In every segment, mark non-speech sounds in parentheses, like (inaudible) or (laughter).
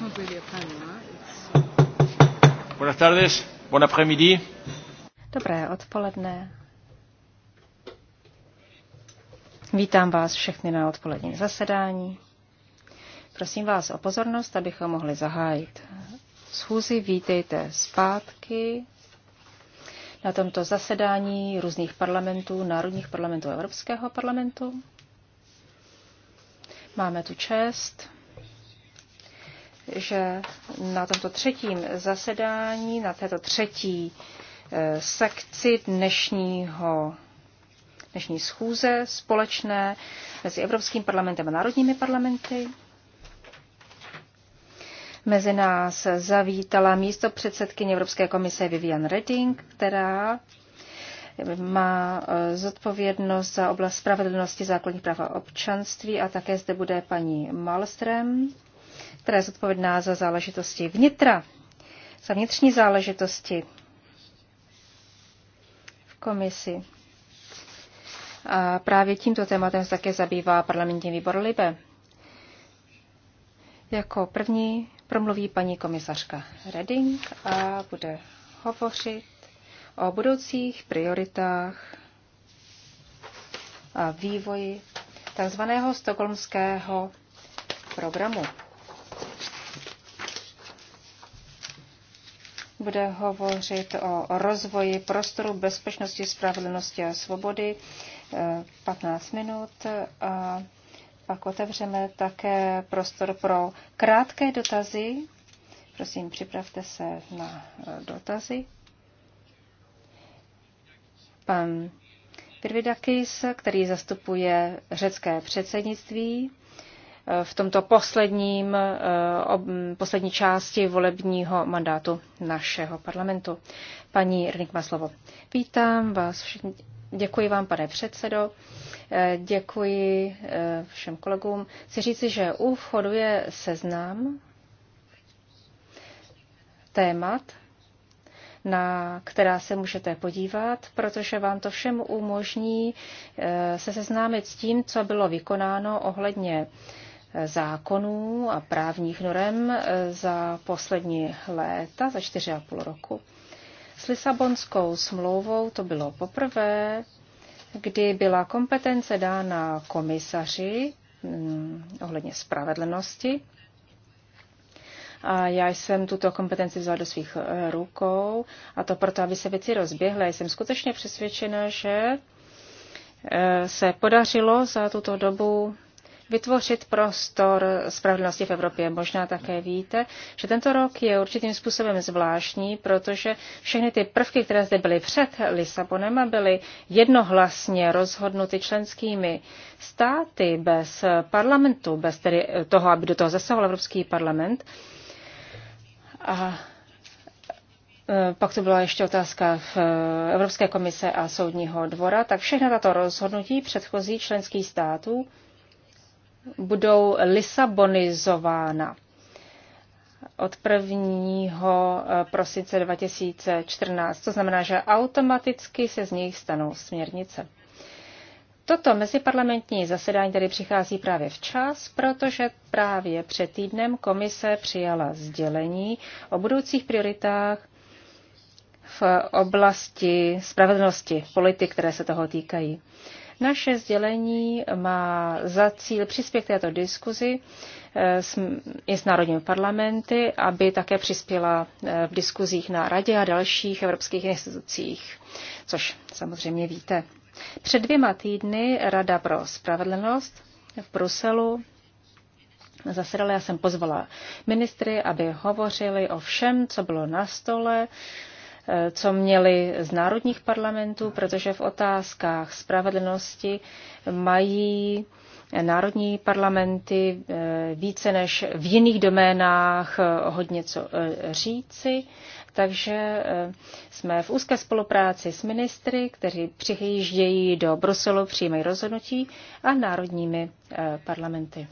No, Buenas tardes, buen après-midi. Dobré odpoledne. Vítám vás všechny na odpoledním zasedání. Prosím vás o pozornost, abychom mohli zahájit schůzi. Vítejte zpátky na tomto zasedání různých parlamentů, národních parlamentů a Evropského parlamentu. Máme tu čest že na tomto třetím zasedání, na této třetí eh, sekci dnešního dnešní schůze společné mezi Evropským parlamentem a národními parlamenty. Mezi nás zavítala místo předsedkyně Evropské komise Vivian Redding, která má eh, zodpovědnost za oblast spravedlnosti základních práv a občanství a také zde bude paní Malström, která je zodpovědná za záležitosti vnitra, za vnitřní záležitosti v komisi. A právě tímto tématem se také zabývá parlamentní výbor Libe. Jako první promluví paní komisařka Reding a bude hovořit o budoucích prioritách a vývoji tzv. stokholmského programu. bude hovořit o rozvoji prostoru bezpečnosti, spravedlnosti a svobody 15 eh, minut a pak otevřeme také prostor pro krátké dotazy. Prosím, připravte se na eh, dotazy. Pan Pirvidakis, který zastupuje řecké předsednictví, v tomto posledním, eh, poslední části volebního mandátu našeho parlamentu. Paní Rnik Maslovo, Vítám vás všichni. Děkuji vám, pane předsedo. Eh, děkuji eh, všem kolegům. Chci říci, že u vchodu je seznam témat, na která se můžete podívat, protože vám to všem umožní se seznámit s tím, co bylo vykonáno ohledně zákonů a právních norem za poslední léta, za čtyři a půl roku. S Lisabonskou smlouvou to bylo poprvé, kdy byla kompetence dána komisaři mm, ohledně spravedlnosti. A já jsem tuto kompetenci vzala do svých eh, rukou a to proto, aby se věci rozběhly. Jsem skutečně přesvědčena, že eh, se podařilo za tuto dobu vytvořit prostor spravedlnosti v Evropě. Možná také víte, že tento rok je určitým způsobem zvláštní, protože všechny ty prvky, které zde byly před Lisabonem, byly jednohlasně rozhodnuty členskými státy bez parlamentu, bez tedy toho, aby do toho zasahoval Evropský parlament. A e, pak to byla ještě otázka v e, Evropské komise a Soudního dvora, tak všechna tato rozhodnutí předchozí členských států budou lisabonizována od 1. Eh, prosince 2014. To znamená, že automaticky se z nich stanou směrnice. Toto meziparlamentní zasedání tady přichází právě včas, protože právě před týdnem komise přijala sdělení o budoucích prioritách v oblasti spravedlnosti politik, které se toho týkají. Naše sdělení má za cíl přispět k této diskuzi eh, i s národními parlamenty, aby také přispěla eh, v diskuzích na radě a dalších evropských institucích, což samozřejmě víte. Před dvěma týdny Rada pro spravedlnost v Bruselu zasedala, já jsem pozvala ministry, aby hovořili o všem, co bylo na stole, co měli z národních parlamentů, protože v otázkách spravedlnosti mají národní parlamenty eh, více než v jiných doménách eh, hodně co eh, říci, takže jsme v úzké spolupráci s ministry, kteří přihýždějí do Bruselu, přijímají rozhodnutí a národními parlamenty.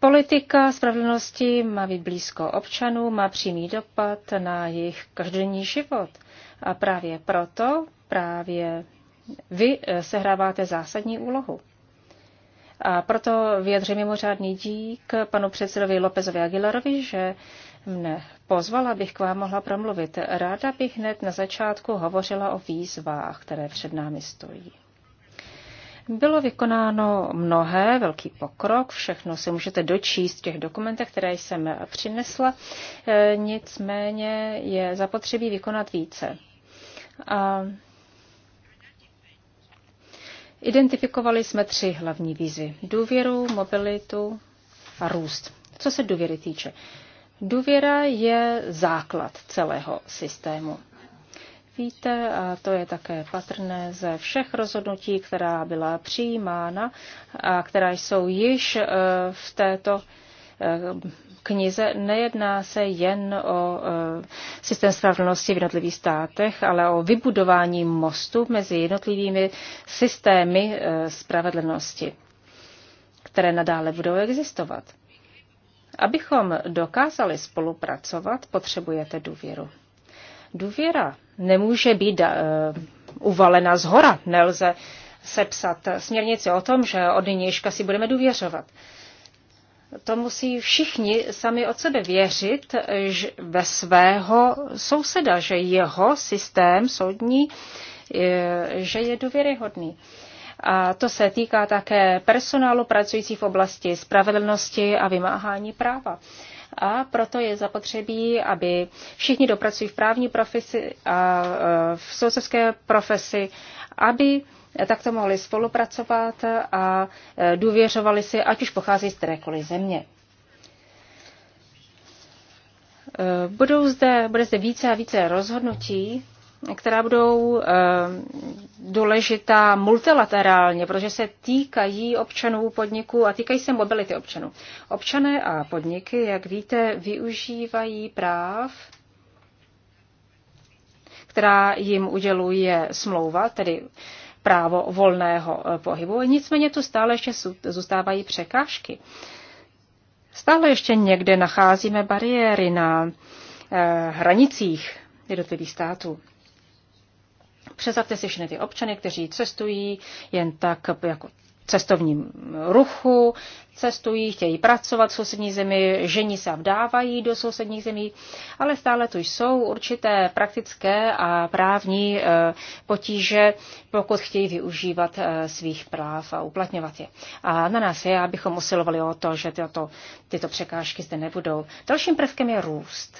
Politika spravedlnosti má být blízko občanů, má přímý dopad na jejich každodenní život. A právě proto právě vy eh, sehráváte zásadní úlohu. A proto vyjadřím mimořádný dík panu předsedovi Lopezovi Aguilarovi, že mne pozvala, abych k vám mohla promluvit. Ráda bych hned na začátku hovořila o výzvách, které před námi stojí. Bylo vykonáno mnohé, velký pokrok, všechno si můžete dočíst v těch dokumentech, které jsem přinesla, e, nicméně je zapotřebí vykonat více. A identifikovali jsme tři hlavní výzvy. Důvěru, mobilitu a růst. Co se důvěry týče? Důvěra je základ celého systému víte, a to je také patrné ze všech rozhodnutí, která byla přijímána a která jsou již e, v této e, knize nejedná se jen o e, systém spravedlnosti v jednotlivých státech, ale o vybudování mostu mezi jednotlivými systémy spravedlnosti, které nadále budou existovat. Abychom dokázali spolupracovat, potřebujete důvěru. Důvěra nemůže být eh, uvalena z hora. Nelze sepsat směrnici o tom, že od nynějška si budeme důvěřovat. To musí všichni sami od sebe věřit že ve svého souseda, že jeho systém soudní, je, eh, že je důvěryhodný. A to se týká také personálu pracující v oblasti spravedlnosti a vymáhání práva a proto je zapotřebí, aby všichni dopracují v právní profesi a e, v soudcovské profesi, aby takto mohli spolupracovat a e, důvěřovali si, ať už pochází z kterékoliv země. E, budou zde, bude zde více a více rozhodnutí, která budou eh, důležitá multilaterálně, protože se týkají občanů podniků a týkají se mobility občanů. Občané a podniky, jak víte, využívají práv, která jim uděluje smlouva, tedy právo volného eh, pohybu. Nicméně tu stále ještě zůstávají překážky. Stále ještě někde nacházíme bariéry na eh, hranicích jednotlivých států. Představte si všechny ty občany, kteří cestují jen tak jako cestovním ruchu, cestují, chtějí pracovat v sousední zemi, žení se a vdávají do sousedních zemí, ale stále tu jsou určité praktické a právní eh, potíže, pokud chtějí využívat eh, svých práv a uplatňovat je. A na nás je, abychom usilovali o to, že tyto, tyto překážky zde nebudou. Dalším prvkem je růst.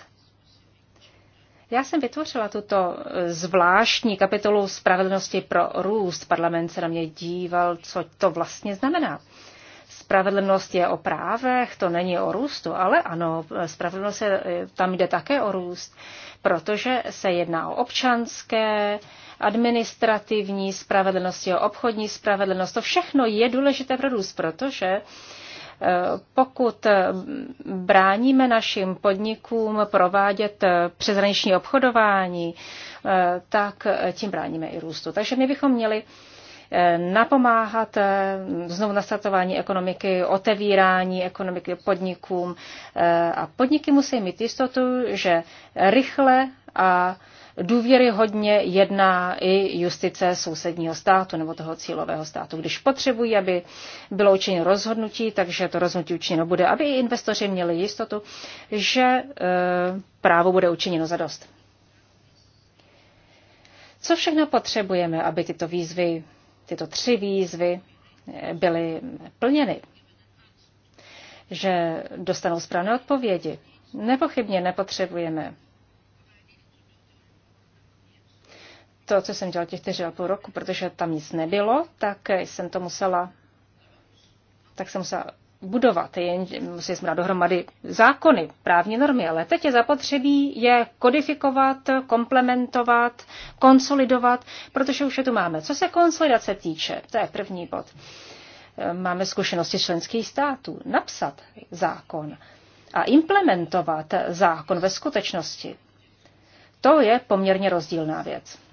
Já jsem vytvořila tuto e, zvláštní kapitolu spravedlnosti pro růst. Parlament se na mě díval, co to vlastně znamená. Spravedlnost je o právech, to není o růstu, ale ano, spravedlnost je, e, tam jde také o růst, protože se jedná o občanské, administrativní spravedlnosti, o obchodní spravedlnost. To všechno je důležité pro růst, protože uh, pokud bráníme našim podnikům provádět přezraniční obchodování, tak tím bráníme i růstu. Takže my bychom měli eh, napomáhat eh, znovu nastartování ekonomiky, otevírání ekonomiky podnikům. Eh, a podniky musí mít jistotu, že rychle a důvěryhodně jedná i justice sousedního státu nebo toho cílového státu. Když potřebují, aby bylo učiněno rozhodnutí, takže to rozhodnutí učiněno bude, aby i investoři měli jistotu, že e, právo bude učiněno za dost. Co všechno potřebujeme, aby tyto výzvy, tyto tři výzvy e, byly plněny? Že dostanou správné odpovědi. Nepochybně nepotřebujeme to, co jsem dělala těch čtyři a půl roku, protože tam nic nebylo, tak jsem to musela, tak jsem musela budovat. Jen, museli jsme dát dohromady zákony, právní normy, ale teď je zapotřebí je kodifikovat, komplementovat, konsolidovat, protože už je tu máme. Co se konsolidace týče, to je první bod. Máme zkušenosti členských států. Napsat zákon a implementovat zákon ve skutečnosti, to je poměrně rozdílná věc.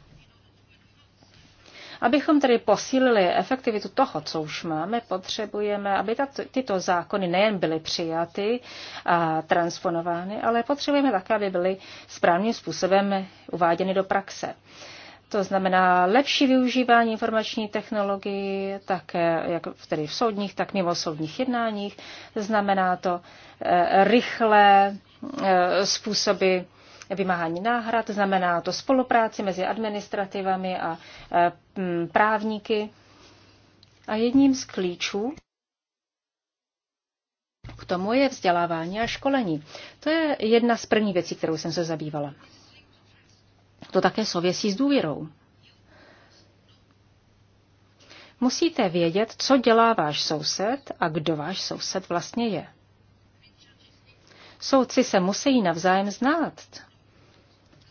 Abychom tedy posílili efektivitu toho, co už máme, potřebujeme, aby tato, tyto zákony nejen byly přijaty a transponovány, ale potřebujeme také, aby byly správným způsobem uváděny do praxe. To znamená lepší využívání informační technologií, tak jak tedy v soudních, tak mimo soudních jednáních. Znamená to eh, rychlé eh, způsoby vymáhání náhrad, znamená to spolupráci mezi administrativami a e, právníky. A jedním z klíčů k tomu je vzdělávání a školení. To je jedna z prvních věcí, kterou jsem se zabývala. To také souvisí s důvěrou. Musíte vědět, co dělá váš soused a kdo váš soused vlastně je. Soudci se musí navzájem znát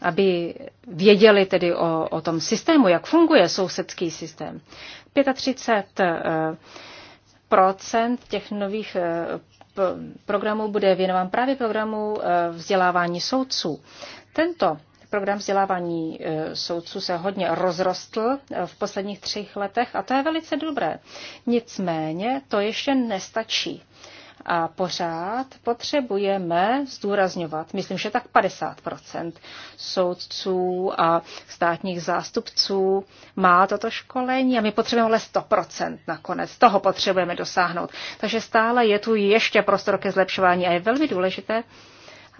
aby věděli tedy o, o tom systému, jak funguje sousedský systém. 35 eh, těch nových eh, programů bude věnován právě programu eh, vzdělávání soudců. Tento program vzdělávání soudců se hodně rozrostl v posledních třech letech a to je velice dobré. Nicméně to ještě nestačí. A pořád potřebujeme zdůrazňovat, myslím, že tak 50 soudců a státních zástupců má toto školení a my potřebujeme ale 100 nakonec. Toho potřebujeme dosáhnout. Takže stále je tu ještě prostor ke zlepšování a je velmi důležité,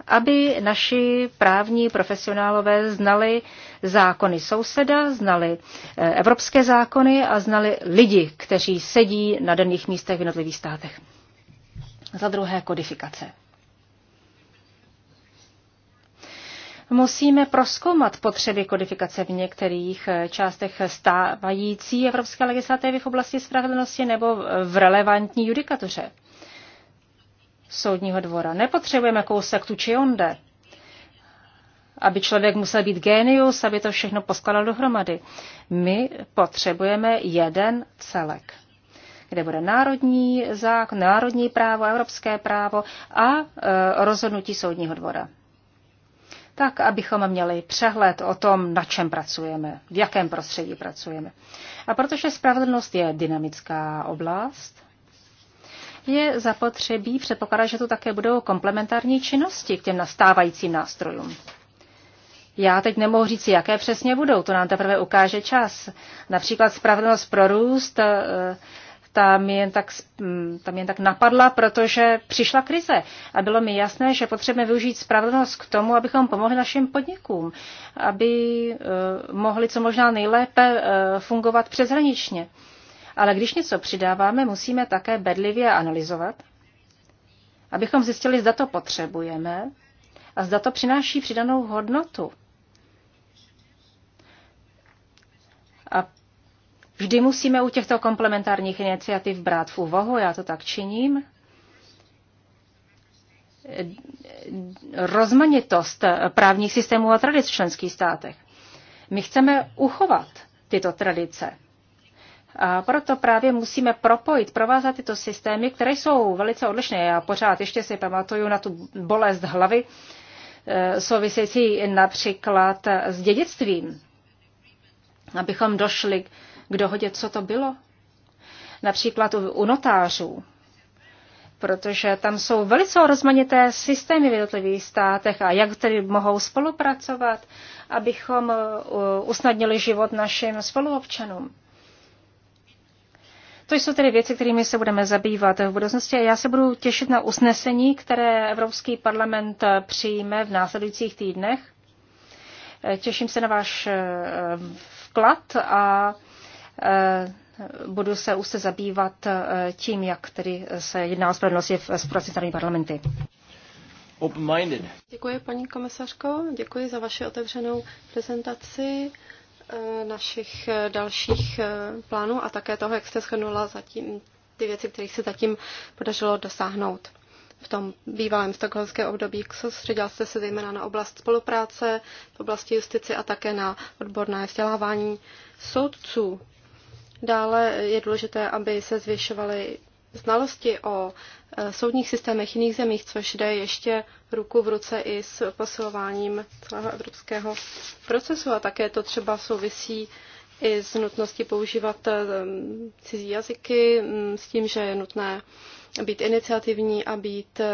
aby naši právní profesionálové znali zákony souseda, znali eh, evropské zákony a znali lidi, kteří sedí na daných místech v jednotlivých státech. Za druhé kodifikace. Musíme proskoumat potřeby kodifikace v některých eh, částech stávající evropské legislativy v oblasti spravedlnosti nebo eh, v relevantní judikatuře soudního dvora. Nepotřebujeme kousek tu či onde, aby člověk musel být génius, aby to všechno poskladal dohromady. My potřebujeme jeden celek kde bude národní zákon, národní právo, evropské právo a e, rozhodnutí soudního dvora. Tak, abychom měli přehled o tom, na čem pracujeme, v jakém prostředí pracujeme. A protože spravedlnost je dynamická oblast, je zapotřebí předpokládat, že tu také budou komplementární činnosti k těm nastávajícím nástrojům. Já teď nemohu říct, jaké přesně budou, to nám teprve ukáže čas. Například spravedlnost pro růst e, tam jen tak, mm, tam jen tak napadla, protože přišla krize. A bylo mi jasné, že potřebujeme využít spravedlnost k tomu, abychom pomohli našim podnikům, aby eh, mohli co možná nejlépe eh, fungovat přeshraničně. Ale když něco přidáváme, musíme také bedlivě analyzovat, abychom zjistili, zda to potřebujeme a zda to přináší přidanou hodnotu. A Vždy musíme u těchto komplementárních iniciativ brát v úvahu, já to tak činím, rozmanitost právních systémů a tradic v členských státech. My chceme uchovat tyto tradice. A proto právě musíme propojit, provázat tyto systémy, které jsou velice odlišné. Já pořád ještě si pamatuju na tu bolest hlavy, eh, související například s dědictvím. Abychom došli k dohodě, co to bylo. Například u, notářů, protože tam jsou velice rozmanité systémy v jednotlivých státech a jak tedy mohou spolupracovat, abychom e, usnadnili život našim spoluobčanům. To jsou tedy věci, kterými se budeme zabývat v budoucnosti já se budu těšit na usnesení, které Evropský parlament e, přijme v následujících týdnech. E, těším se na váš vklad a Eh, budu se už se zabývat eh, tím, jak tedy se jedná o spravedlnosti v spolupráci s parlamenty. Open-minded. Děkuji, paní komisařko, děkuji za vaši otevřenou prezentaci eh, našich dalších plánů a také toho, jak jste shrnula zatím ty věci, kterých se zatím podařilo dosáhnout v tom bývalém stokholmském období. Soustředil jste se zejména na oblast spolupráce, v oblasti justice a také na odborné vzdělávání soudců. Dále je důležité, aby se zvyšovaly znalosti o e, soudních systémech jiných zemích, což jde ještě ruku v ruce i s posilováním celého evropského procesu. A také to třeba souvisí i s nutností používat e, cizí jazyky, s tím, že je nutné být iniciativní a být e,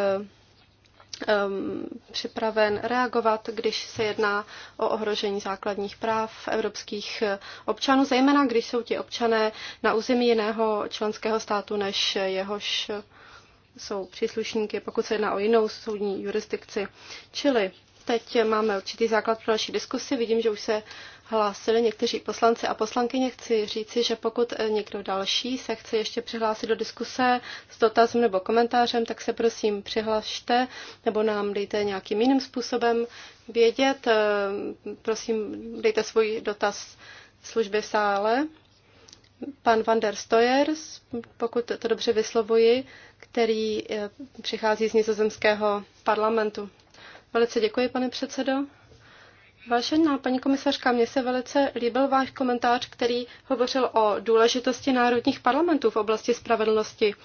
Um, připraven reagovat, když se jedná o ohrožení základních práv evropských občanů, zejména když jsou ti občané na území jiného členského státu, než jehož jsou příslušníky, pokud se jedná o jinou soudní jurisdikci. Čili teď máme určitý základ pro naši diskusi. Vidím, že už se hlásili někteří poslanci a poslankyně, chci říci, že pokud eh, někdo další se chce ještě přihlásit do diskuse s dotazem nebo komentářem, tak se prosím přihlašte nebo nám dejte nějakým jiným způsobem vědět. Eh, prosím, dejte svůj dotaz služby v sále. Pan van der Stoyers, pokud to dobře vyslovuji, který eh, přichází z nizozemského parlamentu. Velice děkuji, pane předsedo. Vážená paní komisařka, mně se velice líbil váš komentář, který hovořil o důležitosti národních parlamentů v oblasti spravedlnosti.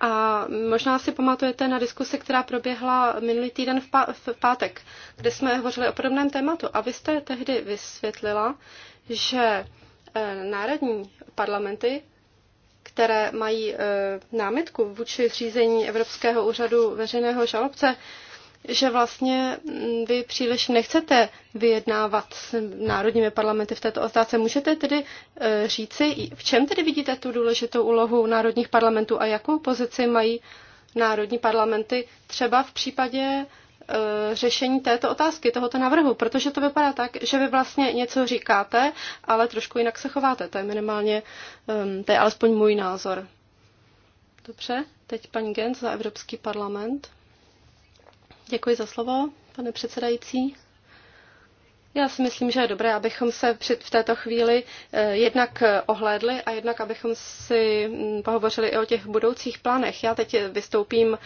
A možná si pamatujete na diskusi, která proběhla minulý týden v, pá- v pátek, kde jsme hovořili o podobném tématu. A vy jste tehdy vysvětlila, že eh, národní parlamenty, které mají eh, námitku vůči řízení Evropského úřadu veřejného žalobce, že vlastně mm, vy příliš nechcete vyjednávat s národními parlamenty v této otázce. Můžete tedy eh, říci, v čem tedy vidíte tu důležitou úlohu národních parlamentů a jakou pozici mají národní parlamenty třeba v případě eh, řešení této otázky, tohoto návrhu. protože to vypadá tak, že vy vlastně něco říkáte, ale trošku jinak se chováte. To je minimálně, ehm, to je alespoň můj názor. Dobře, teď paní Gens za Evropský parlament. Děkuji za slovo, pane předsedající. Já si myslím, že je dobré, abychom se v této chvíli eh, jednak eh, ohlédli a jednak abychom si mm, pohovořili i o těch budoucích plánech. Já teď vystoupím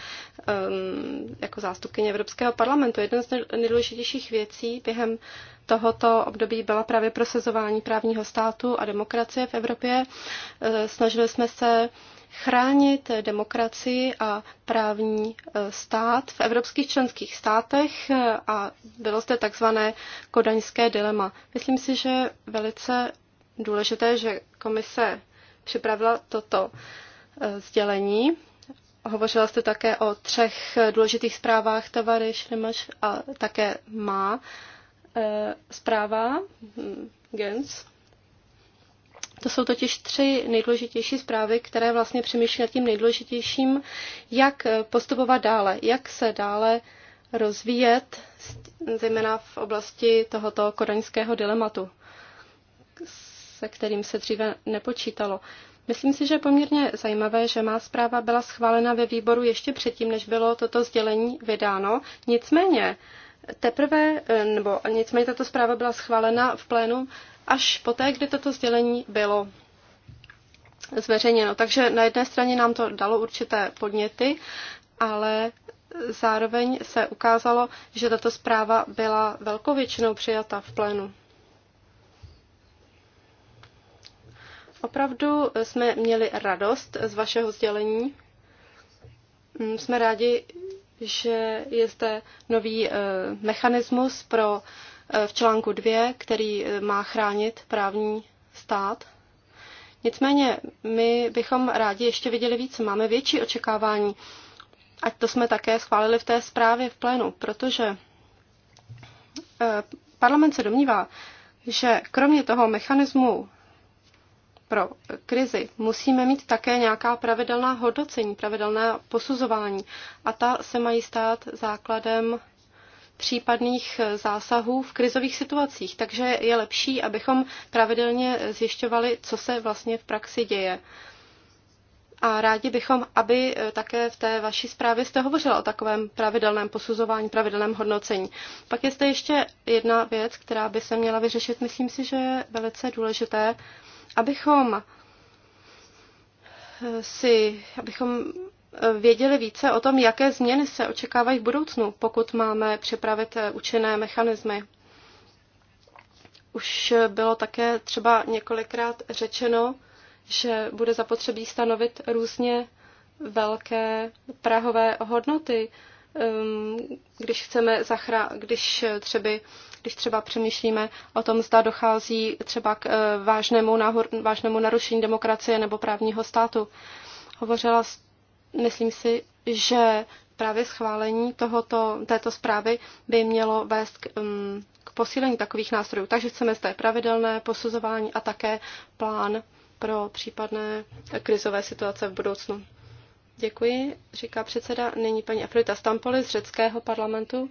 ehm, jako zástupkyně Evropského parlamentu. Jeden z nejdůležitějších věcí během tohoto období byla právě prosazování právního státu a demokracie v Evropě. Eh, snažili jsme se chránit demokracii a právní e, stát v evropských členských státech e, a bylo zde takzvané kodaňské dilema. Myslím si, že velice důležité, že komise připravila toto e, sdělení. Hovořila jste také o třech důležitých zprávách Tavary, Šrimaš a také má zpráva hm, Gens. To jsou totiž tři nejdůležitější zprávy, které vlastně přemýšlí nad tím nejdůležitějším, jak eh, postupovat dále, jak se dále rozvíjet, zejména v oblasti tohoto kodaňského dilematu, se kterým se dříve nepočítalo. Myslím si, že je poměrně zajímavé, že má zpráva byla schválena ve výboru ještě předtím, než bylo toto sdělení vydáno. Nicméně, teprve, eh, nebo nicméně tato zpráva byla schválena v plénu až poté, kdy toto sdělení bylo zveřejněno. Takže na jedné straně nám to dalo určité podněty, ale zároveň se ukázalo, že tato zpráva byla velkou většinou přijata v plénu. Opravdu jsme měli radost z vašeho sdělení. Mm, jsme rádi, že je zde nový eh, mechanismus pro v článku 2, který eh, má chránit právní stát. Nicméně my bychom rádi ještě viděli více, máme větší očekávání. Ať to jsme také schválili v té zprávě v plénu, protože eh, parlament se domnívá, že kromě toho mechanismu pro krizi musíme mít také nějaká pravidelná hodnocení, pravidelné posuzování a ta se mají stát základem případných eh, zásahů v krizových situacích. Takže je lepší, abychom pravidelně eh, zjišťovali, co se vlastně v praxi děje. A rádi bychom, aby eh, také v té vaší zprávě jste hovořila o takovém pravidelném posuzování, pravidelném hodnocení. Pak je zde ještě jedna věc, která by se měla vyřešit. Myslím si, že je velice důležité, abychom si, abychom věděli více o tom, jaké změny se očekávají v budoucnu, pokud máme připravit eh, účinné mechanismy. Už eh, bylo také třeba několikrát řečeno, že bude zapotřebí stanovit různě velké prahové hodnoty, ehm, když chceme zachra- když eh, třeba, když třeba přemýšlíme o tom, zda dochází třeba k vážnému, nahor, vážnému narušení demokracie nebo právního státu. Hovořila myslím si, že právě schválení tohoto, této zprávy by mělo vést k, um, k posílení takových nástrojů. Takže chceme zde pravidelné posuzování a také plán pro případné krizové situace v budoucnu. Děkuji, říká předseda. Nyní paní Afrodita Stampoli z řeckého parlamentu.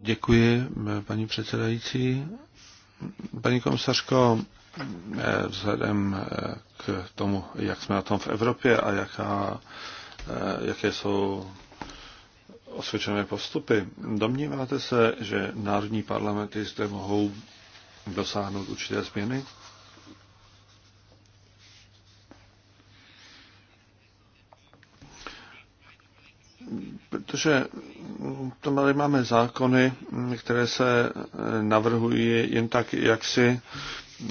Děkuji, paní předsedající. Paní komisařko, Eh, vzhledem eh, k tomu, jak jsme na tom v Evropě a jaká, eh, jaké jsou osvědčené postupy. Domníváte se, že národní parlamenty zde mohou dosáhnout určité změny? Protože tady máme zákony, které se navrhují jen tak jak si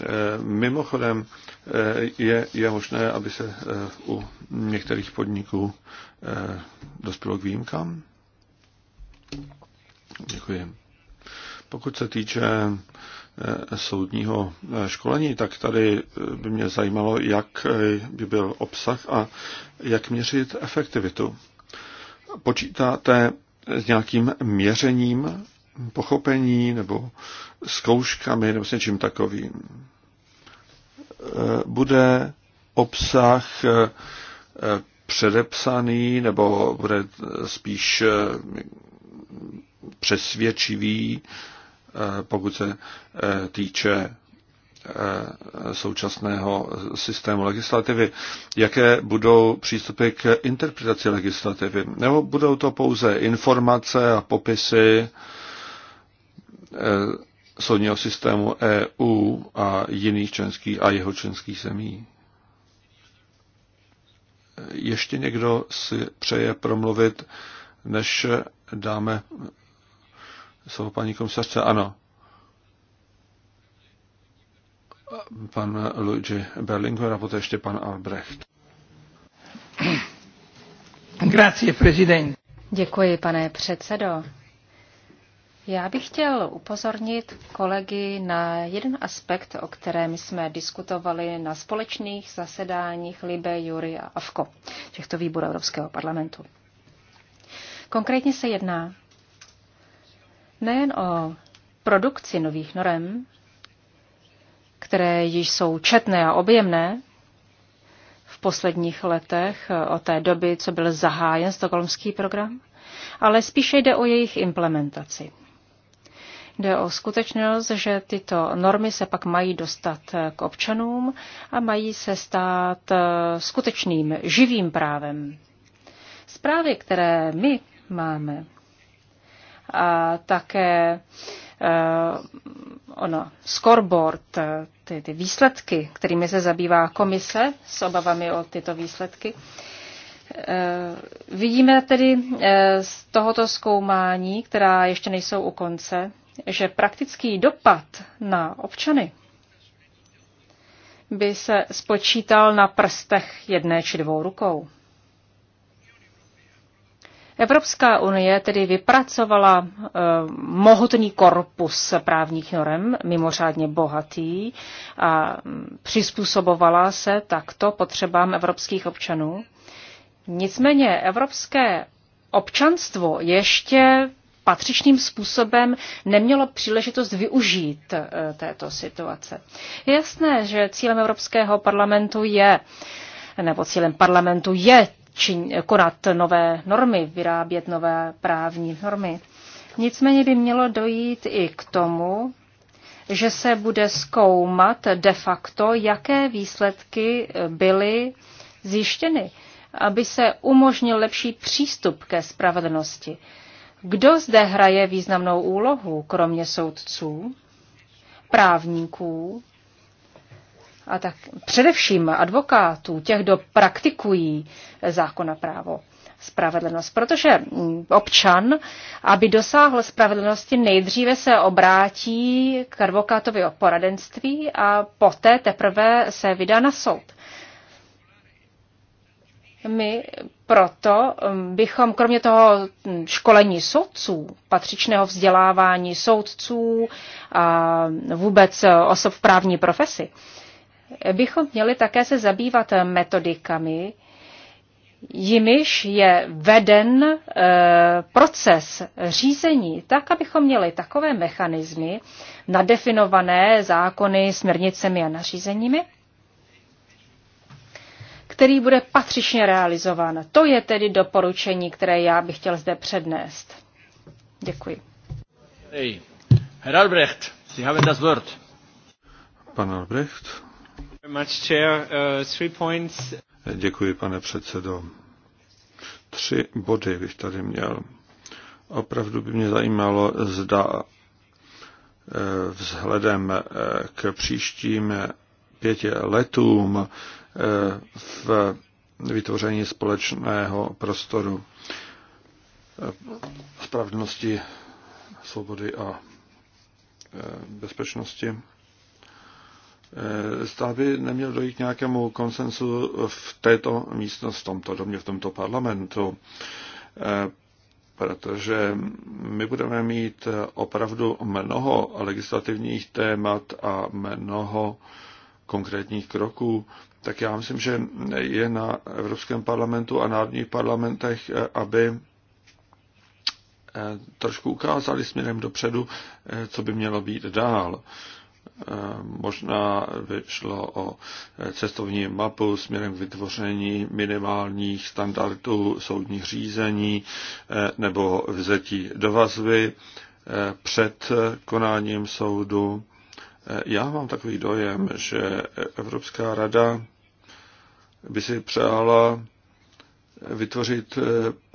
Eh, mimochodem eh, je, je možné, aby se eh, u některých podniků dospělo k výjimkám? Děkuji. Pokud se týče soudního školení, tak tady by mě zajímalo, jak by byl obsah a jak měřit efektivitu. Počítáte s nějakým měřením pochopení nebo zkouškami nebo s něčím takovým. Eh, bude obsah eh, předepsaný nebo bude spíš eh, přesvědčivý, pokud se týče současného systému legislativy, jaké budou přístupy k interpretaci legislativy. Nebo budou to pouze informace a popisy, Eh, soudního systému EU a jiných členských a jeho členských zemí. Ještě někdo si přeje promluvit, než dáme slovo paní komisařce? Ano. Pan Luigi Berlinguer a poté ještě pan Albrecht. Grazie, prezident. Děkuji, pane předsedo. Já bych chtěl upozornit kolegy na jeden aspekt, o kterém jsme diskutovali na společných zasedáních Libe, Jury a Avko, těchto výborů Evropského parlamentu. Konkrétně se jedná nejen o produkci nových norem, které již jsou četné a objemné, v posledních letech od té doby, co byl zahájen stokholmský program, ale spíše jde o jejich implementaci. Jde o skutečnost, že tyto normy se pak mají dostat eh, k občanům a mají se stát eh, skutečným živým právem. Zprávy, které my máme, a také uh, ono, scoreboard, ty, ty výsledky, kterými se zabývá komise s obavami o tyto výsledky. vidíme tedy z tohoto zkoumání, která ještě nejsou u konce, že praktický dopad na občany by se spočítal na prstech jedné či dvou rukou. Evropská unie tedy vypracovala eh, mohutný korpus právních norem, mimořádně bohatý, a mm, přizpůsobovala se takto potřebám evropských občanů. Nicméně evropské občanstvo ještě patřičným způsobem nemělo příležitost využít eh, této situace. Je jasné, že cílem Evropského parlamentu je, nebo cílem parlamentu je čin, konat nové normy, vyrábět nové právní normy. Nicméně by mělo dojít i k tomu, že se bude zkoumat de facto, jaké výsledky byly zjištěny, aby se umožnil lepší přístup ke spravedlnosti. Kdo zde hraje významnou úlohu, kromě soudců, právníků a tak především advokátů, těch, kdo praktikují zákon a právo? spravedlnost. Protože mm, občan, aby dosáhl spravedlnosti, nejdříve se obrátí k advokátovi o poradenství a poté teprve se vydá na soud my proto um, bychom kromě toho hm, školení soudců, patřičného vzdělávání soudců a vůbec osob v právní profesi, bychom měli také se zabývat metodikami, jimiž je veden eh, proces řízení tak, abychom měli takové mechanismy, nadefinované zákony, směrnicemi a nařízeními, který bude patřičně realizován. To je tedy doporučení, které já bych chtěl zde přednést. Děkuji. Hey. Herr Albrecht, Sie haben das Wort. Pan Albrecht. Much, chair. Uh, three points. Děkuji, pane předsedo. Tři body bych tady měl. Opravdu by mě zajímalo, zda eh, vzhledem eh, k příštím eh, pěti letům v vytvoření společného prostoru spravedlnosti, svobody a eh, bezpečnosti. Eh, stát by neměl dojít k nějakému konsensu v této místnosti, v tomto domě, v tomto parlamentu, eh, protože my budeme mít opravdu mnoho legislativních témat a mnoho konkrétních kroků, tak já myslím, že je na Evropském parlamentu a národních parlamentech, eh, aby eh, trošku ukázali směrem dopředu, eh, co by mělo být dál. Možná vyšlo o cestovní mapu směrem k vytvoření minimálních standardů soudních řízení nebo vzetí do vazby před konáním soudu. Já mám takový dojem, že Evropská rada by si přála vytvořit eh,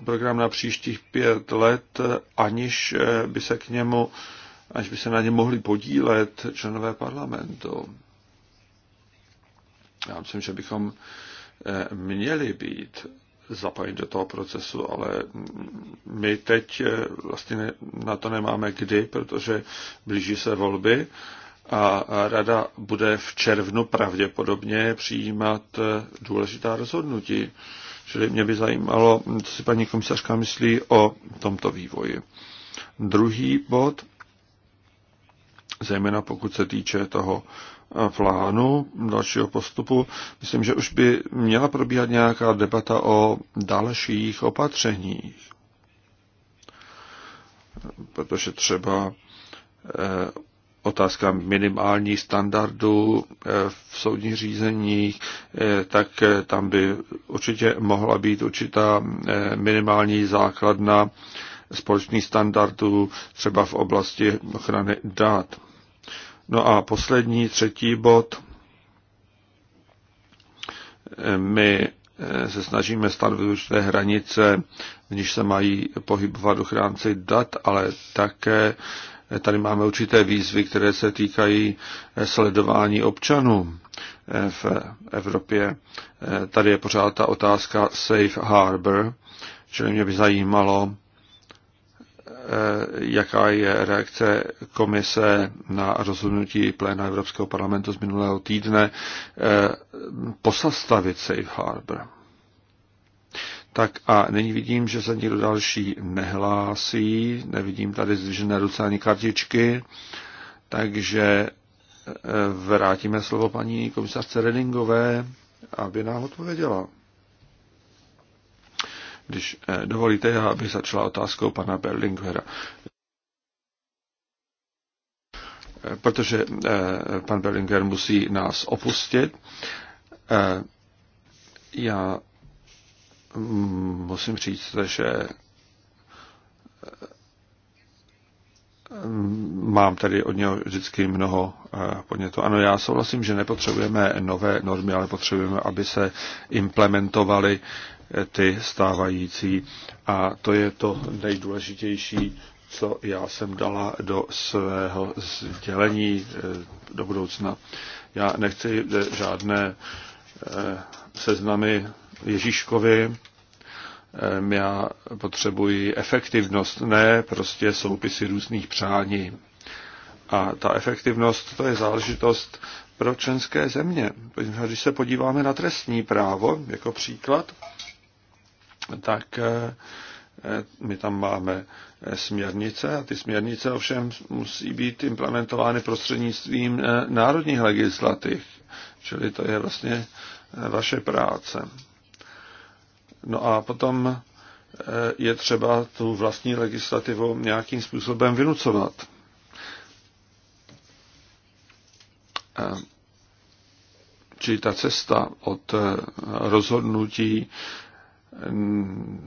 program na příštích pět let, aniž eh, by se k němu, aniž by se na ně mohli podílet členové parlamentu. Já myslím, že bychom eh, měli být zapojeni do toho procesu, ale my teď vlastně na to nemáme kdy, protože blíží se volby a rada bude v červnu pravděpodobně přijímat eh, důležitá rozhodnutí. Čili mě by zajímalo, co si paní komisařka myslí o tomto vývoji. Druhý bod, zejména pokud se týče toho eh, plánu dalšího postupu, myslím, že už by měla probíhat nějaká debata o dalších opatřeních. Protože třeba eh, otázka minimální standardů eh, v soudních řízeních, eh, tak eh, tam by určitě mohla být určitá minimální základna společných standardů třeba v oblasti ochrany dát. No a poslední, třetí bod. My se snažíme stanovit určité hranice, v níž se mají pohybovat ochránci dat, ale také Tady máme určité výzvy, které se týkají eh, sledování občanů eh, v Evropě. Eh, tady je pořád ta otázka Safe Harbor, čili mě by zajímalo, jaká je reakce komise na rozhodnutí pléna Evropského parlamentu z minulého týdne posastavit Safe Harbor. Tak a nyní vidím, že se nikdo další nehlásí, nevidím tady zdvižené ruce ani kartičky, takže e, vrátíme slovo paní komisařce Redingové, aby nám odpověděla. Když e, dovolíte, já bych začala otázkou pana Berlinguera. E, protože pan Berlinger musí nás opustit. Já musím říct, že eh, mám tady od něho vždycky mnoho eh, podnětů. Ano, já souhlasím, že nepotřebujeme nové normy, ale potřebujeme, aby se implementovaly eh, ty stávající. A to je to nejdůležitější, co já jsem dala do svého sdělení do budoucna. Já nechci žádné seznamy Ježíškovi, já potřebuji efektivnost, ne prostě soupisy různých přání. A ta efektivnost to je záležitost pro členské země. Když se podíváme na trestní právo jako příklad, tak eh, eh, my tam máme eh, směrnice a ty směrnice ovšem musí být implementovány prostřednictvím národních legislativ. Čili to je vlastně vaše práce. No a potom eh, je třeba tu vlastní legislativu nějakým způsobem vynucovat. Eh, čili ta cesta od eh, rozhodnutí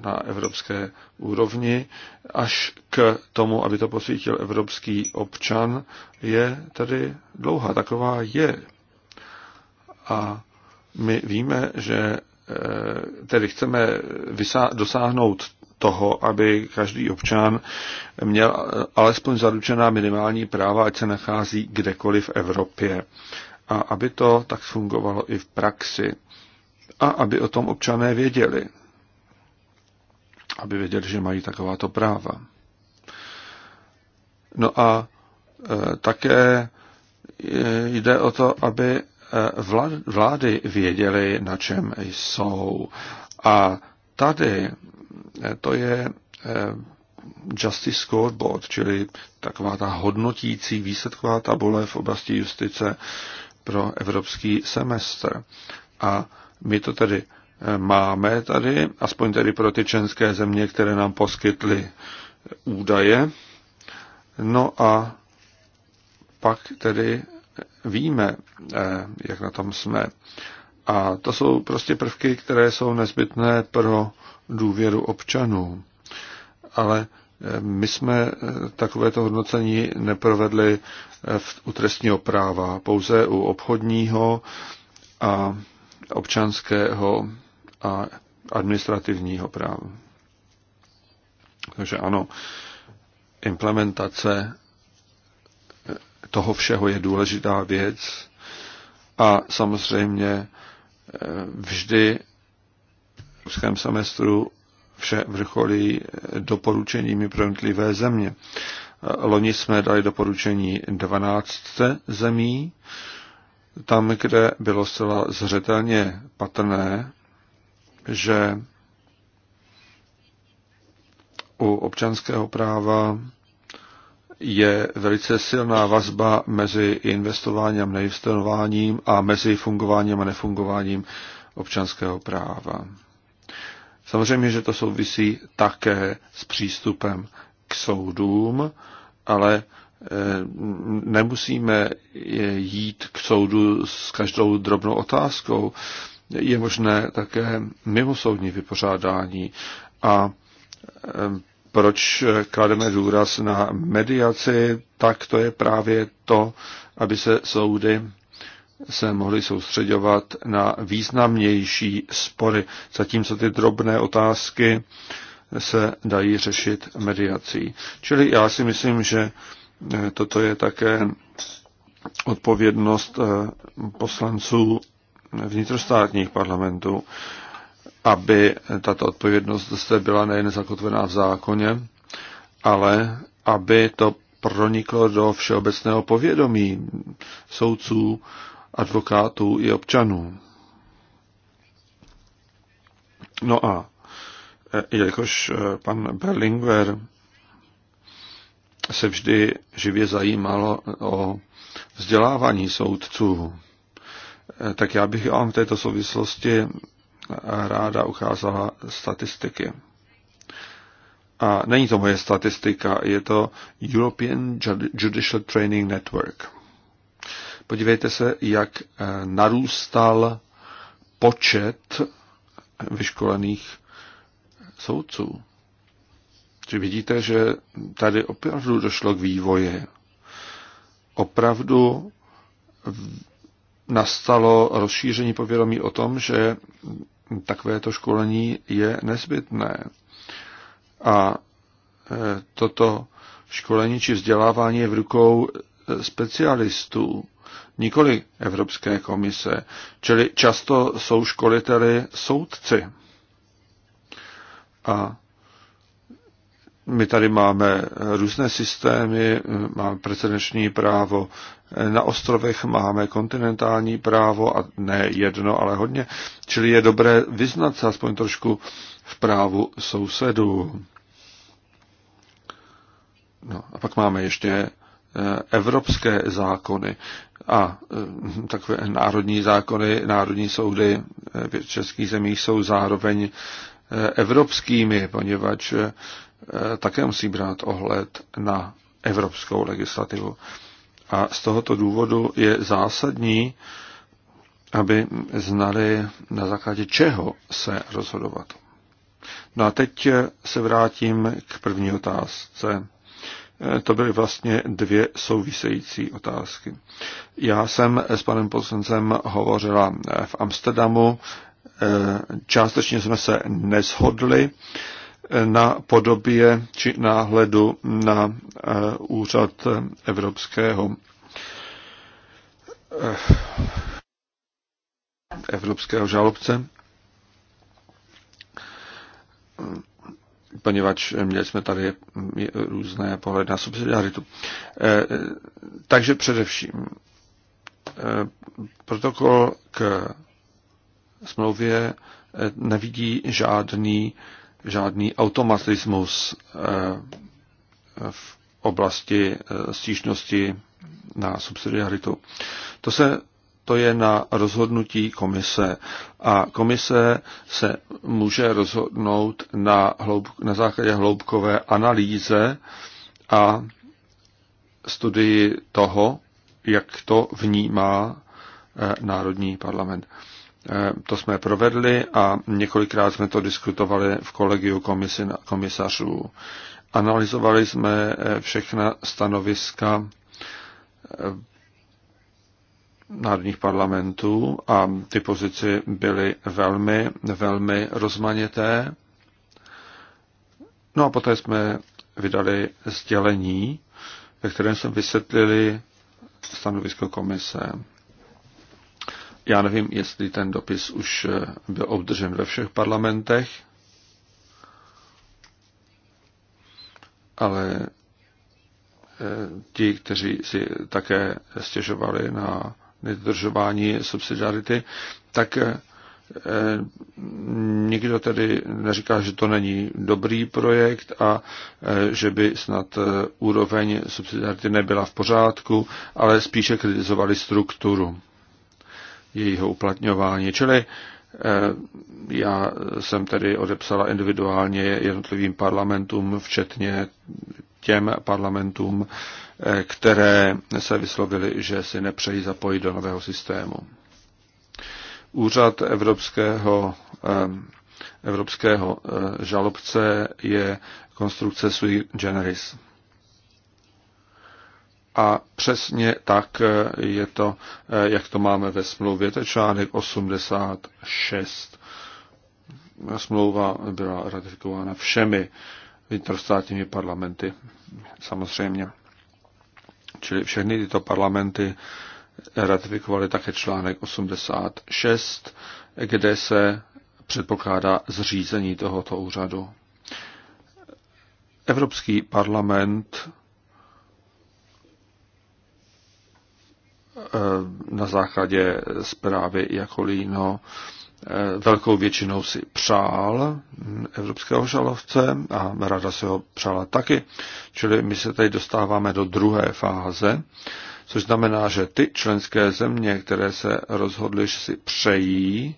na evropské úrovni až k tomu, aby to posvítil evropský občan, je tedy dlouhá. Taková je. A my víme, že Eh, tedy chceme dosáhnout toho, aby každý občan měl alespoň zaručená minimální práva, ať se nachází kdekoliv v Evropě. A aby to tak fungovalo i v praxi. A aby o tom občané věděli. Aby věděli, že mají takováto práva. No a e, také eh, jde o to, aby Eh, vlády věděly, na čem jsou. A tady eh, to je eh, Justice Scoreboard, čili taková ta hodnotící výsledková tabule v oblasti justice pro evropský semestr. A my to tedy máme tady, aspoň tedy pro ty členské země, které nám poskytly údaje. No a pak tedy víme, eh, jak na tom jsme. A to jsou prostě prvky, které jsou nezbytné pro důvěru občanů. Ale eh, my jsme eh, takovéto hodnocení neprovedli v, u trestního práva, pouze u obchodního a občanského a administrativního práva. Takže ano, implementace toho všeho je důležitá věc a samozřejmě eh, vždy v ruském semestru vše vrcholí eh, doporučeními pro jednotlivé země. Eh, loni jsme dali doporučení 12 zemí, tam, kde bylo zcela zřetelně patrné, že u občanského práva je velice silná vazba mezi investováním a neinvestováním a mezi fungováním a nefungováním občanského práva. Samozřejmě, že to souvisí také s přístupem k soudům, ale eh, nemusíme jít k soudu s každou drobnou otázkou. Je možné také mimosoudní vypořádání a eh, proč eh, klademe důraz na mediaci, tak to je právě to, aby se soudy se mohly soustředovat na významnější spory, zatímco ty drobné otázky se dají řešit mediací. Čili já si myslím, že eh, toto je také odpovědnost eh, poslanců vnitrostátních parlamentů aby tato odpovědnost zde byla nejen zakotvená v zákoně, ale aby to proniklo do všeobecného povědomí soudců, advokátů i občanů. No a e, jelikož e, pan Berlinguer se vždy živě zajímalo o vzdělávání soudců, e, tak já bych vám v této souvislosti ráda ukázala statistiky. A není to moje statistika, je to European Judicial Training Network. Podívejte se, jak eh, narůstal počet vyškolených eh, soudců. Či vidíte, že tady opravdu došlo k vývoji. Opravdu nastalo rozšíření povědomí o tom, že takovéto školení je nezbytné. A e, toto školení či vzdělávání je v rukou e, specialistů, nikoli Evropské komise. Čili často jsou školiteli soudci. A my tady máme různé systémy, máme precedenční právo, na ostrovech máme kontinentální právo a ne jedno, ale hodně. Čili je dobré vyznat se aspoň trošku v právu sousedů. No, a pak máme ještě eh, evropské zákony a eh, takové národní zákony, národní soudy eh, v českých zemích jsou zároveň evropskými, poněvadž Eh, také musí brát ohled na evropskou legislativu. A z tohoto důvodu je zásadní, aby znali na základě čeho se rozhodovat. No a teď eh, se vrátím k první otázce. Eh, to byly vlastně dvě související otázky. Já jsem s panem poslancem hovořila v Amsterdamu, částečně jsme se neshodli, na podobě či náhledu na eh, úřad evropského eh, evropského žalobce, poněvadž měli jsme tady různé pohledy na subsidiaritu. Eh, takže především protokol k smlouvě nevidí žádný žádný automatismus eh, v oblasti eh, stížnosti na subsidiaritu. To, se, to je na rozhodnutí komise a komise se může rozhodnout na, hloub, na základě hloubkové analýze a studii toho, jak to vnímá eh, Národní parlament. Eh, to jsme provedli a několikrát jsme to diskutovali v kolegiu komisi, komisařů. Analyzovali jsme eh, všechna stanoviska eh, národních parlamentů a ty pozici byly velmi, velmi rozmanité. No a poté jsme vydali sdělení, ve kterém jsme vysvětlili stanovisko komise. Já nevím, jestli ten dopis už eh, byl obdržen ve všech parlamentech, ale eh, ti, kteří si také stěžovali na nedodržování subsidiarity, tak eh, nikdo tedy neříká, že to není dobrý projekt a že by snad úroveň subsidiarity nebyla v pořádku, ale spíše kritizovali strukturu jejího uplatňování. Čili eh, já jsem tedy odepsala individuálně jednotlivým parlamentům, včetně těm parlamentům, eh, které se vyslovili, že si nepřejí zapojit do nového systému. Úřad Evropského, eh, Evropského žalobce je konstrukce sui generis. A přesně tak je to, eh, jak to máme ve smlouvě, to je článek 86. Smlouva byla ratifikována všemi vnitrostátními parlamenty, samozřejmě. Čili všechny tyto parlamenty ratifikovaly také článek 86, kde se předpokládá zřízení tohoto úřadu. Evropský parlament Eh, na základě zprávy líno eh, velkou většinou si přál hm, evropského žalovce a rada se ho přála taky. Čili my se tady dostáváme do druhé fáze, což znamená, že ty členské země, které se rozhodly, že si přejí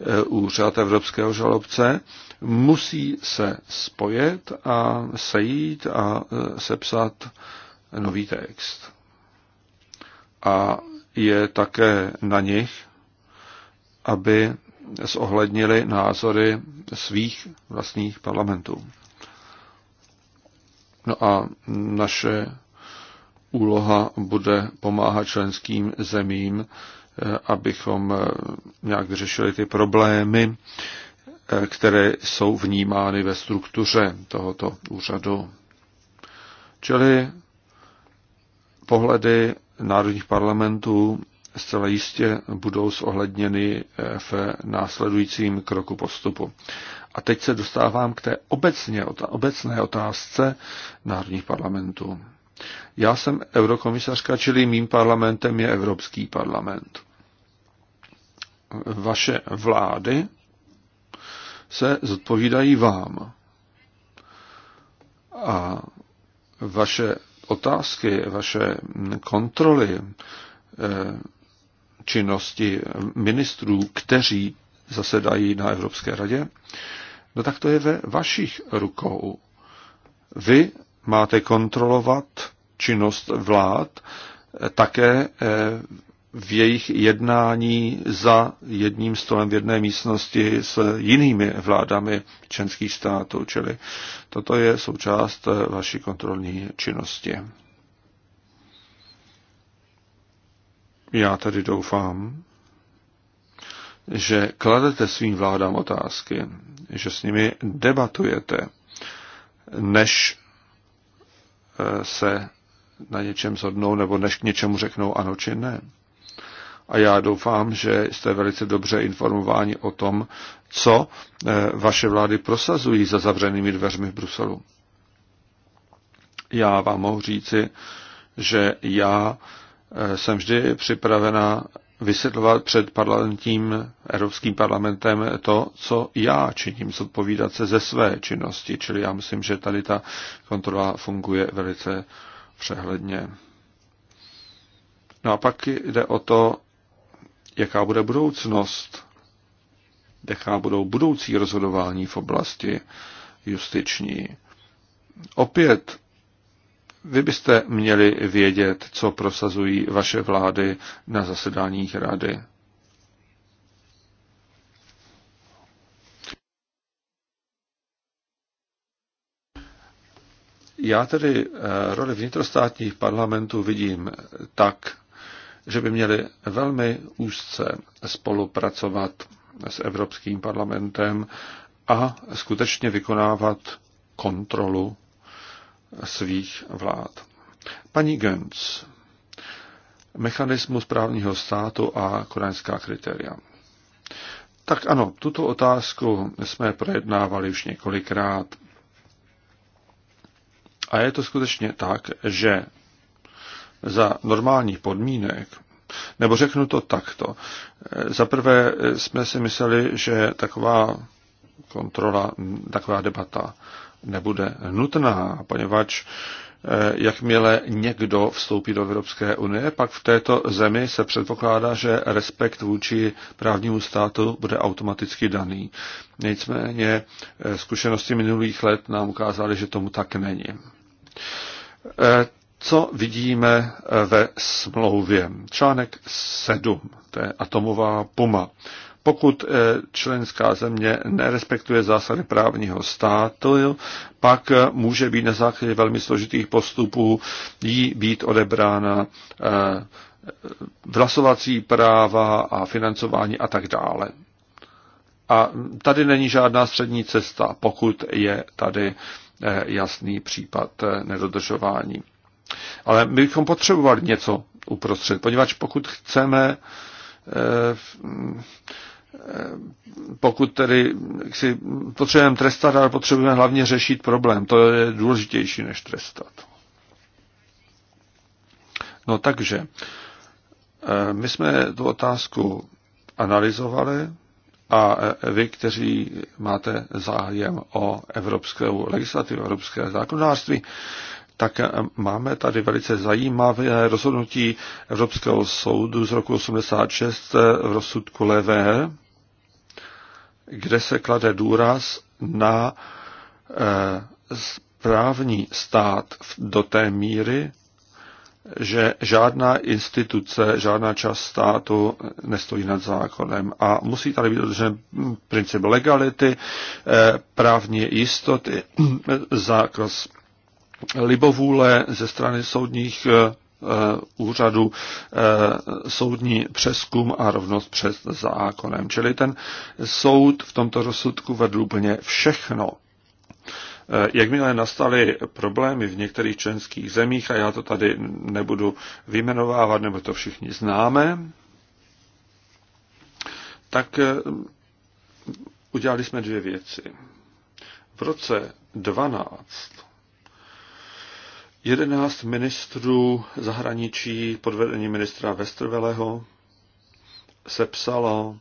eh, úřad evropského žalobce, musí se spojit a sejít a sepsat nový text a je také na nich, aby zohlednili názory svých vlastních parlamentů. No a naše úloha bude pomáhat členským zemím, eh, abychom eh, nějak vyřešili ty problémy, eh, které jsou vnímány ve struktuře tohoto úřadu. Čili pohledy národních parlamentů zcela jistě budou zohledněny eh, v následujícím kroku postupu. A teď se dostávám k té obecně, obecné otázce národních parlamentů. Já jsem eurokomisařka, čili mým parlamentem je Evropský parlament. Vaše vlády se zodpovídají vám. A vaše otázky, vaše kontroly eh, činnosti ministrů, kteří zasedají na Evropské radě, no tak to je ve vašich rukou. Vy máte kontrolovat činnost vlád eh, také eh, v jejich jednání za jedním stolem v jedné místnosti s jinými vládami členských států, čili toto je součást eh, vaší kontrolní činnosti. Já tedy doufám, že kladete svým vládám otázky, že s nimi debatujete, než eh, se na něčem zhodnou nebo než k něčemu řeknou ano či ne a já doufám, že jste velice dobře informováni o tom, co eh, vaše vlády prosazují za zavřenými dveřmi v Bruselu. Já vám mohu říci, že já eh, jsem vždy připravena vysvětlovat před parlamentním, Evropským parlamentem to, co já činím, zodpovídat se ze své činnosti. Čili já myslím, že tady ta kontrola funguje velice přehledně. No a pak jde o to, jaká bude budoucnost, jaká budou budoucí rozhodování v oblasti justiční. Opět, vy byste měli vědět, co prosazují vaše vlády na zasedáních rady. Já tedy eh, roli vnitrostátních parlamentů vidím tak, že by měli velmi úzce spolupracovat s Evropským parlamentem a skutečně vykonávat kontrolu svých vlád. Paní Gönc, mechanismus právního státu a koránská kritéria. Tak ano, tuto otázku jsme projednávali už několikrát. A je to skutečně tak, že za normálních podmínek, nebo řeknu to takto. Zaprvé jsme si mysleli, že taková kontrola, taková debata nebude nutná, poněvadž eh, jakmile někdo vstoupí do Evropské unie, pak v této zemi se předpokládá, že respekt vůči právnímu státu bude automaticky daný. Nicméně eh, zkušenosti minulých let nám ukázaly, že tomu tak není. Eh, co vidíme eh, ve smlouvě. Článek 7, to je atomová puma. Pokud eh, členská země nerespektuje zásady právního státu, pak eh, může být na základě velmi složitých postupů jí být odebrána vlasovací práva a financování a tak dále. A tady není žádná střední cesta, pokud je tady jasný případ nedodržování. Ale my bychom potřebovali něco uprostřed, poněvadž pokud chceme eh, eh, pokud tedy si potřebujeme trestat, ale potřebujeme hlavně řešit problém. To je důležitější než trestat. No takže, eh, my jsme tu otázku analyzovali a vy, kteří máte zájem o evropskou legislativu, evropské zákonodárství, tak máme tady velice zajímavé rozhodnutí Evropského soudu z roku 86 v rozsudku Levé, kde se klade důraz na eh, právní stát do té míry, že žádná instituce, žádná část státu nestojí nad zákonem. A musí tady být dodržen princip legality, eh, právní jistoty, (clears throat) zákaz libovůle ze strany soudních eh, eh, úřadu eh, soudní přeskum a rovnost před zákonem. Čili ten soud v tomto rozsudku vedl úplně všechno. Jakmile nastaly problémy v některých členských zemích, a já to tady nebudu vyjmenovávat, nebo to všichni známe, tak udělali jsme dvě věci. V roce 12 Jedenáct ministrů zahraničí pod vedením ministra Westerveleho sepsalo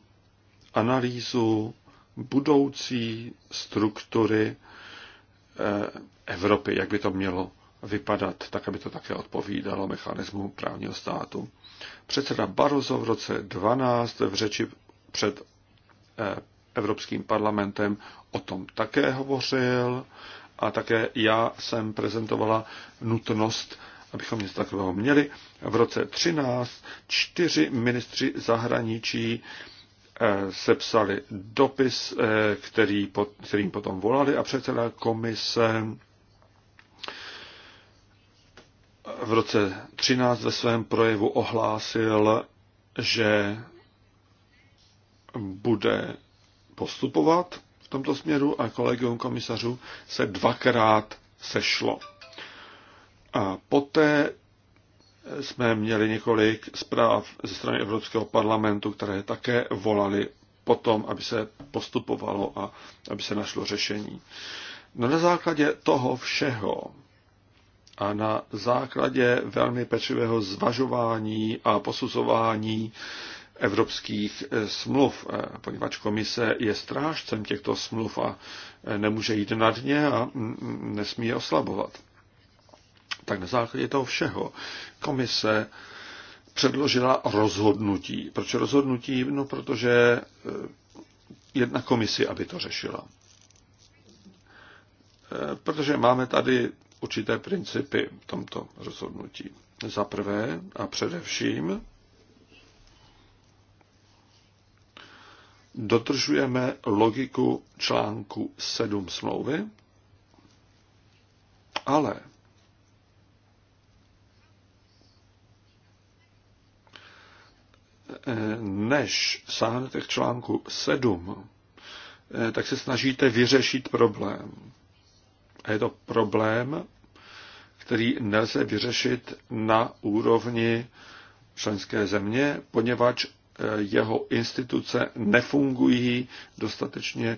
analýzu budoucí struktury eh, Evropy, jak by to mělo vypadat, tak aby to také odpovídalo mechanismu právního státu. Předseda Barroso v roce 12 v řeči před eh, Evropským parlamentem o tom také hovořil a také já jsem prezentovala nutnost, abychom něco takového měli. V roce 13 čtyři ministři zahraničí eh, sepsali dopis, eh, který, kterým potom volali a předseda komise v roce 13 ve svém projevu ohlásil, že bude postupovat v tomto směru a kolegium komisařů se dvakrát sešlo. A poté jsme měli několik zpráv ze strany Evropského parlamentu, které také volali potom, aby se postupovalo a aby se našlo řešení. No na základě toho všeho a na základě velmi pečlivého zvažování a posuzování evropských eh, smluv, eh, poněvadž komise je strážcem těchto smluv a eh, nemůže jít nad ně a mm, mm, nesmí je oslabovat. Tak na základě toho všeho komise předložila rozhodnutí. Proč rozhodnutí? No, protože jedna komisi, aby to řešila. Protože máme tady určité principy v tomto rozhodnutí. Za prvé a především Dotržujeme logiku článku 7 smlouvy, ale než sáhnete k článku 7, tak se snažíte vyřešit problém. A je to problém, který nelze vyřešit na úrovni členské země, poněvadž jeho instituce nefungují dostatečně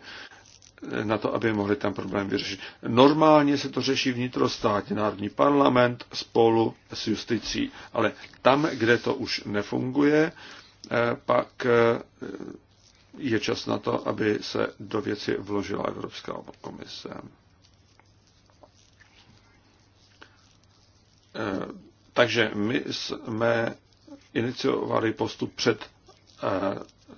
na to, aby mohli ten problém vyřešit. Normálně se to řeší vnitrostátně, národní parlament spolu s justicí, ale tam, kde to už nefunguje, eh, pak eh, je čas na to, aby se do věci vložila Evropská komise. Eh, takže my jsme iniciovali postup před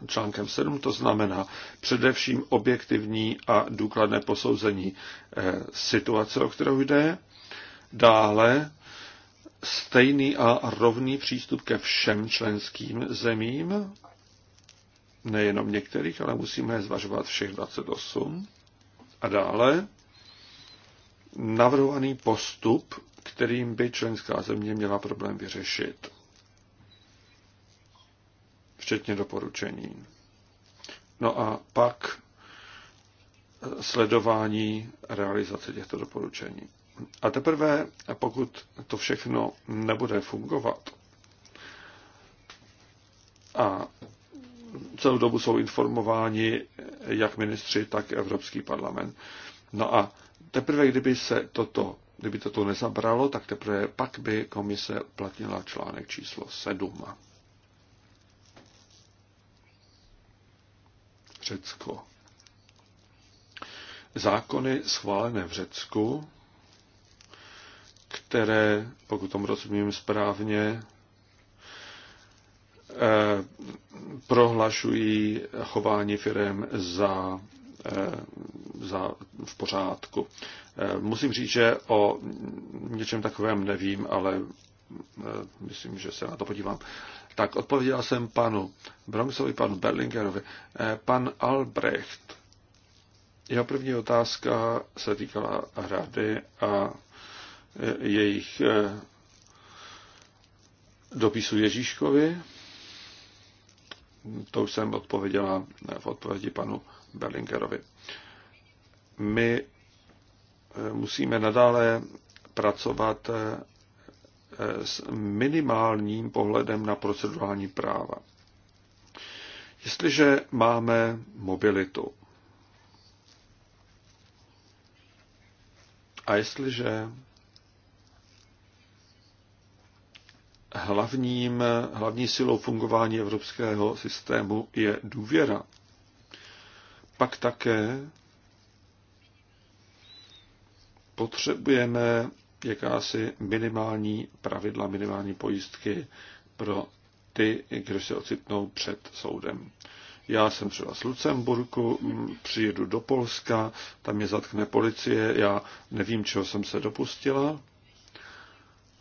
článkem 7, to znamená především objektivní a důkladné posouzení eh, situace, o kterou jde, dále stejný a rovný přístup ke všem členským zemím, nejenom některých, ale musíme zvažovat všech 28. A dále navrhovaný postup, kterým by členská země měla problém vyřešit včetně doporučení. No a pak sledování realizace těchto doporučení. A teprve, pokud to všechno nebude fungovat, a celou dobu jsou informováni jak ministři, tak Evropský parlament. No a teprve, kdyby se toto, kdyby toto nezabralo, tak teprve pak by komise uplatnila článek číslo 7. Řecko. Zákony schválené v Řecku, které, pokud tomu rozumím správně, eh, prohlašují chování firem za, eh, za v pořádku. Eh, musím říct, že o něčem takovém nevím, ale myslím, že se na to podívám tak odpověděl jsem panu Bromsovi, panu Berlingerovi. Eh, pan Albrecht, jeho první otázka se týkala hrady a eh, jejich eh, dopisu Ježíškovi. To už jsem odpověděla v odpovědi panu Berlingerovi. My musíme nadále pracovat Eh, s minimálním pohledem na procedurální práva. Jestliže máme mobilitu a jestliže hlavním, hlavní silou fungování evropského systému je důvěra, pak také potřebujeme jakási minimální pravidla, minimální pojistky pro ty, kdo se ocitnou před soudem. Já jsem třeba z Lucemburku, mm, přijedu do Polska, tam mě zatkne policie, já nevím, čeho jsem se dopustila.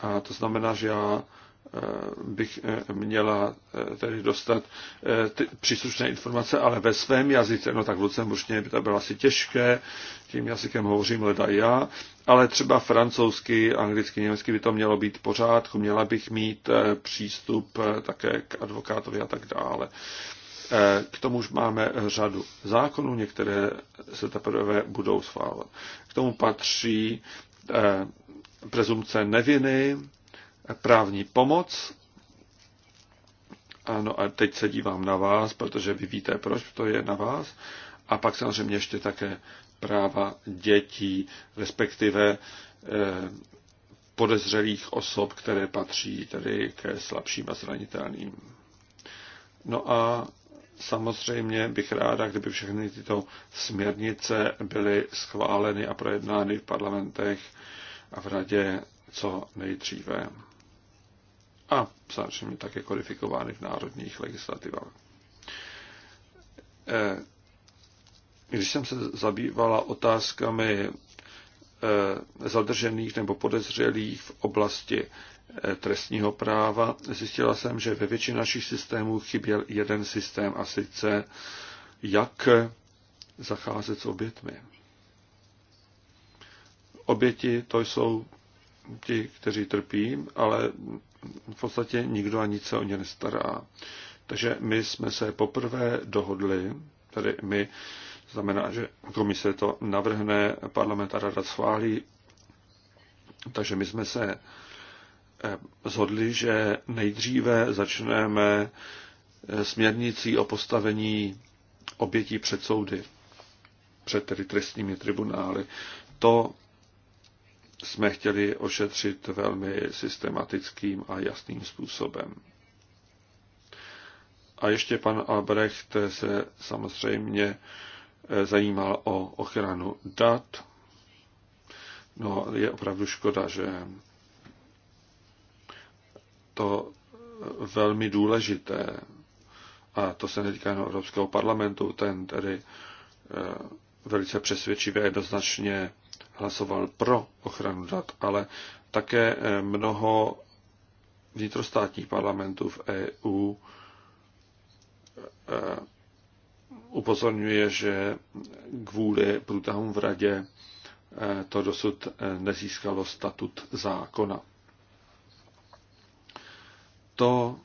A to znamená, že já Eh, bych eh, měla eh, tedy dostat ty příslušné informace, ale ve svém jazyce, no tak v Lucemburštině by to bylo asi těžké, tím jazykem hovořím leda já, ale třeba francouzsky, anglicky, německy by to mělo být pořádku, měla bych mít přístup také k advokátovi a tak dále. K tomu už máme řadu zákonů, některé se teprve budou schválovat. K tomu patří prezumce neviny, právní pomoc. Ano, a teď se dívám na vás, protože vy víte, proč to je na vás. A pak samozřejmě ještě také práva dětí, respektive eh, podezřelých osob, které patří tedy ke slabším a zranitelným. No a samozřejmě bych ráda, kdyby všechny tyto směrnice byly schváleny a projednány v parlamentech a v radě co nejdříve a samozřejmě také kodifikovány v národních legislativách. Eh, když jsem se zabývala otázkami eh, zadržených nebo podezřelých v oblasti eh, trestního práva, zjistila jsem, že ve většině našich systémů chyběl jeden systém a sice jak zacházet s obětmi. Oběti to jsou ti, kteří trpí, ale v podstatě nikdo a nic se o ně nestará. Takže my jsme se poprvé dohodli, tedy my, znamená, že komise to navrhne, parlament a rada schválí, takže my jsme se zhodli, eh, že nejdříve začneme eh, směrnicí o postavení obětí před soudy, před tedy trestními tribunály. To jsme chtěli ošetřit velmi systematickým a jasným způsobem. A ještě pan Albrecht se samozřejmě eh, zajímal o ochranu dat. No, je opravdu škoda, že to eh, velmi důležité, a to se netýká jenom Evropského parlamentu, ten tedy eh, velice přesvědčivě jednoznačně hlasoval pro ochranu dat, ale také eh, mnoho vnitrostátních parlamentů v EU eh, upozorňuje, že kvůli průtahům v radě eh, to dosud nezískalo statut zákona. To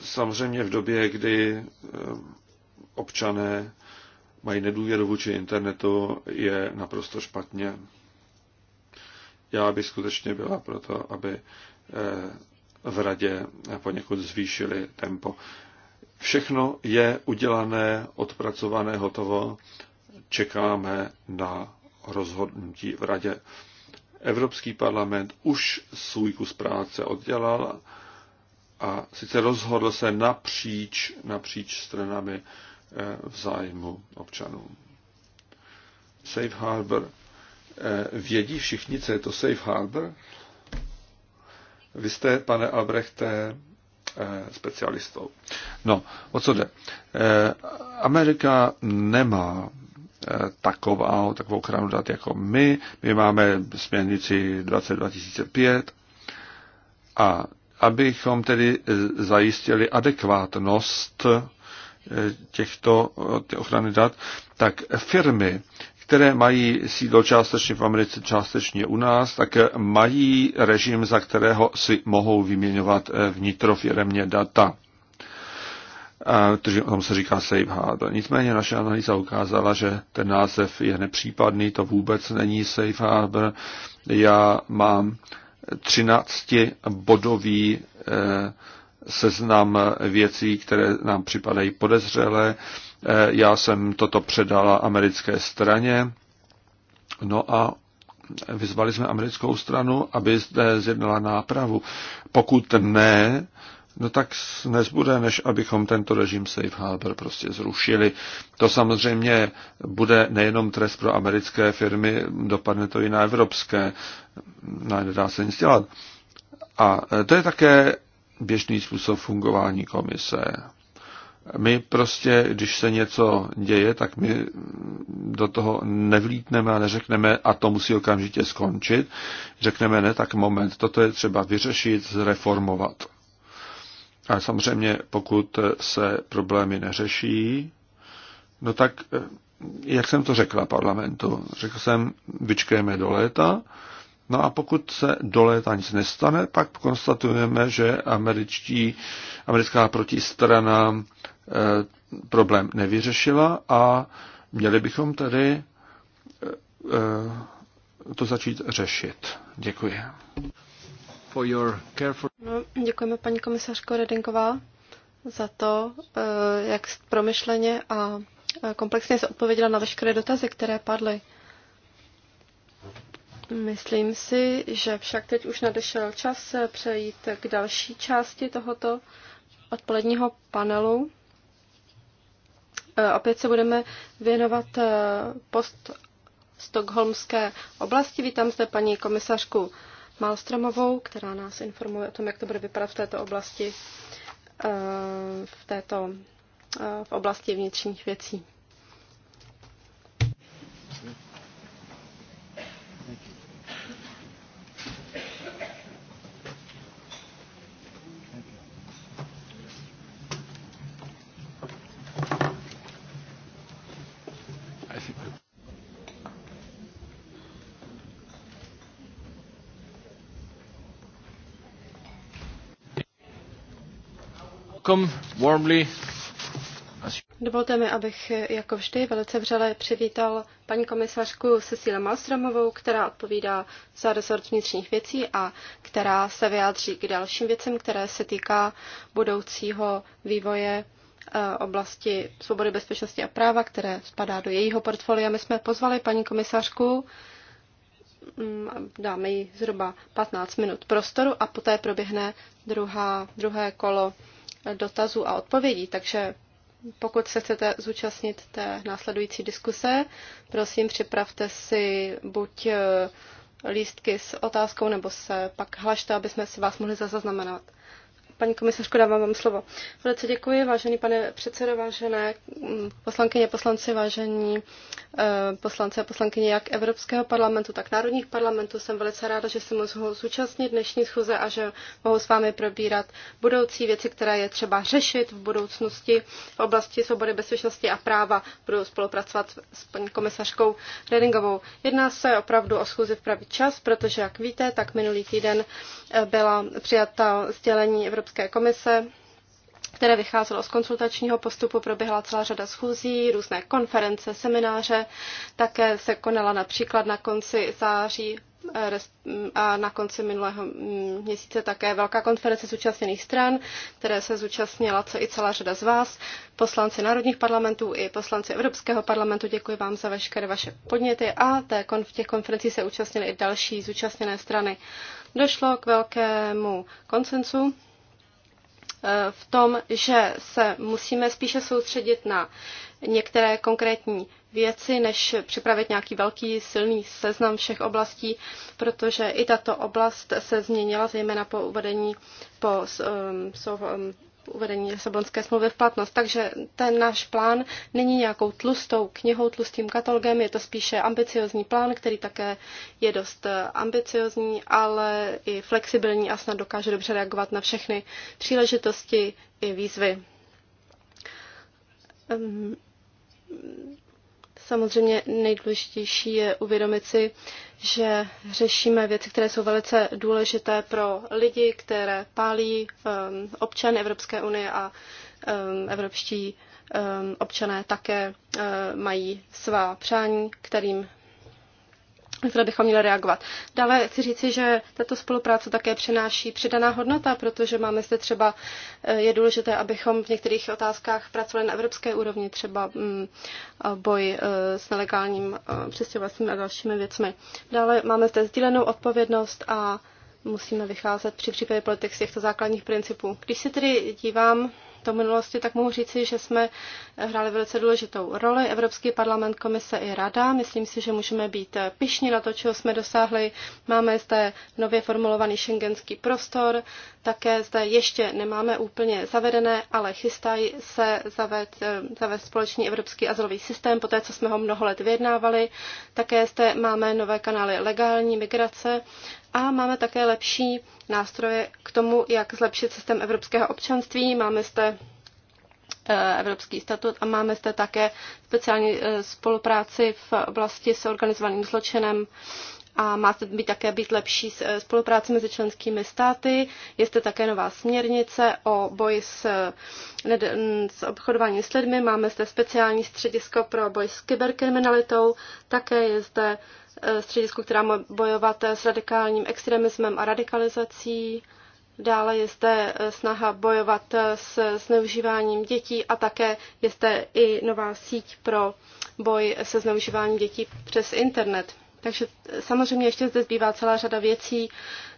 samozřejmě v době, kdy občané mají nedůvěru vůči internetu, je naprosto špatně. Já bych skutečně byla proto, aby eh, v radě poněkud zvýšili tempo. Všechno je udělané, odpracované, hotovo. Čekáme na rozhodnutí v radě. Evropský parlament už svůj kus práce oddělal a sice rozhodl se napříč, napříč stranami v zájmu občanů. Safe Harbor. Eh, vědí všichni, co je to Safe Harbor? Vy jste, pane Albrechte, eh, specialistou. No, o co jde? Eh, Amerika nemá takovou, takovou ochranu dat jako my. My máme směrnici 22005 a abychom tedy zajistili adekvátnost těchto ty ochrany dat, tak firmy, které mají sídlo částečně v Americe, částečně u nás, tak mají režim, za kterého si mohou vyměňovat eh, vnitrofiremně data. Takže o tom se říká safe harbor. Nicméně naše analýza ukázala, že ten název je nepřípadný, to vůbec není safe harbor. Já mám 13 bodový eh, seznam věcí, které nám připadají podezřelé. Eh, já jsem toto předala americké straně. No a vyzvali jsme americkou stranu, aby zde zjednala nápravu. Pokud ne, no tak nezbude, než abychom tento režim safe harbor prostě zrušili. To samozřejmě bude nejenom trest pro americké firmy, dopadne to i na evropské, no, nedá se nic dělat. A eh, to je také běžný způsob fungování komise. My prostě, když se něco děje, tak my do toho nevlítneme a neřekneme, a to musí okamžitě skončit. Řekneme, ne, tak moment, toto je třeba vyřešit, zreformovat. A samozřejmě, pokud se problémy neřeší, no tak, eh, jak jsem to řekla parlamentu? Řekl jsem, vyčkejme do léta, No a pokud se do léta nic nestane, pak konstatujeme, že američtí, americká protistrana e, problém nevyřešila a měli bychom tedy e, to začít řešit. Děkuji. For your careful... no, děkujeme paní komisařko Redinková za to, jak promyšleně a komplexně se odpověděla na veškeré dotazy, které padly. Myslím si, že však teď už nadešel čas přejít k další části tohoto odpoledního panelu. E, opět se budeme věnovat e, post stokholmské oblasti. Vítám zde paní komisařku Malstromovou, která nás informuje o tom, jak to bude vypadat v této oblasti, e, v, této, v oblasti vnitřních věcí. welcome warmly. Dovolte mi, abych jako vždy velice vřele přivítal paní komisařku Cecile Malstromovou, která odpovídá za resort vnitřních věcí a která se vyjádří k dalším věcem, které se týká budoucího vývoje eh, oblasti svobody, bezpečnosti a práva, které spadá do jejího portfolia. My jsme pozvali paní komisařku, mm, dáme jí zhruba 15 minut prostoru a poté proběhne druhá, druhé kolo dotazů a odpovědí, takže pokud se chcete zúčastnit té následující diskuse, prosím připravte si buď eh, lístky s otázkou, nebo se pak hlašte, aby jsme si vás mohli zaznamenat. Paní komisařko, dávám vám slovo. Velice děkuji, vážený pane předsedo, vážené mm, poslankyně, poslanci, vážení eh, poslanci a poslankyně jak Evropského parlamentu, tak národních parlamentů. Jsem velice ráda, že se mohu zúčastnit dnešní schůze a že mohu s vámi probírat budoucí věci, které je třeba řešit v budoucnosti v oblasti svobody, bezpečnosti a práva. Budu spolupracovat s paní komisařkou Redingovou. Jedná se opravdu o schůzi v pravý čas, protože, jak víte, tak minulý týden eh, byla přijata sdělení Evropské Evropské komise, které vycházelo z konsultačního postupu, proběhla celá řada schůzí, různé konference, semináře, také se konala například na konci září eh, a na konci minulého mm, měsíce také velká konference zúčastněných stran, které se zúčastnila co i celá řada z vás, poslanci národních parlamentů i poslanci Evropského parlamentu. Děkuji vám za veškeré vaše podněty a té, v těch konferencích se účastnily i další zúčastněné strany. Došlo k velkému koncensu Eh, v tom, že se musíme spíše soustředit na některé konkrétní věci, než připravit nějaký velký silný seznam všech oblastí, protože i tato oblast se změnila zejména po uvedení po um, uvedení Lisabonské smlouvy v platnost. Takže ten náš plán není nějakou tlustou knihou, tlustým katalogem, je to spíše ambiciozní plán, který také je dost eh, ambiciozní, ale i flexibilní a snad dokáže dobře reagovat na všechny příležitosti i výzvy. Ehm, Samozřejmě nejdůležitější je uvědomit si, že řešíme věci, které jsou velice důležité pro lidi, které pálí um, občan Evropské unie a um, evropští um, občané také um, mají svá přání, kterým na které bychom měli reagovat. Dále chci říci, že tato spolupráce také přináší přidaná hodnota, protože máme zde třeba, eh, je důležité, abychom v některých otázkách pracovali na evropské úrovni, třeba mm, boj eh, s nelegálním eh, přestěhovacím a dalšími věcmi. Dále máme zde sdílenou odpovědnost a musíme vycházet při přípravě politik z těchto základních principů. Když se tedy dívám do minulosti, tak mohu říci, že jsme hráli velice důležitou roli. Evropský parlament, komise i rada. Myslím si, že můžeme být pišní na to, čeho jsme dosáhli. Máme zde nově formulovaný šengenský prostor, také zde ještě nemáme úplně zavedené, ale chystají se zavést, zavést společný evropský azylový systém, poté co jsme ho mnoho let vyjednávali. Také zde máme nové kanály legální migrace a máme také lepší nástroje k tomu, jak zlepšit systém evropského občanství. Máme zde eh, Evropský statut a máme zde také speciální eh, spolupráci v oblasti s organizovaným zločinem a má se být také být lepší eh, spolupráce mezi členskými státy. Je zde také nová směrnice o boji s, eh, s obchodováním s lidmi. Máme zde speciální středisko pro boj s kyberkriminalitou. Také je zde eh, středisko, která má bojovat s radikálním extremismem a radikalizací. Dále je zde snaha bojovat s zneužíváním dětí a také je zde i nová síť pro boj se zneužíváním dětí přes internet. Takže samozřejmě ještě zde zbývá celá řada věcí,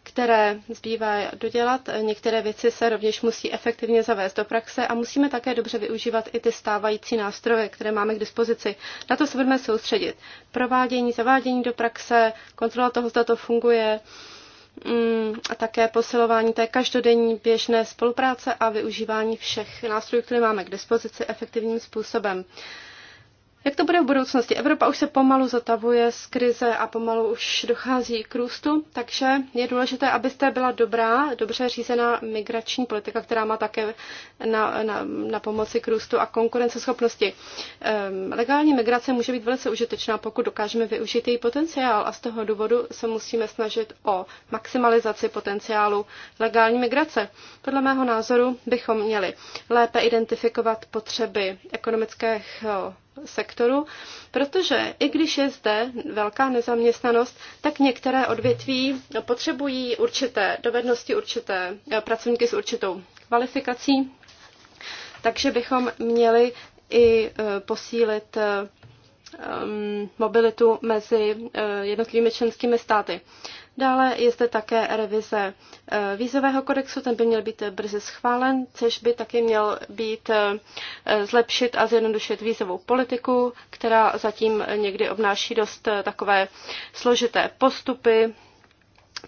které zbývá dodělat. Některé věci se rovněž musí efektivně zavést do praxe a musíme také dobře využívat i ty stávající nástroje, které máme k dispozici. Na to se budeme soustředit. Provádění, zavádění do praxe, kontrola toho, zda to funguje mm, a také posilování té každodenní běžné spolupráce a využívání všech nástrojů, které máme k dispozici efektivním způsobem. Jak to bude v budoucnosti? Evropa už se pomalu zatavuje z krize a pomalu už dochází k růstu, takže je důležité, abyste byla dobrá, dobře řízená migrační politika, která má také na, na, na pomoci k růstu a konkurenceschopnosti. Ehm, legální migrace může být velice užitečná, pokud dokážeme využít její potenciál a z toho důvodu se musíme snažit o maximalizaci potenciálu legální migrace. Podle mého názoru bychom měli lépe identifikovat potřeby ekonomických sektoru, protože i když je zde velká nezaměstnanost, tak některé odvětví potřebují určité dovednosti, určité eh, pracovníky s určitou kvalifikací, takže bychom měli i eh, posílit eh, mobilitu mezi jednotlivými členskými státy. Dále je zde také revize eh, vízového kodexu, ten by měl být brzy schválen, což by také měl být eh, zlepšit a zjednodušit vízovou politiku, která zatím někdy obnáší dost eh, takové složité postupy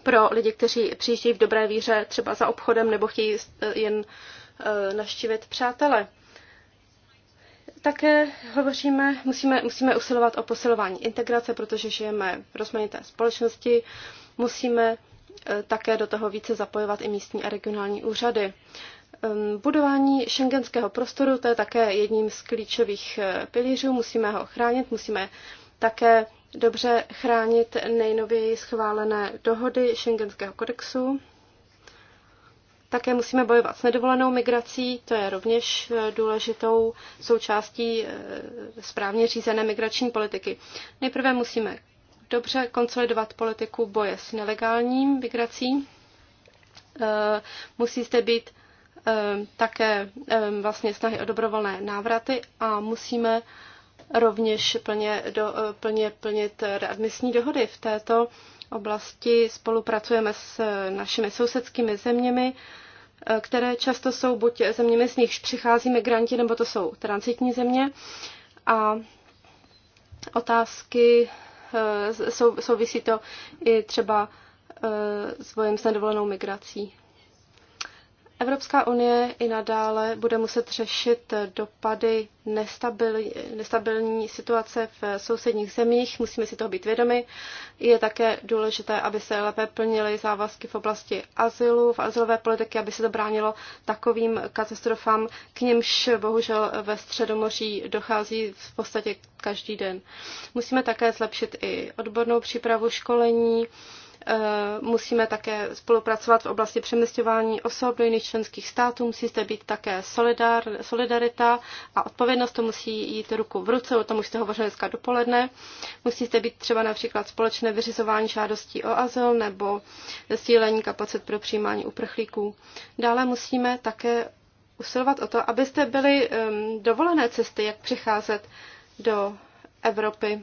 pro lidi, kteří přijíždějí v dobré víře třeba za obchodem nebo chtějí jen naštívit přátele. Také hovoříme, musíme, musíme usilovat o posilování integrace, protože žijeme v rozmanité společnosti, Musíme eh, také do toho více zapojovat i místní a regionální úřady. Ehm, budování šengenského prostoru, to je také jedním z klíčových eh, pilířů, musíme ho chránit, musíme také dobře chránit nejnověji schválené dohody šengenského kodexu. Také musíme bojovat s nedovolenou migrací, to je rovněž eh, důležitou součástí správně řízené migrační politiky. Nejprve musíme dobře konsolidovat politiku boje s nelegálním migrací. E, musí zde být e, také e, vlastně snahy o dobrovolné návraty a musíme rovněž plně, do, plně plnit readmisní dohody. V této oblasti spolupracujeme s našimi sousedskými zeměmi, které často jsou buď zeměmi, z nichž přichází migranti, nebo to jsou transitní země. A otázky Eh, souvisí to i třeba eh, s bojem s nedovolenou migrací. Evropská unie i nadále bude muset řešit dopady nestabil, nestabilní situace v sousedních zemích. Musíme si toho být vědomi. Je také důležité, aby se lépe plnily závazky v oblasti azylu, v azylové politiky, aby se zabránilo takovým katastrofám, k nimž bohužel ve Středomoří dochází v podstatě každý den. Musíme také zlepšit i odbornou přípravu školení, Eh, musíme také spolupracovat v oblasti přeměstňování osob do jiných členských států. Musí zde být také solidar, solidarita a odpovědnost. To musí jít ruku v ruce, o tom už jste hovořili dneska dopoledne. Musí zde být třeba například společné vyřizování žádostí o azyl nebo sdílení kapacit pro přijímání uprchlíků. Dále musíme také usilovat o to, abyste byli um, dovolené cesty, jak přicházet do Evropy.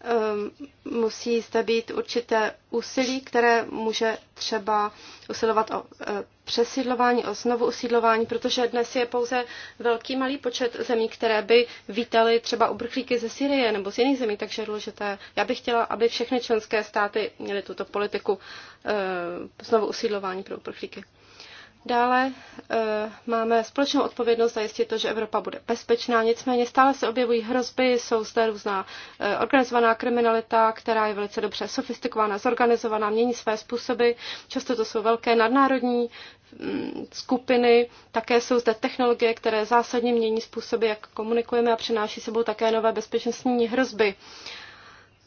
Ehm, musí zde být určité úsilí, které může třeba usilovat o e, přesídlování, o znovu usídlování, protože dnes je pouze velký malý počet zemí, které by vítaly třeba uprchlíky ze Syrie nebo z jiných zemí, takže je důležité. Já bych chtěla, aby všechny členské státy měly tuto politiku e, znovu usídlování pro uprchlíky. Dále e, máme společnou odpovědnost zajistit to, že Evropa bude bezpečná, nicméně stále se objevují hrozby, jsou zde různá e, organizovaná kriminalita, která je velice dobře sofistikovaná, zorganizovaná, mění své způsoby, často to jsou velké nadnárodní mm, skupiny, také jsou zde technologie, které zásadně mění způsoby, jak komunikujeme a přináší sebou také nové bezpečnostní hrozby.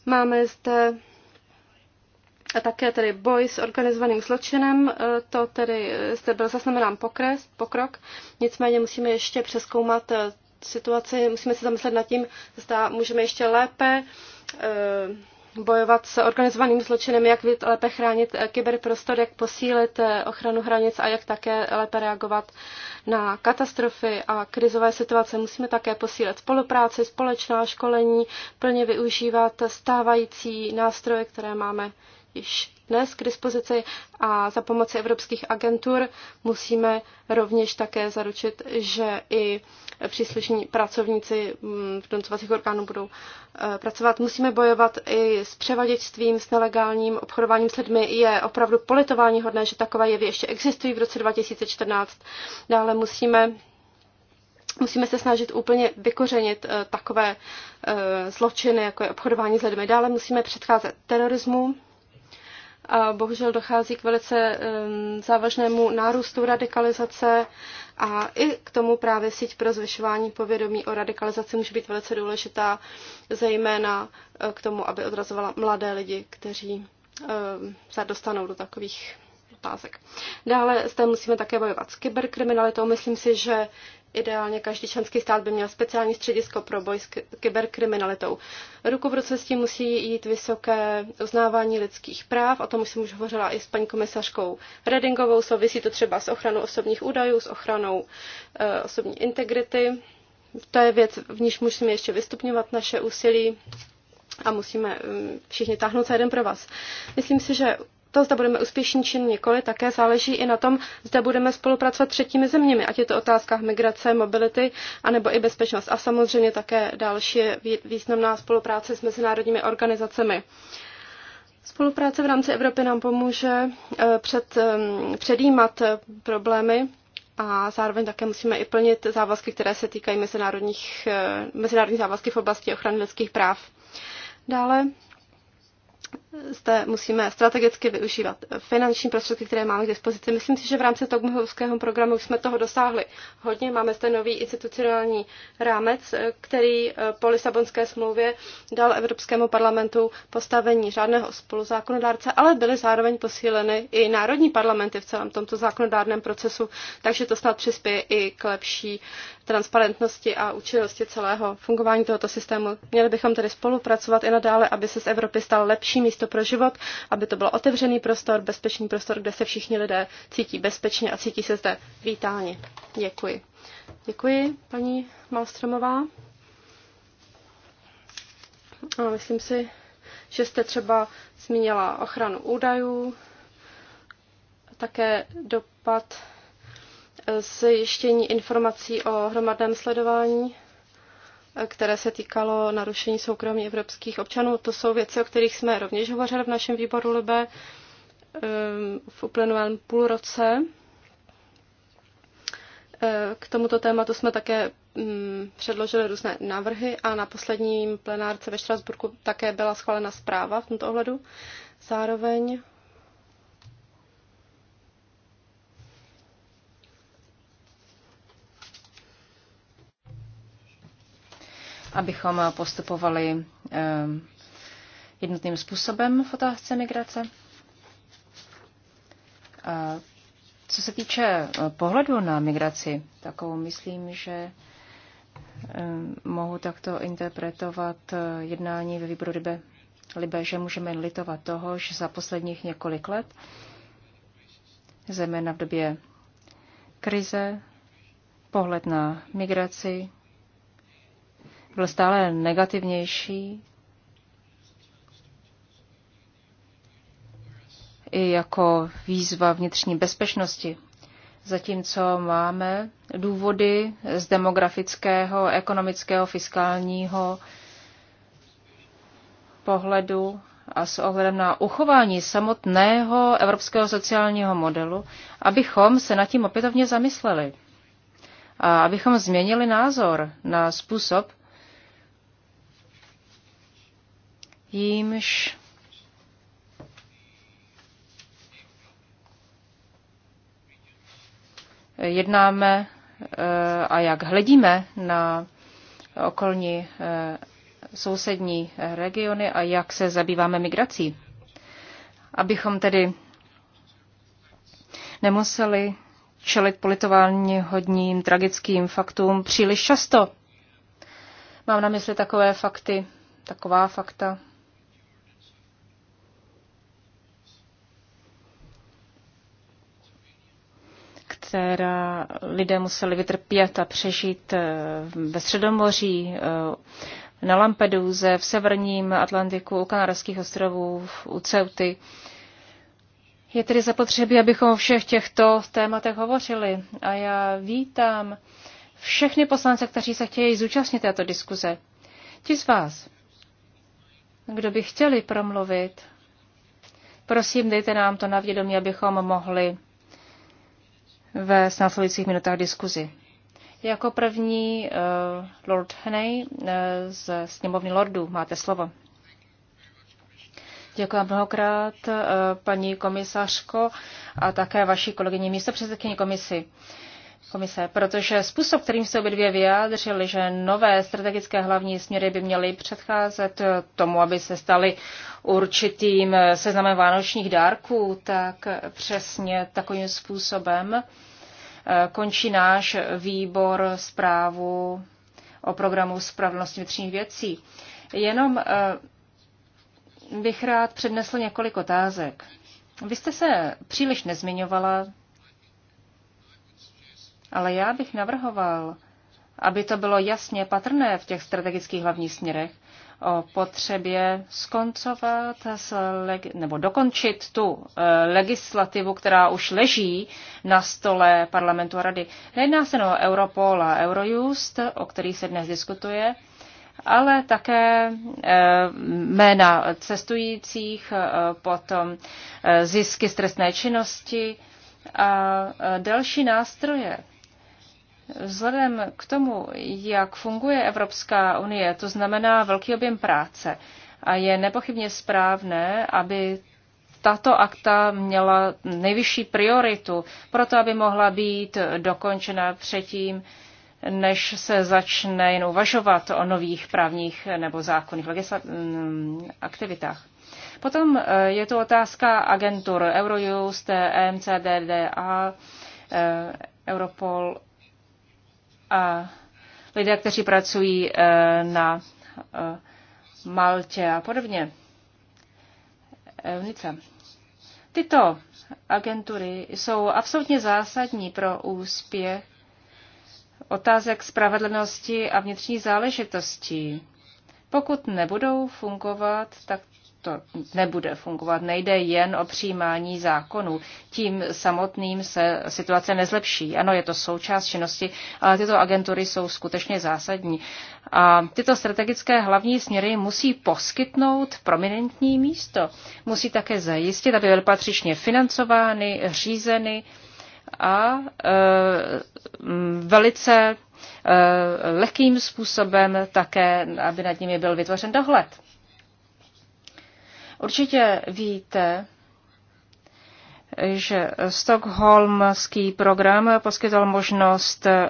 Máme zde a také tedy boj s organizovaným zločinem, e, to tedy e, zde byl zaznamenán pokres, pokrok, nicméně musíme ještě přeskoumat e, situaci, musíme se zamyslet nad tím, zda můžeme ještě lépe bojovat s organizovaným zločinem, jak lépe chránit kyberprostor, jak posílit ochranu hranic a jak také lépe reagovat na katastrofy a krizové situace. Musíme také posílit spolupráci, společná školení, plně využívat stávající nástroje, které máme již dnes k dispozici a za pomoci evropských agentur musíme rovněž také zaručit, že i příslušní pracovníci v mm, donucovacích orgánů budou eh, pracovat. Musíme bojovat i s převaděčstvím, s nelegálním obchodováním s lidmi. Je opravdu politování hodné, že takové jevy ještě existují v roce 2014. Dále musíme musíme se snažit úplně vykořenit eh, takové eh, zločiny, jako je obchodování s lidmi. Dále musíme předcházet terorismu a bohužel dochází k velice závažnému nárůstu radikalizace a i k tomu právě síť pro zvyšování povědomí o radikalizaci může být velice důležitá, zejména eh, k tomu, aby odrazovala mladé lidi, kteří se dostanou do takových otázek. Dále zde musíme také bojovat s kyberkriminalitou. Myslím si, že Ideálně každý členský stát by měl speciální středisko pro boj s kyberkriminalitou. Ruku v ruce s tím musí jít vysoké uznávání lidských práv, o tom už jsem už hovořila i s paní komisařkou Redingovou, souvisí to třeba s ochranou osobních údajů, s ochranou e, osobní integrity. To je věc, v níž musíme ještě vystupňovat naše úsilí a musíme mm, všichni táhnout za jeden pro vás. Myslím si, že to, zda budeme úspěšní či nikoli, také záleží i na tom, zda budeme spolupracovat s třetími zeměmi, ať je to otázka migrace, mobility, anebo i bezpečnost. A samozřejmě také další významná spolupráce s mezinárodními organizacemi. Spolupráce v rámci Evropy nám pomůže eh, před, eh, předjímat eh, problémy a zároveň také musíme i plnit závazky, které se týkají mezinárodních, mezinárodních závazky v oblasti ochrany lidských práv. Dále zde musíme strategicky využívat finanční prostředky, které máme k dispozici. Myslím si, že v rámci Tokmuhovského programu jsme toho dosáhli hodně. Máme zde nový institucionální rámec, který eh, po Lisabonské smlouvě dal Evropskému parlamentu postavení řádného spoluzákonodárce, ale byly zároveň posíleny i národní parlamenty v celém tomto zákonodárném procesu, takže to snad přispěje i k lepší transparentnosti a účinnosti celého fungování tohoto systému. Měli bychom tedy spolupracovat i nadále, aby se z Evropy stal lepší místo místo pro život, aby to byl otevřený prostor, bezpečný prostor, kde se všichni lidé cítí bezpečně a cítí se zde vítáni. Děkuji. Děkuji, paní Malstromová. A myslím si, že jste třeba zmínila ochranu údajů, také dopad eh, zjištění informací o hromadném sledování které se týkalo narušení soukromí evropských občanů. To jsou věci, o kterých jsme rovněž hovořili v našem výboru Libe ehm, v uplynulém roce. Ehm, k tomuto tématu jsme také mm, předložili různé návrhy a na posledním plenárce ve Štrasburku také byla schválena zpráva v tomto ohledu. Zároveň abychom postupovali ehm, jednotným způsobem v otázce migrace. co se týče eh, pohledu na migraci, takovou myslím, že ehm, mohu takto interpretovat eh, jednání ve výboru Libe, Libe, že můžeme litovat toho, že za posledních několik let, zejména v době krize, pohled na migraci byl stále negativnější. I jako výzva vnitřní bezpečnosti. Zatímco máme důvody z demografického, ekonomického, fiskálního pohledu a s ohledem na uchování samotného evropského sociálního modelu, abychom se nad tím opětovně zamysleli a abychom změnili názor na způsob, jímž jednáme eh, a jak hledíme na okolní eh, sousední regiony a jak se zabýváme migrací. Abychom tedy nemuseli čelit politování hodním tragickým faktům příliš často. Mám na mysli takové fakty, taková fakta, která lidé museli vytrpět a přežít eh, ve Středomoří, eh, na Lampeduze, v severním Atlantiku, u Kanárských ostrovů, u Ceuty. Je tedy zapotřebí, abychom o všech těchto tématech hovořili. A já vítám všechny poslance, kteří se chtějí zúčastnit této diskuze. Ti z vás, kdo by chtěli promluvit, prosím, dejte nám to na vědomí, abychom mohli ve následujících minutách diskuzi. Jako první uh, Lord Henney uh, eh, z sněmovny Lordů. Máte slovo. Děkuji mnohokrát, uh, paní komisařko, a také vaší místo místopředsedkyni komisi. Uh, komise, protože způsob, kterým se obě dvě vyjádřili, že nové strategické hlavní směry by měly předcházet tomu, aby se staly určitým seznamem vánočních dárků, tak přesně takovým způsobem eh, končí náš výbor zprávu o programu spravedlnosti vnitřních věcí. Jenom eh, bych rád přednesl několik otázek. Vy jste se příliš nezmiňovala ale já bych navrhoval, aby to bylo jasně patrné v těch strategických hlavních směrech o potřebě skoncovat s leg- nebo dokončit tu e, legislativu, která už leží na stole parlamentu a rady. Nejedná se o Europol a Eurojust, o kterých se dnes diskutuje, ale také eh, jména cestujících, eh, potom zisky z trestné činnosti a další nástroje Vzhledem k tomu, jak funguje Evropská unie, to znamená velký objem práce a je nepochybně správné, aby tato akta měla nejvyšší prioritu, proto aby mohla být dokončena předtím, než se začne jen uvažovat o nových právních nebo zákonných mm, aktivitách. Potom eh, je tu otázka agentur Eurojust, EMCDDA, eh, eh, Europol a lidé, kteří pracují eh, na eh, Maltě a podobně. Eh, nice. Tyto agentury jsou absolutně zásadní pro úspěch otázek spravedlnosti a vnitřní záležitosti. Pokud nebudou fungovat, tak to nebude fungovat. Nejde jen o přijímání zákonů. Tím samotným se situace nezlepší. Ano, je to součást činnosti, ale tyto agentury jsou skutečně zásadní. A tyto strategické hlavní směry musí poskytnout prominentní místo. Musí také zajistit, aby byly patřičně financovány, řízeny a e, velice e, lehkým způsobem také, aby nad nimi byl vytvořen dohled. Určitě víte, že Stockholmský program poskytl možnost eh,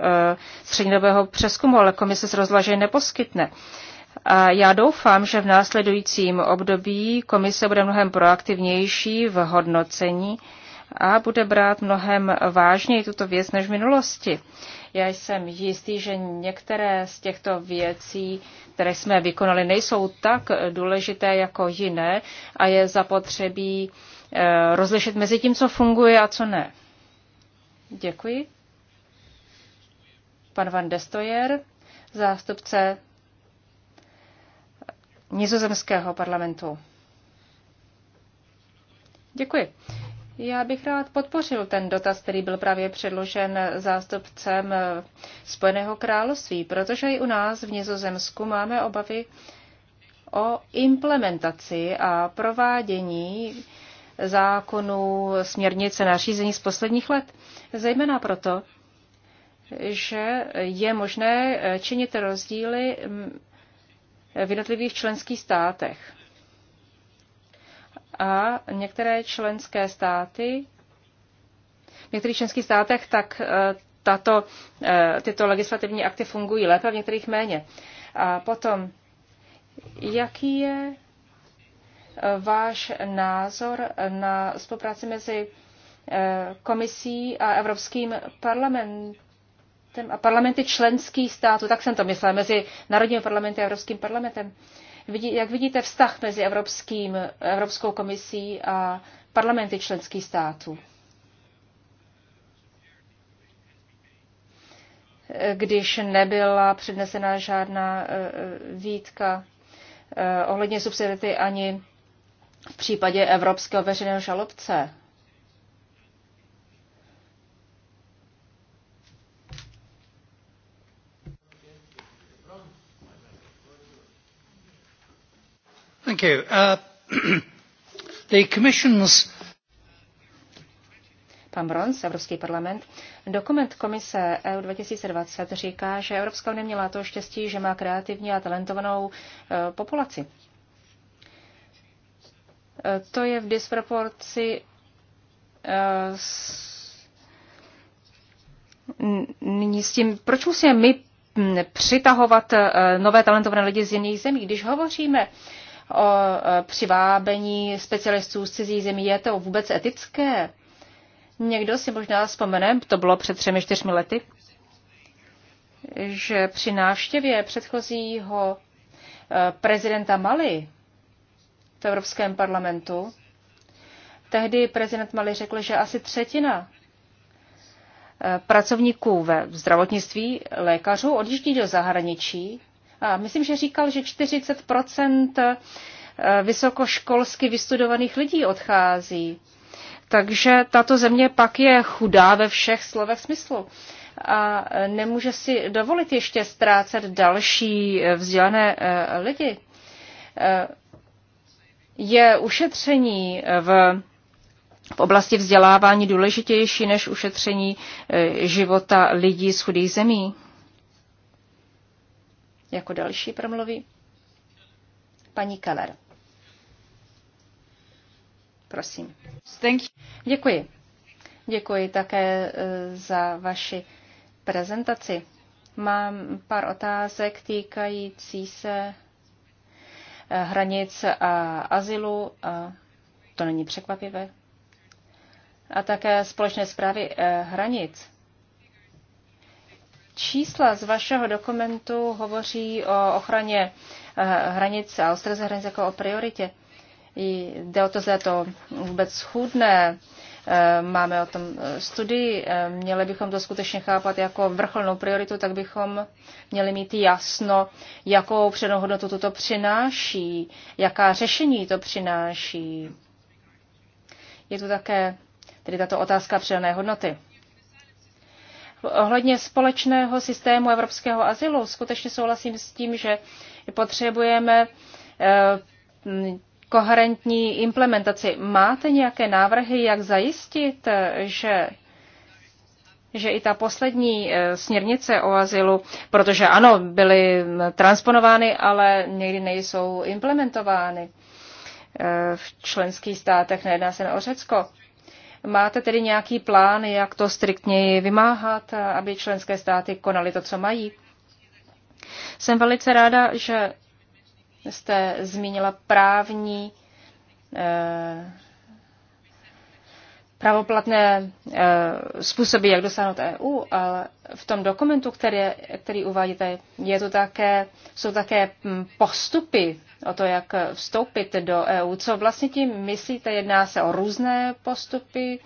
střednědobého přeskumu, ale komise rozhodla, že neposkytne. A já doufám, že v následujícím období komise bude mnohem proaktivnější v hodnocení a bude brát mnohem vážněji tuto věc než v minulosti. Já jsem jistý, že některé z těchto věcí, které jsme vykonali, nejsou tak důležité jako jiné a je zapotřebí eh, rozlišit mezi tím, co funguje a co ne. Děkuji. Pan Van Destoyer, zástupce nizozemského parlamentu. Děkuji. Já bych rád podpořil ten dotaz, který byl právě předložen zástupcem eh, Spojeného království, protože i u nás v Nizozemsku máme obavy o implementaci a provádění zákonů, směrnice, nařízení z posledních let. Zejména proto, že je možné eh, činit rozdíly mm, v jednotlivých členských státech a některé členské státy, v některých členských státech tak eh, tato, eh, tyto legislativní akty fungují lépe, v některých méně. A potom, jaký je eh, váš názor na spolupráci mezi komisí a Evropským parlamentem a parlamenty členských států, tak jsem to myslela, mezi Národním parlamentem a Evropským parlamentem. Uh, jak vidíte vztah mezi Evropským, Evropskou komisí a parlamenty členských států? Když nebyla přednesena žádná e, e, výtka e, ohledně subsidiarity ani v případě Evropského veřejného žalobce. Uh, (clears throat) the commission's... Pan Brons, Evropský parlament. Dokument komise EU 2020 říká, že Evropská unie měla to štěstí, že má kreativní a talentovanou eh, populaci. Eh, to je v disproporci eh, s nyní s tím, proč musíme my hm, přitahovat nové talentované lidi z jiných zemí? Když hovoříme o e, přivábení specialistů z cizí zemí. Je to vůbec etické? Někdo si možná vzpomene, to bylo před třemi, čtyřmi lety, že při návštěvě předchozího e, prezidenta Mali v Evropském parlamentu, tehdy prezident Mali řekl, že asi třetina e, pracovníků ve zdravotnictví, lékařů odjíždí do zahraničí myslím, že říkal, že 40 eh, vysokoškolsky vystudovaných lidí odchází. Takže tato země pak je chudá ve všech slovech smyslu a eh, nemůže si dovolit ještě ztrácet další eh, vzdělané lidi. Je ušetření v, v oblasti vzdělávání důležitější než ušetření života lidí z chudých zemí? Jako další promluví paní Keller. Prosím. Děkuji. Děkuji také e, za vaši prezentaci. Mám pár otázek týkající se e, hranic a azylu. A to není překvapivé. A také společné zprávy e, hranic. Čísla z vašeho dokumentu hovoří o ochraně eh, hranic a ostraze hranic jako o prioritě. Jde o to, že to vůbec schůdné. Eh, máme o tom eh, studii. Měli bychom to skutečně chápat jako vrcholnou prioritu, tak bychom měli mít jasno, jakou přednou hodnotu toto přináší, jaká řešení to přináší. Je tu také tedy tato otázka přidané hodnoty. Ohledně společného systému evropského azylu skutečně souhlasím s tím, že potřebujeme eh, koherentní implementaci. Máte nějaké návrhy, jak zajistit, eh, že že i ta poslední eh, směrnice o azylu, protože ano, byly mm, transponovány, ale někdy nejsou implementovány v členských státech, nejedná se o Řecko. Máte tedy nějaký plán, jak to striktněji vymáhat, aby členské státy konaly to, co mají? Jsem velice ráda, že jste zmínila právní eh, pravoplatné eh, způsoby, jak dosáhnout EU, ale v tom dokumentu, který, který uvádíte, je to také, jsou také hm, postupy o to, jak vstoupit do EU. Co vlastně tím myslíte? Jedná se o různé postupy,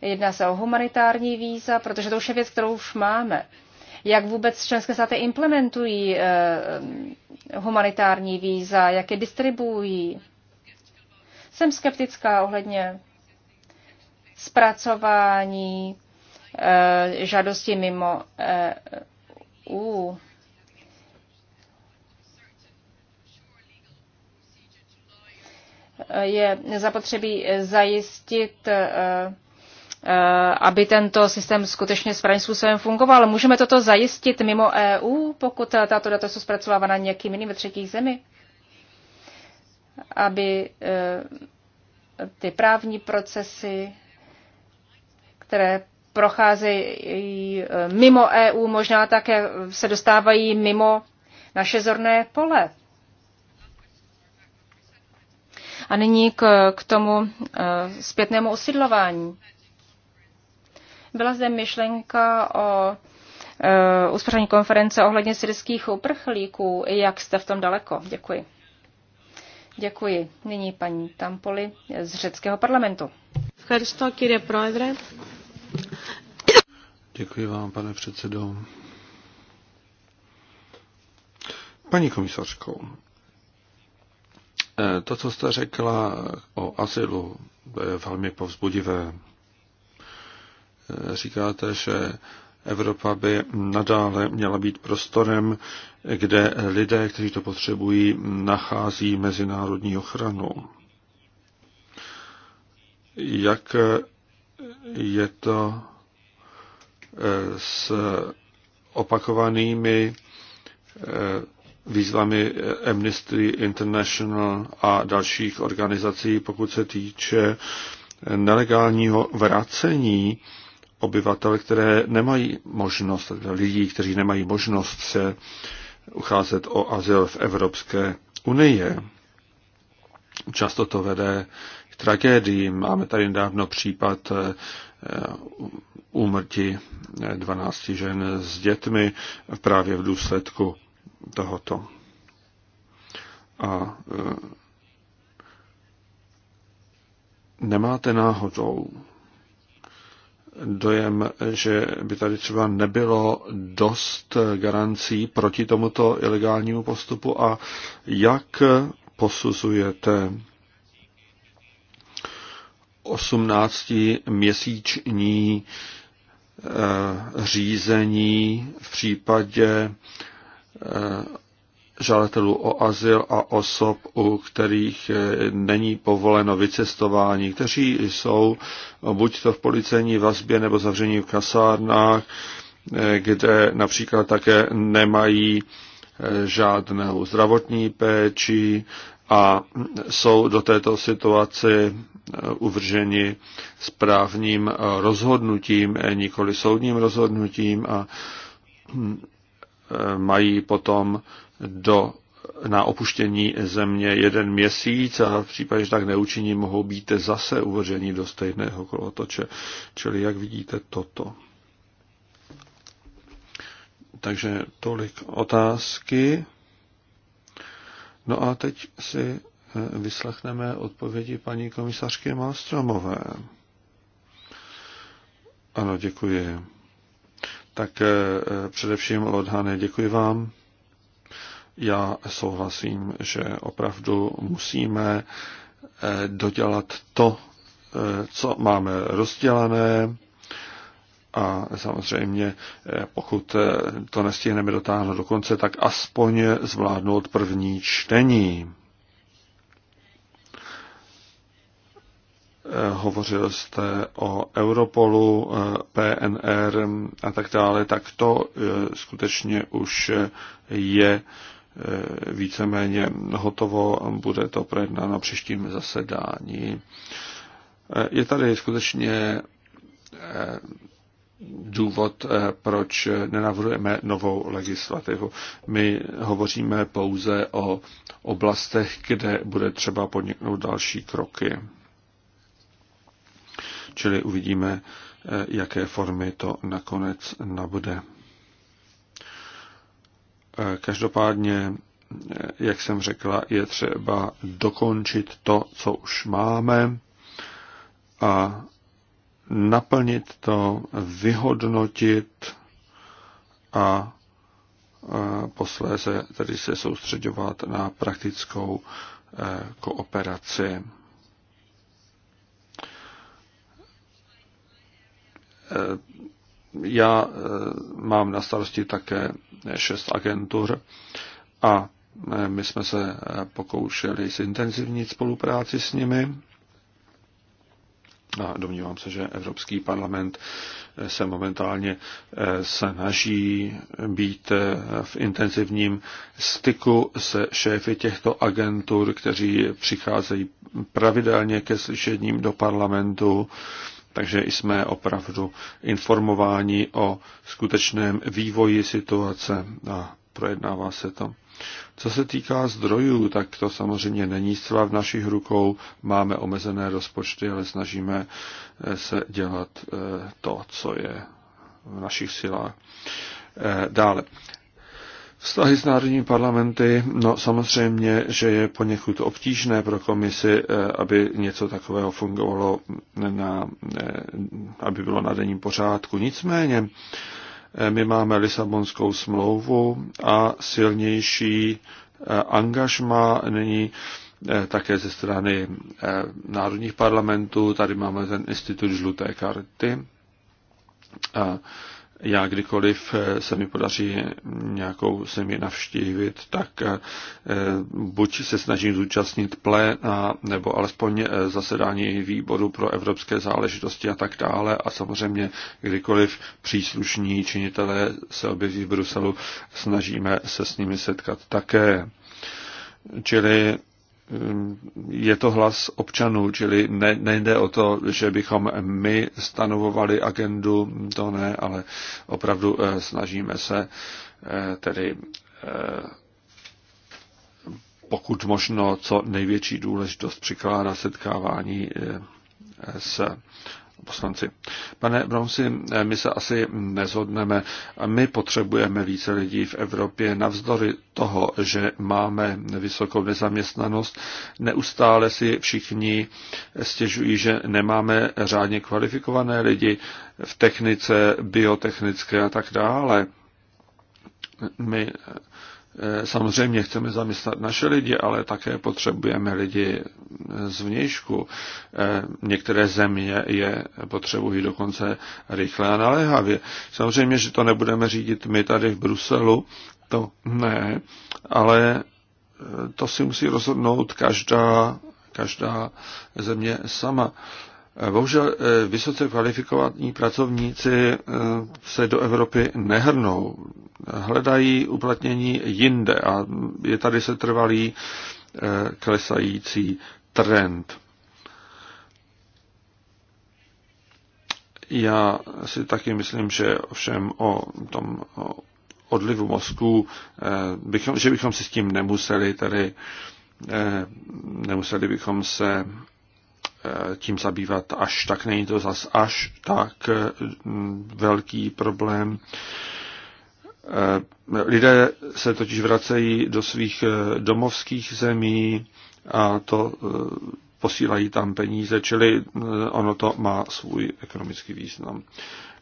jedná se o humanitární víza, protože to už je věc, kterou už máme. Jak vůbec členské státy implementují eh, humanitární víza, jak je distribuují? Jsem skeptická ohledně zpracování eh, žádosti mimo EU. je zapotřebí zajistit, eh, eh, aby tento systém skutečně správným způsobem fungoval. Můžeme toto zajistit mimo EU, pokud tato data jsou zpracovávána někým jiným ve třetích zemi? Aby eh, ty právní procesy, které procházejí mimo EU, možná také se dostávají mimo naše zorné pole. A nyní k, k tomu eh, zpětnému osidlování. Byla zde myšlenka o eh, uspořádání konference ohledně syrských uprchlíků. Jak jste v tom daleko? Děkuji. Děkuji. Nyní paní Tampoli z řeckého parlamentu. Děkuji vám, pane předsedo. Paní komisařko, Eh, to, co jste řekla o asilu, je velmi povzbudivé. Eh, říkáte, že Evropa by nadále měla být prostorem, kde lidé, kteří to potřebují, nachází mezinárodní ochranu. Jak je to eh, s opakovanými výzvami Amnesty International a dalších organizací, pokud se týče nelegálního vracení obyvatel, které nemají možnost, lidí, kteří nemají možnost se ucházet o azyl v Evropské unii. Často to vede k tragédii. Máme tady nedávno případ eh, úmrtí 12 žen s dětmi právě v důsledku tohoto. A e, nemáte náhodou dojem, že by tady třeba nebylo dost garancí proti tomuto ilegálnímu postupu a jak posuzujete 18-měsíční e, řízení v případě Eh, žadatelů o azyl a osob, u kterých eh, není povoleno vycestování, kteří jsou eh, buď to v policejní vazbě nebo zavření v kasárnách, kde například také nemají žádnou zdravotní péči a jsou do této situaci uvrženi správním rozhodnutím, nikoli soudním rozhodnutím a hm, mají potom do, na opuštění země jeden měsíc a v případě, že tak neučiní, mohou být zase uvrženi do stejného kolotoče. Čili jak vidíte toto. Takže tolik otázky. No a teď si eh, vyslechneme odpovědi paní komisařky Malstromové. Ano, děkuji tak eh, eh, především Lodhane, děkuji vám. Já souhlasím, že opravdu musíme eh, dodělat to, co máme rozdělané, a samozřejmě, pokud to nestihneme dotáhnout do konce, tak aspoň zvládnout první čtení. Eh, hovořil jste o Europolu, eh, PNR a tak dále, tak to eh, skutečně už je víceméně hotovo, bude to projednáno na příštím zasedání. Je tady skutečně důvod, proč nenavrhujeme novou legislativu. My hovoříme pouze o oblastech, kde bude třeba podniknout další kroky čili uvidíme, eh, jaké formy to nakonec nabude. Eh, každopádně, eh, jak jsem řekla, je třeba dokončit to, co už máme a naplnit to, vyhodnotit a posléze tedy se soustředovat na praktickou kooperaci. Eh, já eh, mám na starosti také šest agentur a eh, my jsme se pokoušeli zintenzivnit spolupráci s nimi. A domnívám se, že Evropský parlament se momentálně snaží být v intenzivním styku se šéfy těchto agentur, kteří přicházejí pravidelně ke slyšením do parlamentu takže jsme opravdu informováni o skutečném vývoji situace a projednává se to. Co se týká zdrojů, tak to samozřejmě není zcela v našich rukou. Máme omezené rozpočty, ale snažíme eh, se dělat eh, to, co je v našich silách. Eh, dále. Vztahy s národními parlamenty, no samozřejmě, že je poněkud obtížné pro komisi, eh, aby něco takového fungovalo, na, eh, aby bylo na denním pořádku. Nicméně, eh, my máme Lisabonskou smlouvu a silnější angažma není také ze strany národních parlamentů. Tady máme ten institut žluté karty. A já kdykoliv eh, se mi podaří nějakou se mi navštívit, tak eh, buď se snažím zúčastnit pléna, nebo alespoň eh, zasedání výboru pro evropské záležitosti a tak dále. A samozřejmě kdykoliv příslušní činitelé se objeví v Bruselu, snažíme se s nimi setkat také. Čili je to hlas občanů, čili ne, nejde o to, že bychom my stanovovali agendu, to ne, ale opravdu eh, snažíme se eh, tedy eh, pokud možno co největší důležitost přikládá setkávání s poslanci. Pane Bronsi, my se asi nezhodneme. My potřebujeme více lidí v Evropě navzdory toho, že máme vysokou nezaměstnanost. Neustále si všichni stěžují, že nemáme řádně kvalifikované lidi v technice, biotechnické a tak dále. My Eh, samozřejmě chceme zaměstnat naše lidi, ale také potřebujeme lidi z vnějšku. Eh, některé země je potřebují dokonce rychle a naléhavě. Samozřejmě, že to nebudeme řídit my tady v Bruselu, to ne, ale eh, to si musí rozhodnout každá, každá země sama. Bohužel eh, vysoce kvalifikovaní pracovníci eh, se do Evropy nehrnou. Hledají uplatnění jinde a je tady se trvalý eh, klesající trend. Já si taky myslím, že ovšem o tom odlivu mozku, že bychom si s tím nemuseli tady nemuseli bychom se Eh, tím zabývat až tak. Není to zas až tak eh, velký problém. Eh, lidé se totiž vracejí do svých domovských zemí a to posílají tam peníze, čili ono to má svůj ekonomický význam.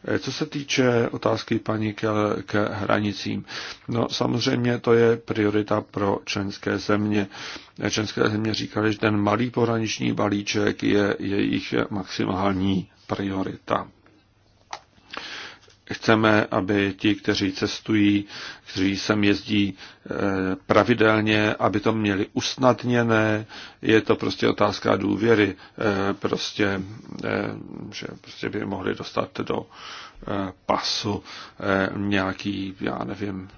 Eh, co se týče otázky paní k, k hranicím, no samozřejmě to je priorita pro členské země. Eh, členské země říkaly, že ten malý pohraniční balíček je jejich maximální priorita. Chceme, aby ti, kteří cestují, kteří sem jezdí eh, pravidelně, aby to měli usnadněné. Je to prostě otázka důvěry, eh, prostě, eh, že prostě by mohli dostat do pasu nějaký, já nevím,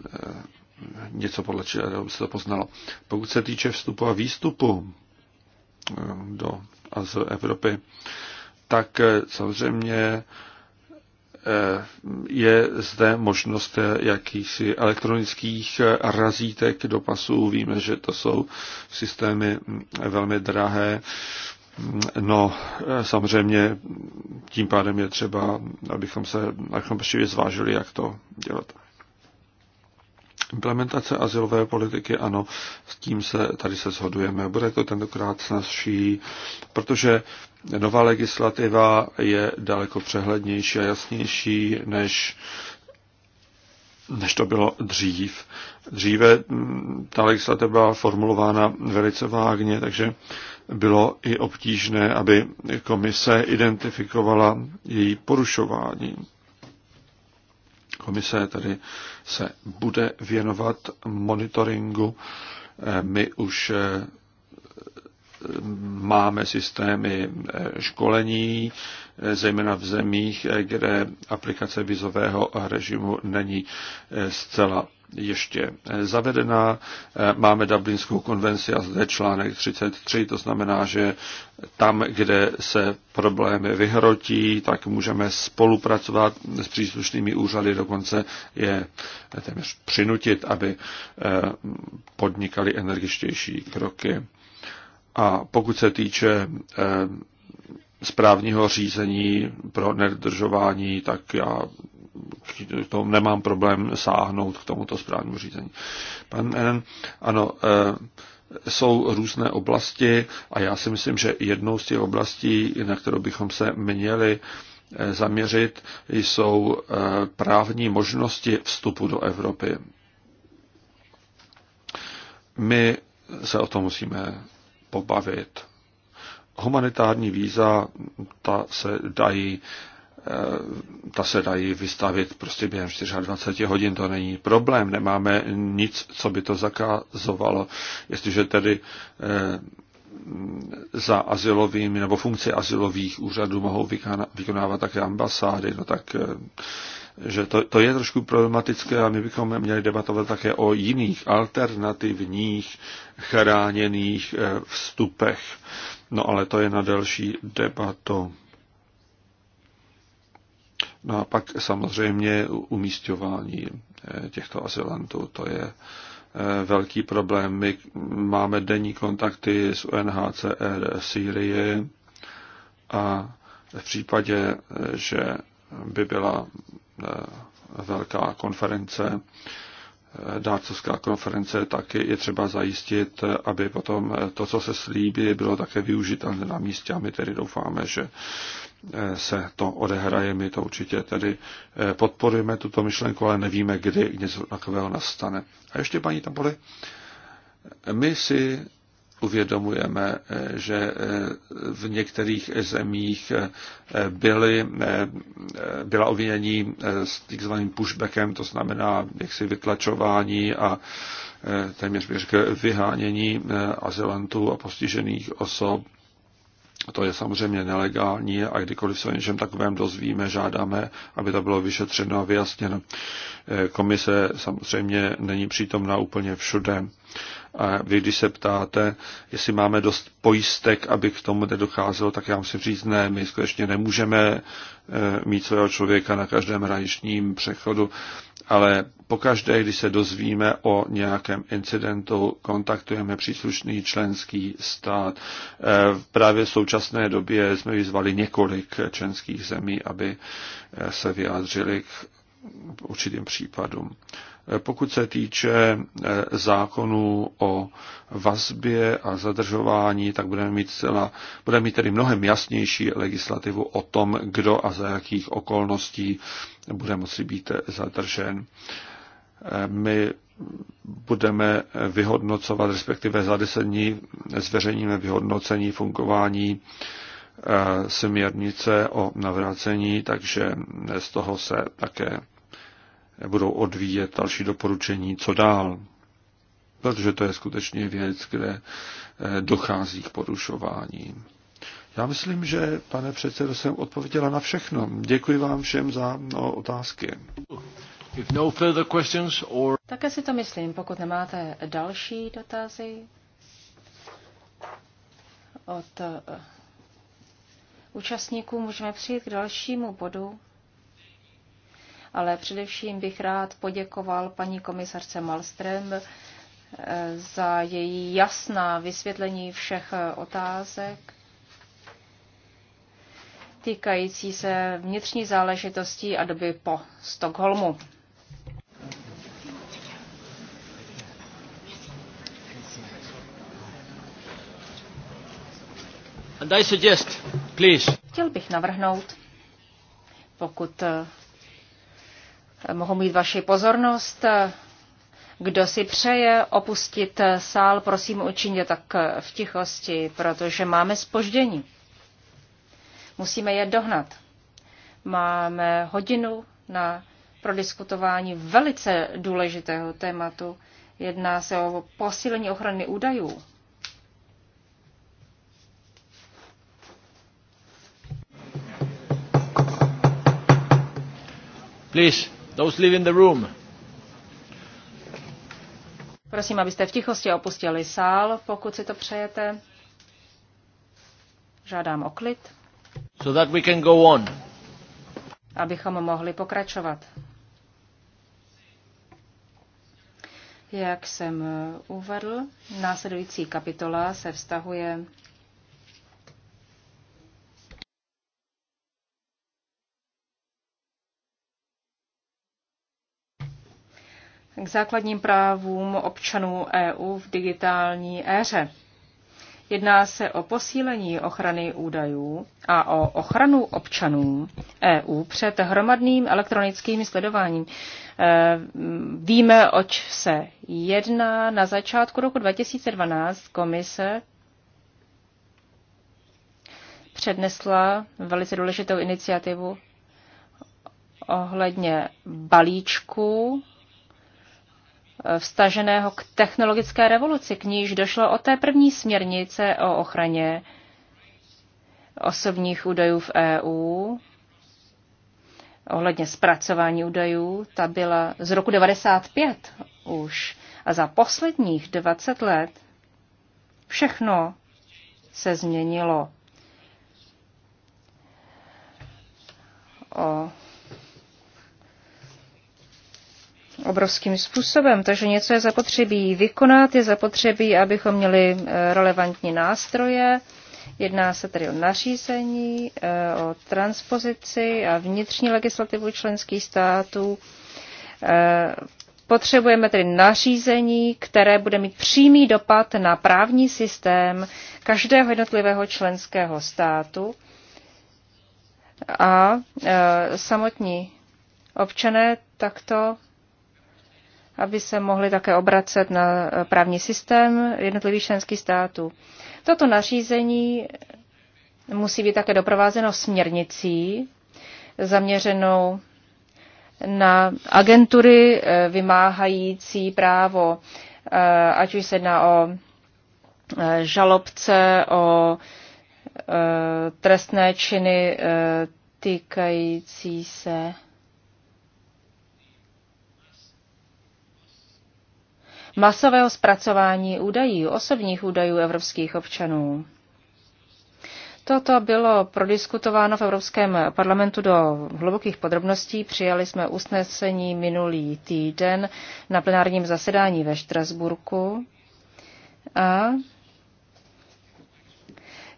něco podle čeho by se to poznalo. Pokud se týče vstupu a výstupu do a z Evropy, tak samozřejmě je zde možnost jakýchsi elektronických razítek do pasů. Víme, že to jsou systémy velmi drahé. No, samozřejmě tím pádem je třeba, abychom se abychom zvážili, jak to dělat. Implementace asilové politiky, ano, s tím se tady se shodujeme. Bude to tentokrát snazší, protože nová legislativa je daleko přehlednější a jasnější, než, než to bylo dřív. Dříve mm, ta legislativa byla formulována velice vágně, takže bylo i obtížné, aby komise identifikovala její porušování. Komise tedy se bude věnovat monitoringu. Eh, my už eh, máme systémy eh, školení, Eh, zejména v zemích, eh, kde aplikace vizového režimu není eh, zcela ještě zavedená. Máme Dublinskou konvenci a zde článek 33, to znamená, že tam, kde se problémy vyhrotí, tak můžeme spolupracovat s příslušnými úřady, dokonce je téměř přinutit, aby podnikali energičtější kroky. A pokud se týče správního řízení pro nedržování, tak já tomu nemám problém sáhnout k tomuto správnímu řízení. Pan N, ano, eh, jsou různé oblasti a já si myslím, že jednou z těch oblastí, na kterou bychom se měli eh, zaměřit, jsou eh, právní možnosti vstupu do Evropy. My se o tom musíme pobavit. Humanitární víza, ta se dají eh, ta se dají vystavit prostě během 24 hodin, to není problém, nemáme nic, co by to zakazovalo. Jestliže tedy eh, za asilovými nebo funkci asilových úřadů mohou vykonávat také ambasády, no tak eh, že to, to je trošku problematické a my bychom měli debatovat také o jiných alternativních chráněných vstupech No ale to je na delší debatu. No a pak samozřejmě umístování eh, těchto asilantů, to je eh, velký problém. My máme denní kontakty s UNHCR v a v případě, eh, že by byla velká konference, dárcovská konference, tak je třeba zajistit, aby potom to, co se slíbí, bylo také využitelné na místě a my tedy doufáme, že eh, se to odehraje. My to určitě tedy eh, podporujeme tuto myšlenku, ale nevíme, kdy něco takového nastane. A ještě paní Tapoli, my si uvědomujeme, že eh, v některých zemích eh, byly, eh, byla ovinění s takzvaným pushbackem, to znamená jaksi vytlačování a téměř bych řekl vyhánění azylantů a postižených osob. To je samozřejmě nelegální a kdykoliv se o něčem takovém dozvíme, žádáme, aby to bylo vyšetřeno a vyjasněno. Komise samozřejmě není přítomná úplně všude. A vy, když se ptáte, jestli máme dost pojistek, aby k tomu nedocházelo, tak já musím říct, ne, my skutečně nemůžeme eh, mít svého člověka na každém hraničním přechodu, ale pokaždé, když se dozvíme o nějakém incidentu, kontaktujeme příslušný členský stát. Eh, právě v současné době jsme vyzvali několik členských zemí, aby eh, se vyjádřili k určitým případům. Pokud se týče eh, zákonu o vazbě a zadržování, tak budeme mít, celá, budeme mít tedy mnohem jasnější legislativu o tom, kdo a za jakých okolností bude moci být eh, zadržen. Eh, my budeme vyhodnocovat, respektive za deset dní zveřejníme vyhodnocení fungování směrnice o navrácení, takže z toho se také budou odvíjet další doporučení, co dál. Protože to je skutečně věc, kde eh, dochází k porušování. Já myslím, že, pane předsedo, jsem odpověděla na všechno. Děkuji vám všem za no, otázky. If no further questions or... Také si to myslím, pokud nemáte další dotazy od eh, účastníků, můžeme přijít k dalšímu bodu ale především bych rád poděkoval paní komisarce Malström eh, za její jasná vysvětlení všech eh, otázek týkající se vnitřní záležitostí a doby po Stockholmu. And I suggest, please. Chtěl bych navrhnout, pokud eh, mohou mít vaši pozornost. Kdo si přeje opustit sál, prosím učiněte tak v tichosti, protože máme spoždění. Musíme je dohnat. Máme hodinu na prodiskutování velice důležitého tématu. Jedná se o posílení ochrany údajů. Please. Those live in the room. Prosím, abyste v tichosti opustili sál, pokud si to přejete. Žádám o klid. So that we can go on. Abychom mohli pokračovat. Jak jsem uvedl, následující kapitola se vztahuje k základním právům občanů EU v digitální éře. Jedná se o posílení ochrany údajů a o ochranu občanů EU před hromadným elektronickým sledováním. E, víme, oč se jedná. Na začátku roku 2012 komise přednesla velice důležitou iniciativu ohledně balíčku Eh, vstaženého k technologické revoluci, k níž došlo od té první směrnice o ochraně osobních údajů v EU ohledně zpracování údajů, ta byla z roku 95 už. A za posledních 20 let všechno se změnilo. O obrovským způsobem. Takže něco je zapotřebí vykonat, je zapotřebí, abychom měli eh, relevantní nástroje. Jedná se tedy o nařízení, eh, o transpozici a vnitřní legislativu členských států. Eh, potřebujeme tedy nařízení, které bude mít přímý dopad na právní systém každého jednotlivého členského státu a samotní občané takto aby se mohli také obracet na právní systém jednotlivých členských států. Toto nařízení musí být také doprovázeno směrnicí zaměřenou na agentury eh, vymáhající právo, eh, ať už se jedná o eh, žalobce, o trestné činy týkající se masového zpracování údajů, osobních údajů evropských občanů. Toto bylo prodiskutováno v Evropském parlamentu do hlubokých podrobností. Přijali jsme usnesení minulý týden na plenárním zasedání ve Štrasburku. A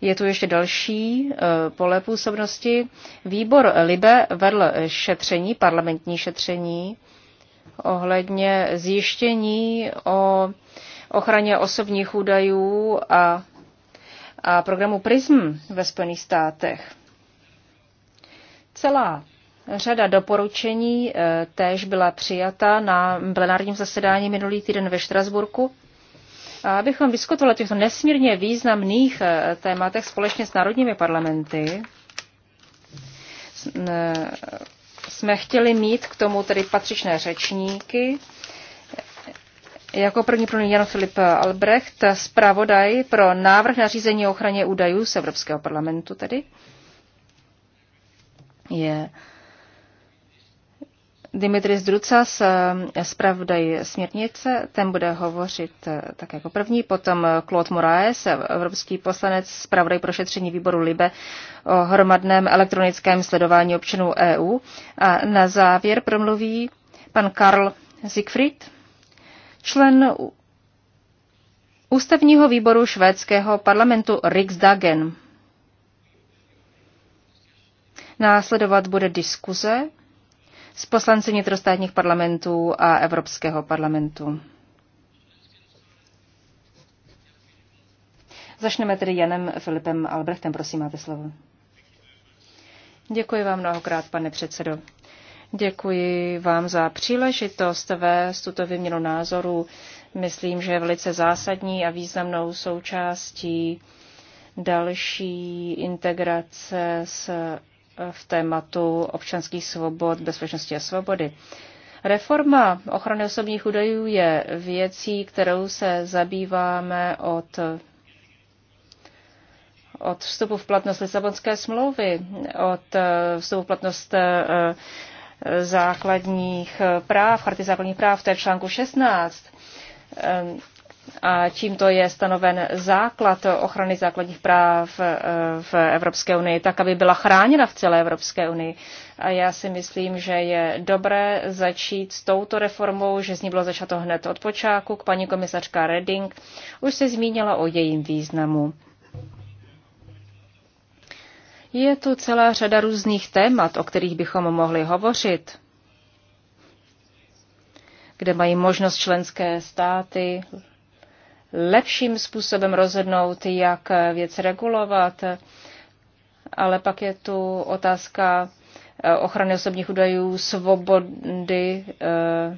je tu ještě další e, pole působnosti. Výbor Libe vedl šetření, parlamentní šetření ohledně zjištění o ochraně osobních údajů a, a programu PRISM ve Spojených státech. Celá řada doporučení e, též byla přijata na plenárním zasedání minulý týden ve Štrasburku. A abychom diskutovali o těchto nesmírně významných e, tématech společně s národními parlamenty, e, jsme chtěli mít k tomu tedy patřičné řečníky. Jako první pro Jan Filip Albrecht, zpravodaj pro návrh na o ochraně údajů z Evropského parlamentu tedy, je Dimitris Drucas, eh, zpravodaj směrnice, ten bude hovořit eh, tak jako první, potom Claude Moraes, evropský poslanec, zpravodaj pro šetření výboru LIBE o hromadném elektronickém sledování občanů EU. A na závěr promluví pan Karl Siegfried, člen ústavního výboru švédského parlamentu Riksdagen. Následovat bude diskuze s poslanci vnitrostátních parlamentů a Evropského parlamentu. Začneme tedy Janem Filipem Albrechtem. Prosím, máte slovo. Děkuji vám mnohokrát, pane předsedo. Děkuji vám za příležitost vést tuto vyměnu názoru. Myslím, že je velice zásadní a významnou součástí další integrace s v tématu občanských svobod, bezpečnosti a svobody. Reforma ochrany osobních údajů je věcí, kterou se zabýváme od, od vstupu v platnost Lisabonské smlouvy, od eh, vstupu v platnost eh, základních eh, práv, charty základních práv, to je v článku 16 a tímto je stanoven základ ochrany základních práv eh, v Evropské unii, tak aby byla chráněna v celé Evropské unii. A já si myslím, že je dobré začít s touto reformou, že z ní bylo začato hned od počátku. K paní komisařka Reding už se zmínila o jejím významu. Je tu celá řada různých témat, o kterých bychom mohli hovořit kde mají možnost členské státy, lepším způsobem rozhodnout, jak věc regulovat. Ale pak je tu otázka eh, ochrany osobních údajů, svobody eh,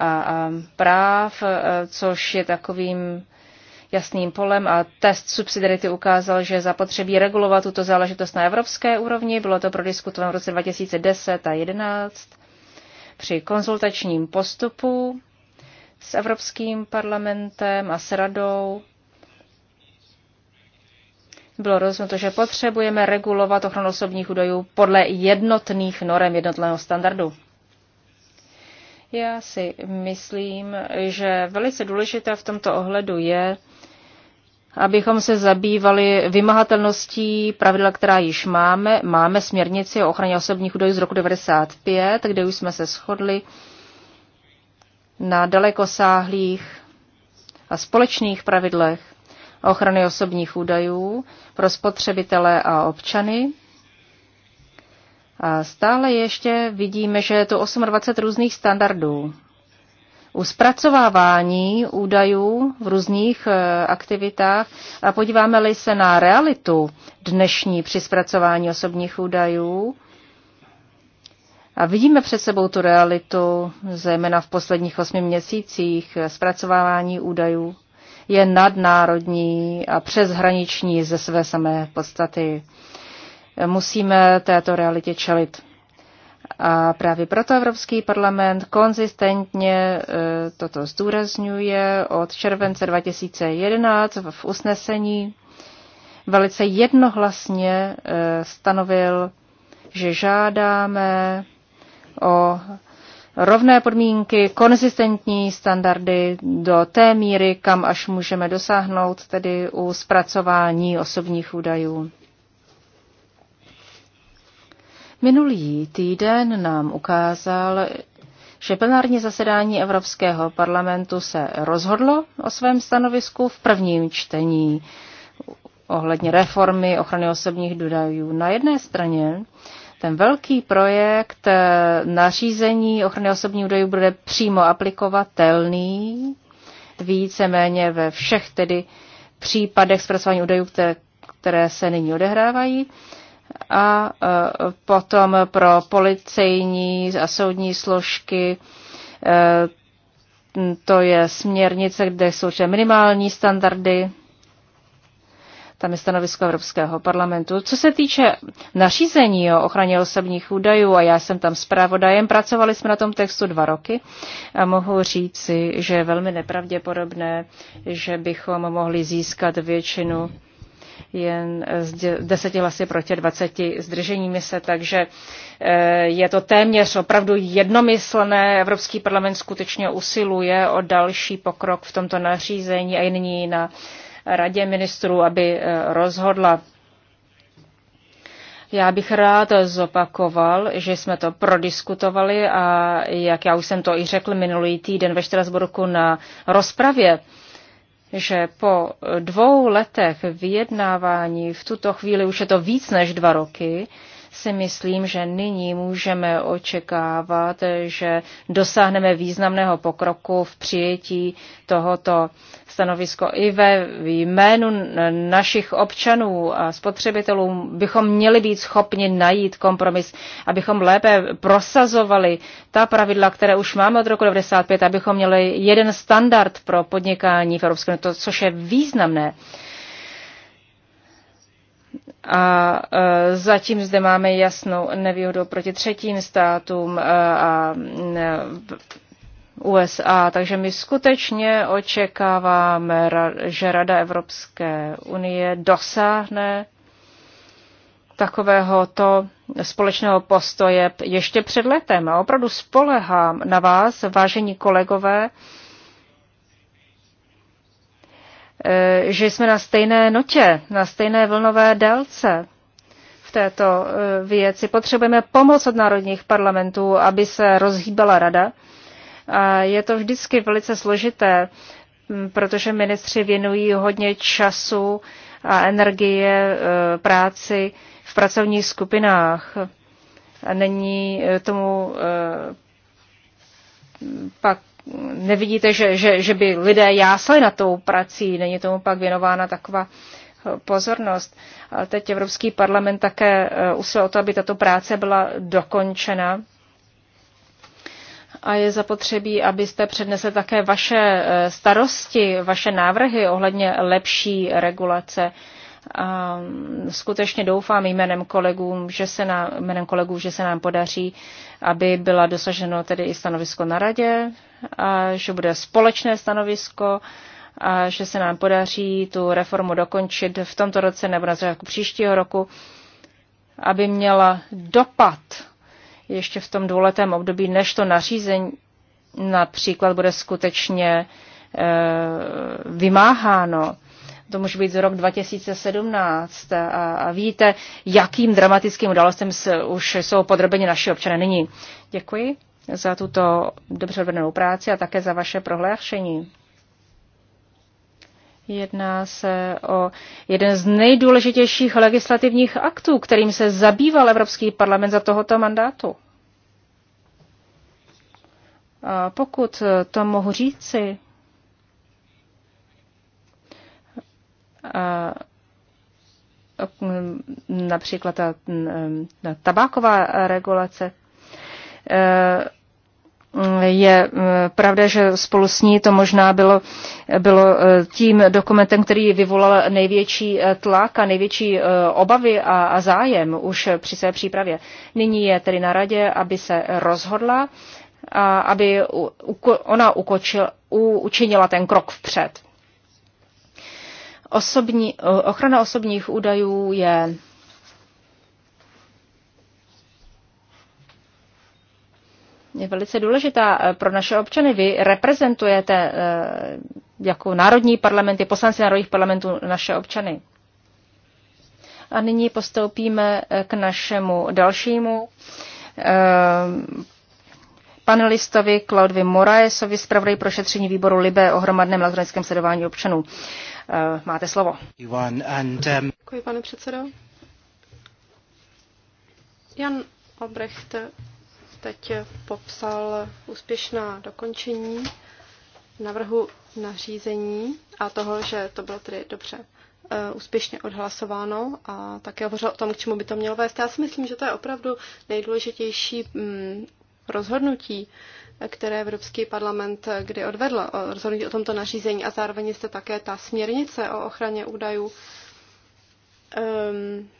a, práv, eh, což je takovým jasným polem a test subsidiarity ukázal, že zapotřebí regulovat tuto záležitost na evropské úrovni. Bylo to prodiskutováno v roce 2010 a 2011 při konzultačním postupu s Evropským parlamentem a s radou bylo rozhodnuto, že potřebujeme regulovat ochranu osobních údajů podle jednotných norem jednotného standardu. Já si myslím, že velice důležité v tomto ohledu je, abychom se zabývali vymahatelností pravidla, která již máme. Máme směrnici o ochraně osobních údajů z roku 1995, kde už jsme se shodli, na dalekosáhlých a společných pravidlech ochrany osobních údajů pro spotřebitele a občany. A stále ještě vidíme, že je to 28 různých standardů. U zpracovávání údajů v různých e, aktivitách a podíváme-li se na realitu dnešní při zpracování osobních údajů, a vidíme před sebou tu realitu, zejména v posledních osmi měsících, zpracovávání údajů je nadnárodní a přeshraniční ze své samé podstaty. Musíme této realitě čelit. A právě proto Evropský parlament konzistentně e, toto zdůrazňuje od července 2011 v usnesení. Velice jednohlasně e, stanovil, že žádáme o rovné podmínky, konzistentní standardy do té míry, kam až můžeme dosáhnout, tedy u zpracování osobních údajů. Minulý týden nám ukázal, že plenární zasedání Evropského parlamentu se rozhodlo o svém stanovisku v prvním čtení ohledně reformy ochrany osobních údajů. Na jedné straně ten velký projekt eh, nařízení ochrany osobních údajů bude přímo aplikovatelný víceméně ve všech tedy případech zpracování údajů, které, které se nyní odehrávají. A eh, potom pro policejní a soudní složky eh, to je směrnice, kde jsou minimální standardy tam je stanovisko Evropského parlamentu. Co se týče nařízení o ochraně osobních údajů, a já jsem tam zpravodajem, pracovali jsme na tom textu dva roky a mohu říci, že je velmi nepravděpodobné, že bychom mohli získat většinu jen z deseti hlasy proti dvaceti zdrženími se, takže eh, je to téměř opravdu jednomyslné. Evropský parlament skutečně usiluje o další pokrok v tomto nařízení a je nyní na radě ministrů, aby eh, rozhodla. Já bych rád zopakoval, že jsme to prodiskutovali a jak já už jsem to i řekl minulý týden ve Štrasburku na rozpravě, že po dvou letech vyjednávání, v tuto chvíli už je to víc než dva roky, si myslím, že nyní můžeme očekávat, že dosáhneme významného pokroku v přijetí tohoto stanovisko i ve jménu našich občanů a spotřebitelů bychom měli být schopni najít kompromis, abychom lépe prosazovali ta pravidla, které už máme od roku 1995, abychom měli jeden standard pro podnikání v Evropské unii, což je významné. A e, zatím zde máme jasnou nevýhodu proti třetím státům e, a e, USA, takže my skutečně očekáváme, že Rada Evropské unie dosáhne takovéhoto společného postoje ještě před letem. A opravdu spolehám na vás, vážení kolegové, Eh, že jsme na stejné notě, na stejné vlnové délce v této eh, věci. Potřebujeme pomoc od národních parlamentů, aby se rozhýbala rada. A je to vždycky velice složité, hm, protože ministři věnují hodně času a energie eh, práci v pracovních skupinách. A není tomu pak nevidíte, že, že, že by lidé jásli na tou prací, není tomu pak věnována taková eh, pozornost. Ale teď Evropský parlament také eh, usil o to, aby tato práce byla dokončena. A je zapotřebí, abyste přednesli také vaše eh, starosti, vaše návrhy ohledně lepší regulace a skutečně doufám jménem kolegů, že se nám, jménem kolegů, že se nám podaří, aby byla dosaženo tedy i stanovisko na radě, a že bude společné stanovisko a že se nám podaří tu reformu dokončit v tomto roce nebo na začátku příštího roku, aby měla dopad ještě v tom dvouletém období, než to nařízení například bude skutečně e, vymáháno to může být z rok 2017 a, a víte, jakým dramatickým událostem se, už jsou podrobeni naši občané nyní. Děkuji za tuto dobře odvedenou práci a také za vaše prohlášení. Jedná se o jeden z nejdůležitějších legislativních aktů, kterým se zabýval Evropský parlament za tohoto mandátu. A pokud to mohu říci, například ta, ta mm, mm, tabáková regulace, eh, je eh, pravda, že spolu s ní to možná bylo, bylo eh, tím dokumentem, který vyvolal největší tlak a největší obavy a, a zájem už při své přípravě. Nyní je tedy na radě, aby se rozhodla, a aby ona ukočil, u, učinila ten krok vpřed. Osobní, ochrana osobních údajů je je velice důležitá eh, pro naše občany. Vy reprezentujete eh, jako národní parlamenty, poslanci národních parlamentů naše občany. A nyní postoupíme eh, k našemu dalšímu panelistovi Claudvi Moraesovi, zpravodaj prošetření výboru Libé o hromadném elektronickém sledování občanů. Eh, máte slovo. Um, Děkuji, pane předsedo. Jan Albrecht teď popsal úspěšná dokončení navrhu nařízení a toho, že to bylo tedy dobře eh, úspěšně odhlasováno a také hovořil o tom, k čemu by to mělo vést. Já si myslím, že to je opravdu nejdůležitější mm, rozhodnutí, které Evropský parlament eh, kdy odvedl o eh, rozhodnutí o tomto nařízení a zároveň jste také ta směrnice o ochraně údajů. Um,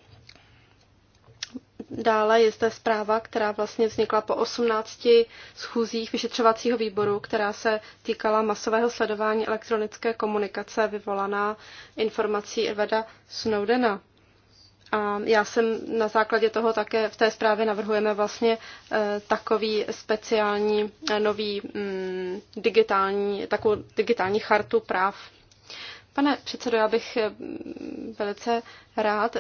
dále je zde zpráva, která vlastně vznikla po 18 schůzích vyšetřovacího výboru, která se týkala masového sledování elektronické komunikace vyvolaná informací Edwarda Snowdena. A já jsem na základě toho také v té zprávě navrhujeme vlastně eh, takový speciální eh, nový mm, digitální, takovou digitální chartu práv. Pane předsedo, já bych eh, velice rád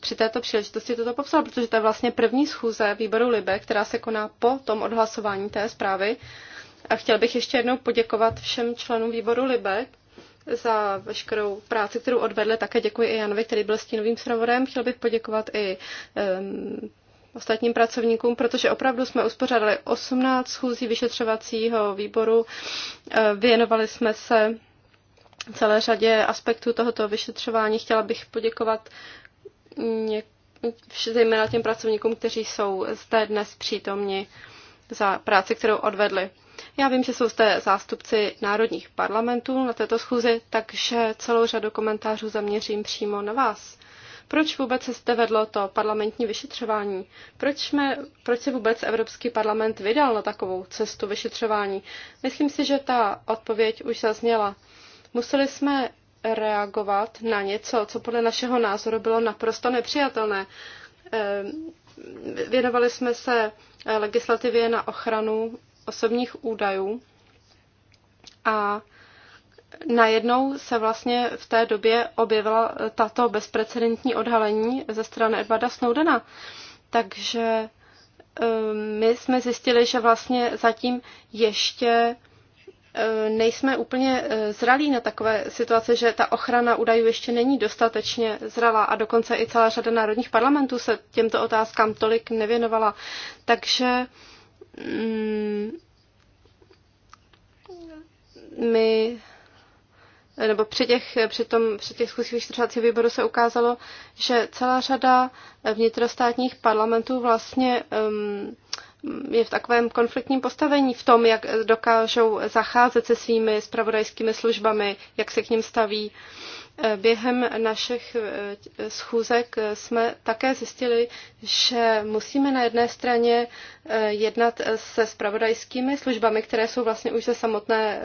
při této příležitosti toto popsal, protože to je vlastně první schůze výboru Libe, která se koná po tom odhlasování té zprávy. A chtěl bych ještě jednou poděkovat všem členům výboru Libe, za veškerou práci, kterou odvedli. Také děkuji i Janovi, který byl stínovým zpravodem. Chtěl bych poděkovat i um, ostatním pracovníkům, protože opravdu jsme uspořádali 18 schůzí vyšetřovacího výboru. E, věnovali jsme se celé řadě aspektů tohoto vyšetřování. Chtěla bych poděkovat zejména těm pracovníkům, kteří jsou zde dnes přítomni za práci, kterou odvedli. Já vím, že jsou zde zástupci národních parlamentů na této schůzi, takže celou řadu komentářů zaměřím přímo na vás. Proč vůbec se zde vedlo to parlamentní vyšetřování? Proč, jsme, proč se vůbec Evropský parlament vydal na takovou cestu vyšetřování? Myslím si, že ta odpověď už zazněla. Museli jsme reagovat na něco, co podle našeho názoru bylo naprosto nepřijatelné. Ehm, věnovali jsme se legislativě na ochranu osobních údajů a najednou se vlastně v té době objevila tato bezprecedentní odhalení ze strany Edwarda Snowdena. Takže eh, my jsme zjistili, že vlastně zatím ještě eh, nejsme úplně eh, zralí na takové situace, že ta ochrana údajů ještě není dostatečně zralá a dokonce i celá řada národních parlamentů se těmto otázkám tolik nevěnovala. Takže Mm, my nebo při těch, při tom, při těch schůzích vyšetřovacího výboru se ukázalo, že celá řada vnitrostátních parlamentů vlastně um, je v takovém konfliktním postavení v tom, jak dokážou zacházet se svými spravodajskými službami, jak se k ním staví. Um, Eh, během našich eh, schůzek eh, jsme také zjistili, že musíme na jedné straně jednat se spravodajskými službami, které jsou vlastně už ze samotné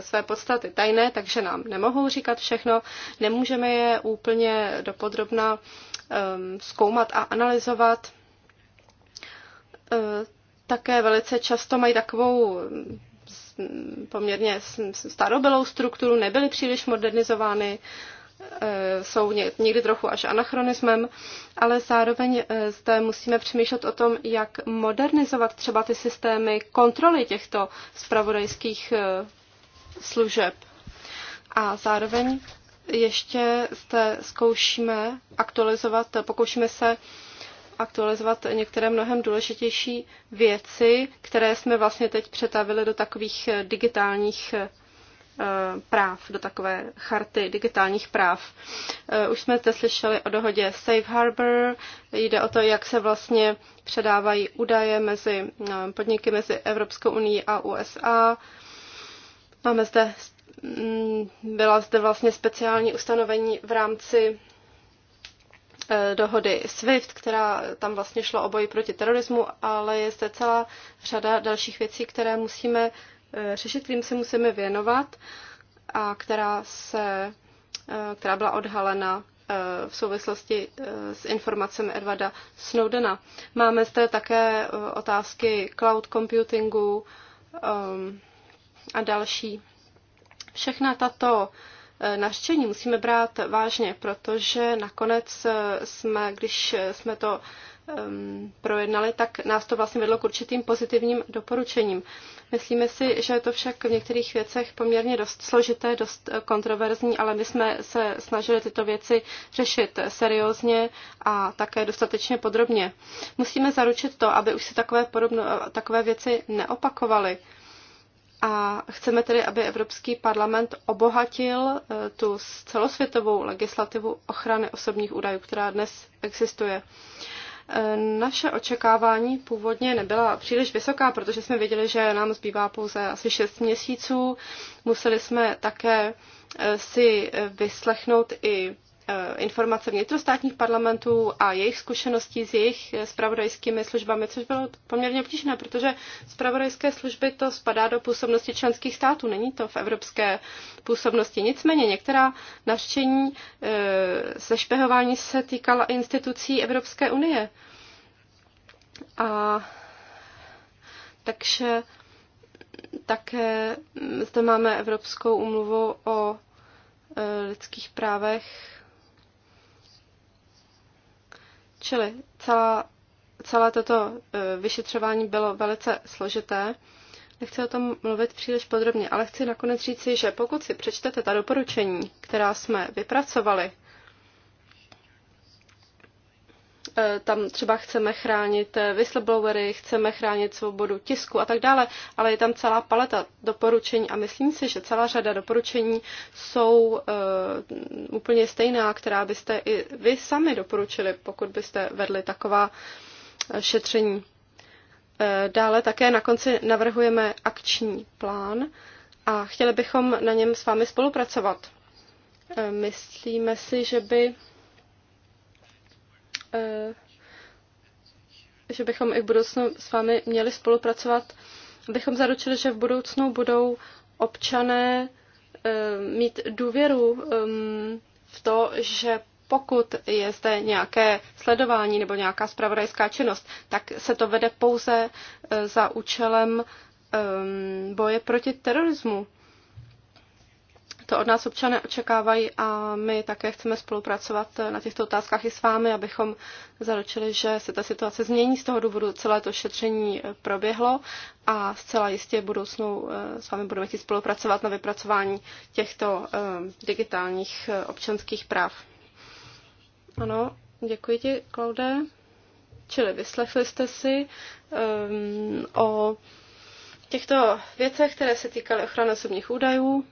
své podstaty tajné, takže nám nemohou říkat všechno, nemůžeme je úplně dopodrobna ehm, zkoumat a analyzovat. Také velice často mají takovou mm, mm, poměrně starobylou strukturu, nebyly příliš modernizovány. Eh, jsou někdy trochu až anachronismem, ale zároveň eh, zde musíme přemýšlet o tom, jak modernizovat třeba ty systémy kontroly těchto spravodajských eh, služeb. A zároveň ještě zde zkoušíme aktualizovat, pokoušíme se aktualizovat některé mnohem důležitější věci, které jsme vlastně teď přetavili do takových digitálních Eh, práv, do takové charty digitálních práv. Eh, už jsme zde slyšeli o dohodě Safe Harbor, jde o to, jak se vlastně předávají údaje mezi eh, podniky mezi Evropskou unii a USA. Máme zde, mm, byla zde vlastně speciální ustanovení v rámci dohody SWIFT, která tam vlastně šla o boji proti terorismu, ale je zde celá řada dalších věcí, které musíme Eh, řešit, kterým se musíme věnovat a která, se, eh, která byla odhalena eh, v souvislosti s informacemi Edwarda Snowdena. Máme zde také otázky cloud computingu a další. Všechna tato nařčení musíme brát vážně, protože nakonec jsme, když jsme to ehm, projednali, tak nás to vlastně vedlo k určitým pozitivním doporučením. Myslíme si, že je to však v některých věcech poměrně dost složité, dost kontroverzní, ale my jsme se snažili tyto věci řešit seriózně a také dostatečně podrobně. Musíme zaručit to, aby už se takové, podobno, takové věci neopakovaly. A chceme tedy, aby Evropský parlament obohatil eh, tu celosvětovou legislativu ochrany osobních údajů, která dnes existuje. Naše očekávání původně nebyla příliš vysoká, protože jsme věděli, že nám zbývá pouze asi 6 měsíců. Museli jsme také eh, si vyslechnout i Eh, informace vnitrostátních parlamentů a jejich zkušeností s jejich spravodajskými službami, což bylo poměrně obtížné, protože spravodajské služby to spadá do působnosti členských států, není to v evropské působnosti. Nicméně některá navštění eh, se špehování se týkala institucí Evropské unie. A takže také zde máme Evropskou umluvu o eh, lidských právech Čili celá, celé toto e, vyšetřování bylo velice složité. Nechci o tom mluvit příliš podrobně, ale chci nakonec říci, že pokud si přečtete ta doporučení, která jsme vypracovali Eh, tam třeba chceme chránit eh, whistleblowery, chceme chránit svobodu tisku a tak dále, ale je tam celá paleta doporučení a myslím si, že celá řada doporučení jsou uh, úplně stejná, která byste i vy sami doporučili, pokud byste vedli taková šetření. Dále také na konci navrhujeme akční plán a chtěli bychom na něm s vámi spolupracovat. Myslíme si, že by Eh, že bychom i v budoucnu s vámi měli spolupracovat, abychom zaručili, že v budoucnu budou občané eh, mít důvěru ehm, v to, že pokud je zde nějaké sledování nebo nějaká spravodajská činnost, tak se to vede pouze eh, za účelem ehm, boje proti terorismu. To od nás občané očekávají a my také chceme spolupracovat na těchto otázkách i s vámi, abychom zaručili, že se ta situace změní. Z toho důvodu celé to šetření eh, proběhlo a zcela jistě v budoucnu eh, s vámi budeme chtít spolupracovat na vypracování těchto eh, digitálních občanských práv. Ano, děkuji ti, Klaude. Čili vyslechli jste si um, o těchto věcech, které se týkaly ochrany osobních údajů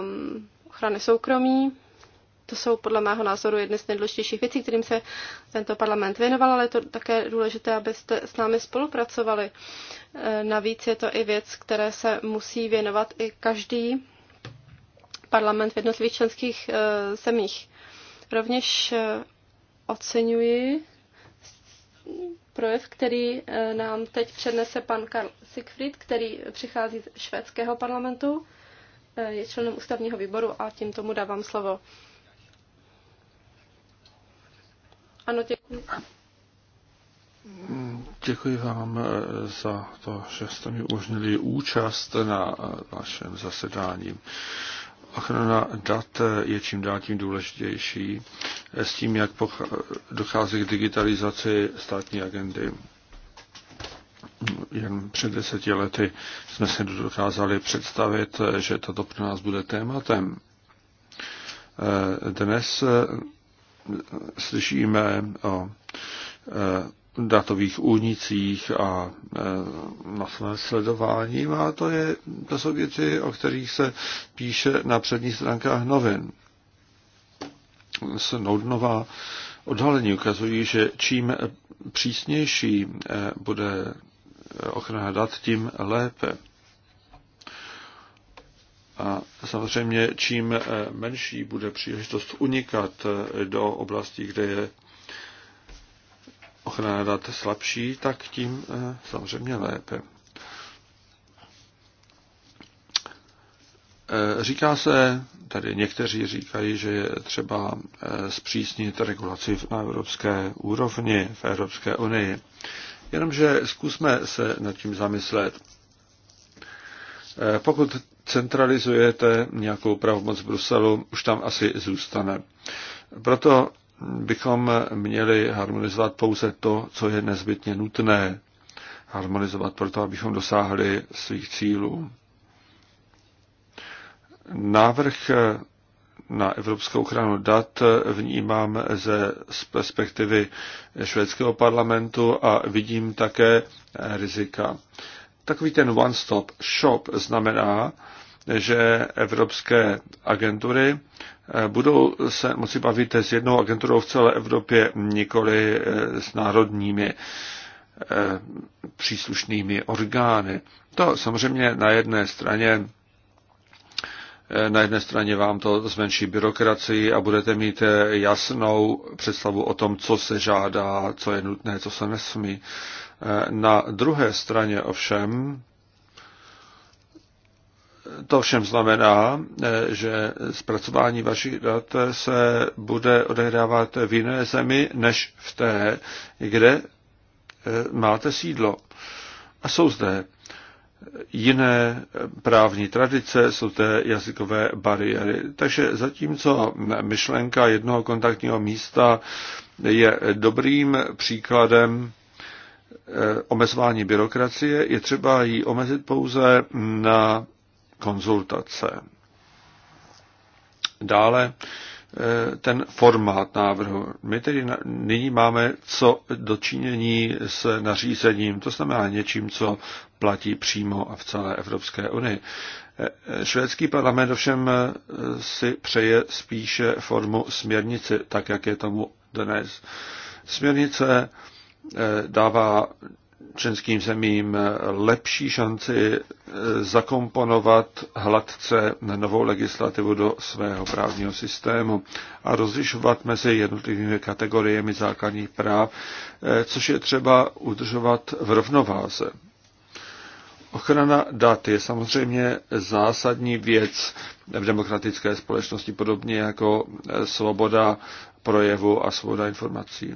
um, ochrany soukromí. To jsou podle mého názoru jedny z nejdůležitějších věcí, kterým se tento parlament věnoval, ale je to také důležité, abyste s námi spolupracovali. Eh, navíc je to i věc, které se musí věnovat i každý parlament v jednotlivých členských eh, zemích. Rovněž eh, oceňuji projev, který nám teď přednese pan Karl Siegfried, který přichází z švédského parlamentu je členem ústavního výboru a tím tomu dávám slovo. Ano, děkuji. Děkuji vám eh, za to, že jste mi umožnili účast na eh, vašem zasedání. Ochrana dat eh, je čím dál tím důležitější s tím, jak dochází k digitalizaci státní agendy jen před deseti lety jsme si dokázali představit, že toto pro nás bude tématem. Eh, dnes eh, slyšíme o eh, datových únicích a masovém sledování a to, je, to jsou věci, o kterých se píše na předních stránkách novin. Snowdenová odhalení ukazují, že čím přísnější bude ochrana dat, tím lépe. A samozřejmě čím eh, menší bude příležitost unikat eh, do oblasti, kde je ochrana dat slabší, tak tím eh, samozřejmě lépe. Říká se, tady někteří říkají, že je třeba zpřísnit regulaci na evropské úrovni, v Evropské unii. Jenomže zkusme se nad tím zamyslet. Eh, pokud centralizujete nějakou pravomoc Bruselu, už tam asi zůstane. Proto bychom měli harmonizovat pouze to, co je nezbytně nutné. Harmonizovat proto, abychom dosáhli svých cílů. Návrh na evropskou ochranu dat vnímám ze, z perspektivy švédského parlamentu a vidím také rizika. Takový ten one-stop shop znamená, že evropské agentury eh, budou se moci bavit s jednou agenturou v celé Evropě, nikoli eh, s národními eh, příslušnými orgány. To samozřejmě na jedné straně Eh, na jedné straně vám to zmenší byrokracii a budete mít eh, jasnou představu o tom, co se žádá, co je nutné, co se nesmí. Eh, na druhé straně ovšem, to všem znamená, že zpracování vašich dat se bude odehrávat v jiné zemi než v té, kde máte sídlo. A jsou zde jiné právní tradice, jsou to jazykové bariéry. Takže zatímco myšlenka jednoho kontaktního místa je dobrým příkladem eh, omezování byrokracie, je třeba ji omezit pouze na konzultace. Dále Eh, ten formát návrhu. My tedy nyní máme co dočinění s nařízením, to znamená něčím, co platí přímo a v celé Evropské unii. Eh, švédský parlament ovšem eh, si přeje spíše formu směrnice, tak jak je tomu dnes. Směrnice dává členským zemím lepší šanci eh, zakomponovat hladce novou legislativu do svého právního systému a rozlišovat mezi jednotlivými kategoriemi základních práv, eh, což je třeba udržovat v rovnováze. Ochrana dat je samozřejmě zásadní věc v demokratické společnosti, podobně jako eh, svoboda projevu a svoboda informací.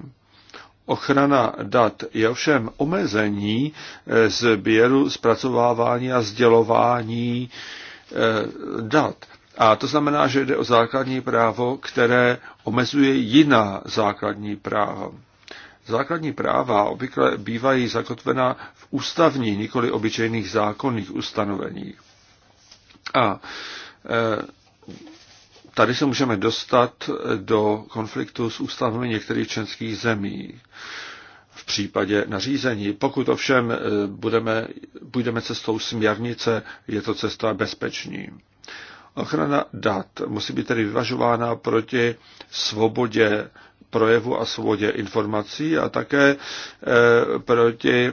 Ochrana dat je ovšem omezení eh, sběru, zpracovávání a sdělování eh, dat. A to znamená, že jde o základní právo, které omezuje jiná základní práva. Základní práva obvykle bývají zakotvena v ústavní, nikoli obyčejných zákonných ustanoveních. A e, tady se můžeme dostat do konfliktu s ústavami některých členských zemí v případě nařízení. Pokud ovšem eh, budeme, půjdeme cestou směrnice, je to cesta bezpečný. Ochrana dat musí být tedy vyvažována proti svobodě projevu a svobodě informací a také eh, proti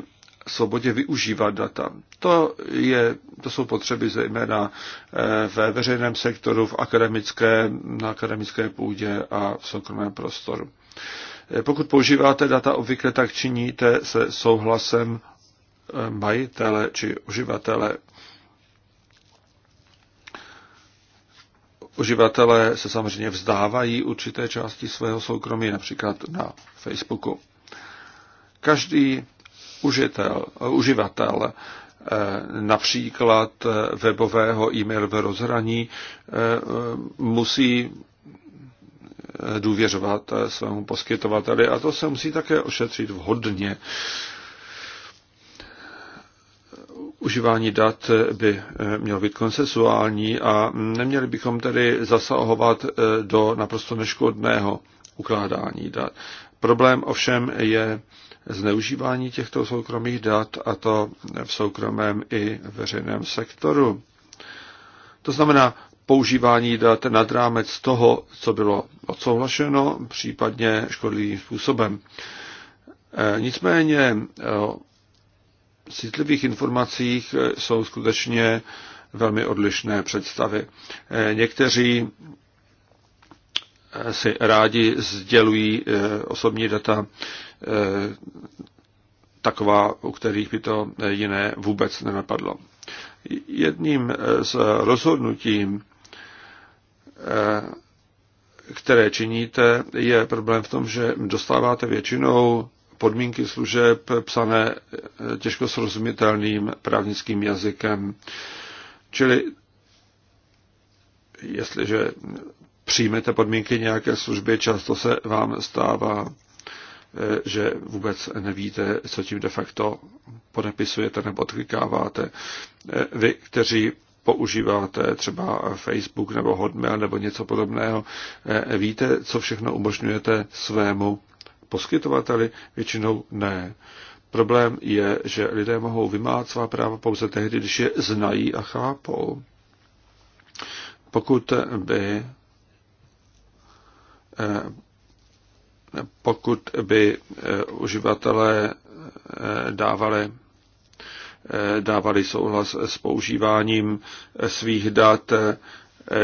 svobodě využívat data. To, je, to jsou potřeby zejména eh, ve veřejném sektoru, v akademické, na akademické půdě a v soukromém prostoru. Eh, pokud používáte data, obvykle tak činíte se souhlasem eh, majitele či uživatele. Uživatelé se samozřejmě vzdávají určité části svého soukromí, například na Facebooku. Každý užitel, uživatel eh, například eh, webového e-mailového rozhraní eh, musí důvěřovat svému poskytovateli a to se musí také ošetřit vhodně. Užívání dat by mělo být konsensuální a neměli bychom tedy zasahovat do naprosto neškodného ukládání dat. Problém ovšem je zneužívání těchto soukromých dat, a to v soukromém i veřejném sektoru. To znamená používání dat nad rámec toho, co bylo odsouhlašeno, případně škodlivým způsobem. E, nicméně e, citlivých informacích jsou skutečně velmi odlišné představy. E, někteří si rádi sdělují eh, osobní data eh, taková, u kterých by to eh, jiné vůbec nenapadlo. Jedním z rozhodnutím, které činíte, je problém v tom, že dostáváte většinou podmínky služeb psané těžko srozumitelným právnickým jazykem. Čili jestliže přijmete podmínky nějaké služby, často se vám stává, eh, že vůbec nevíte, co tím de facto podepisujete nebo odklikáváte. Eh, vy, kteří používáte třeba Facebook nebo Hotmail nebo něco podobného, eh, víte, co všechno umožňujete svému poskytovateli? Většinou ne. Problém je, že lidé mohou vymáhat svá práva pouze tehdy, když je znají a chápou. Pokud by pokud by eh, uživatelé eh, dávali, eh, dávali souhlas s používáním svých dat